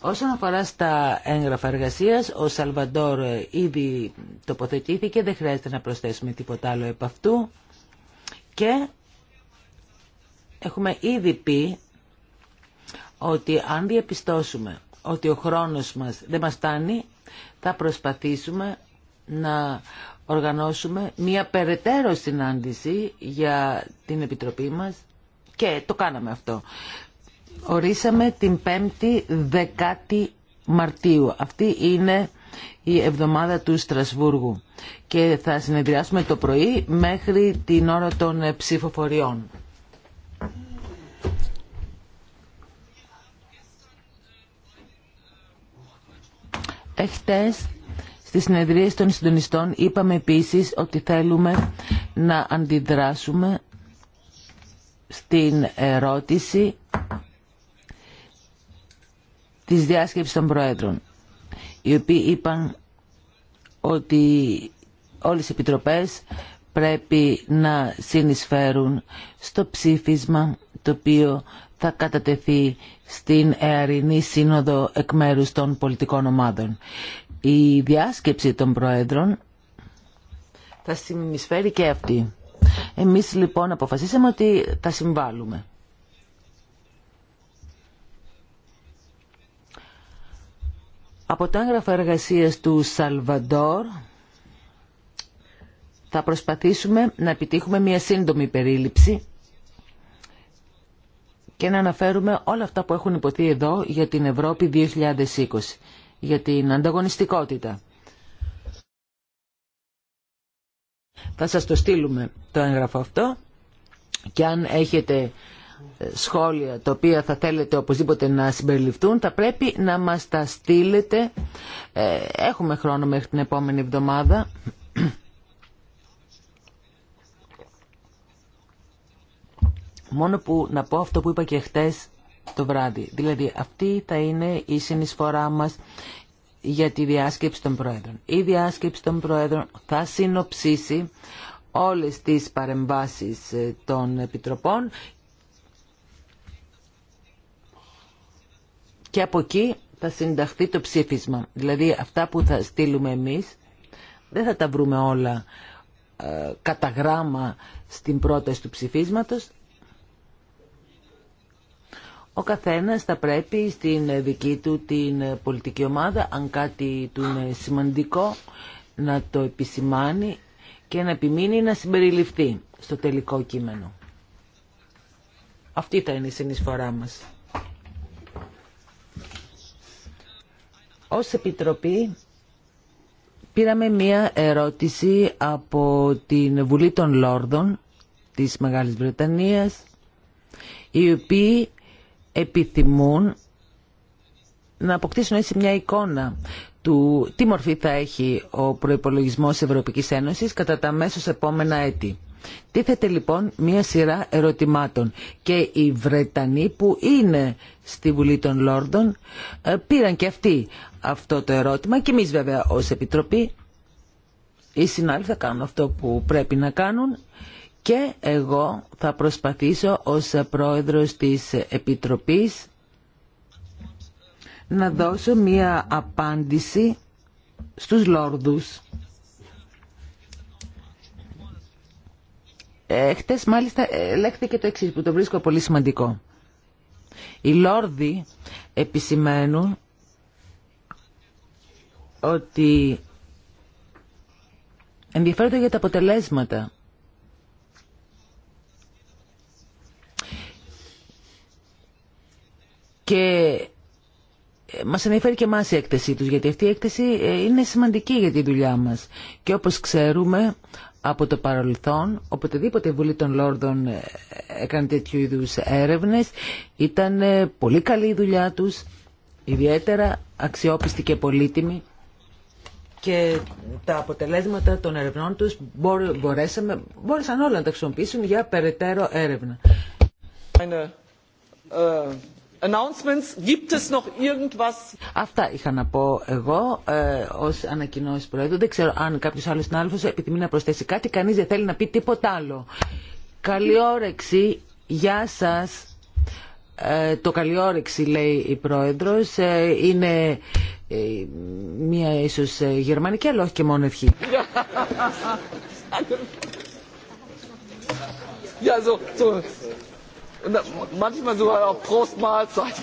Όσον αφορά στα έγγραφα εργασίας, ο Σαλβαντόρ ήδη τοποθετήθηκε, δεν χρειάζεται να προσθέσουμε τίποτα άλλο επ' αυτού. Και έχουμε ήδη πει ότι αν διαπιστώσουμε ότι ο χρόνος μας δεν μας φτάνει, θα προσπαθήσουμε να οργανώσουμε μία περαιτέρω συνάντηση για την Επιτροπή μας και το κάναμε αυτό. Ορίσαμε την 5η 10η Μαρτίου. Αυτή είναι η εβδομάδα του Στρασβούργου και θα συνεδριάσουμε το πρωί μέχρι την ώρα των ψηφοφοριών. Εχθές στις συνεδρίες των συντονιστών είπαμε επίσης ότι θέλουμε να αντιδράσουμε στην ερώτηση της διάσκεψης των Προέδρων, οι οποίοι είπαν ότι όλες οι επιτροπές πρέπει να συνεισφέρουν στο ψήφισμα το οποίο θα κατατεθεί στην Εαρινή Σύνοδο εκ μέρου των πολιτικών ομάδων η διάσκεψη των Προέδρων θα συνεισφέρει και αυτή. Εμείς λοιπόν αποφασίσαμε ότι θα συμβάλλουμε. Από τα έγγραφα εργασίας του Σαλβαντόρ θα προσπαθήσουμε να επιτύχουμε μια σύντομη περίληψη και να αναφέρουμε όλα αυτά που έχουν υποθεί εδώ για την Ευρώπη 2020 για την ανταγωνιστικότητα. Θα σας το στείλουμε το έγγραφο αυτό και αν έχετε ε, σχόλια τα οποία θα θέλετε οπωσδήποτε να συμπεριληφθούν θα πρέπει να μας τα στείλετε ε, έχουμε χρόνο μέχρι την επόμενη εβδομάδα μόνο που να πω αυτό που είπα και χτες το βράδυ. Δηλαδή αυτή θα είναι η συνεισφορά μας για τη διάσκεψη των Πρόεδρων. Η διάσκεψη των Πρόεδρων θα συνοψίσει όλες τις παρεμβάσεις ε, των Επιτροπών και από εκεί θα συνταχθεί το ψήφισμα. Δηλαδή αυτά που θα στείλουμε εμείς δεν θα τα βρούμε όλα ε, κατά γράμμα στην πρόταση του ψηφίσματος, ο καθένας θα πρέπει στην δική του την πολιτική ομάδα, αν κάτι του είναι σημαντικό, να το επισημάνει και να επιμείνει να συμπεριληφθεί στο τελικό κείμενο. Αυτή θα είναι η συνεισφορά μας. Ως Επιτροπή πήραμε μία ερώτηση από την Βουλή των Λόρδων της Μεγάλης Βρετανίας οι οποίοι επιθυμούν να αποκτήσουν έτσι μια εικόνα του τι μορφή θα έχει ο προϋπολογισμός Ευρωπαϊκής Ένωσης κατά τα σε επόμενα έτη. Τίθεται λοιπόν μία σειρά ερωτημάτων και οι Βρετανοί που είναι στη Βουλή των Λόρντων ε, πήραν και αυτοί αυτό το ερώτημα και εμείς βέβαια ως Επιτροπή οι συνάλληλοι θα κάνουν αυτό που πρέπει να κάνουν και εγώ θα προσπαθήσω ως πρόεδρος της Επιτροπής να δώσω μία απάντηση στους Λόρδους. Ε, χτες μάλιστα ε, λέχθηκε το εξής που το βρίσκω πολύ σημαντικό. Οι Λόρδοι επισημαίνουν ότι ενδιαφέρονται για τα αποτελέσματα Και ε, μας ενδιαφέρει και εμά η έκθεσή τους, γιατί αυτή η έκθεση ε, είναι σημαντική για τη δουλειά μας. Και όπως ξέρουμε από το παρελθόν, οποτεδήποτε η Βουλή των Λόρδων ε, έκανε τέτοιου είδου έρευνες, ήταν πολύ καλή η δουλειά τους, ιδιαίτερα αξιόπιστη και πολύτιμη και τα αποτελέσματα των ερευνών τους μπορέσαμε, μπόρεσαν όλα να τα χρησιμοποιήσουν για περαιτέρω έρευνα. Αυτά είχα να πω εγώ ε, ως ανακοινώσεις προέδρου. Δεν ξέρω αν κάποιος άλλος συνάδελφο επιθυμεί να προσθέσει κάτι. κανεί δεν θέλει να πει τίποτα άλλο. Καλή όρεξη. Γεια σα. το καλή όρεξη λέει η πρόεδρο. είναι μία ίσως γερμανική αλλά όχι και μόνο ευχή manchmal sogar auch Prost Mahlzeit.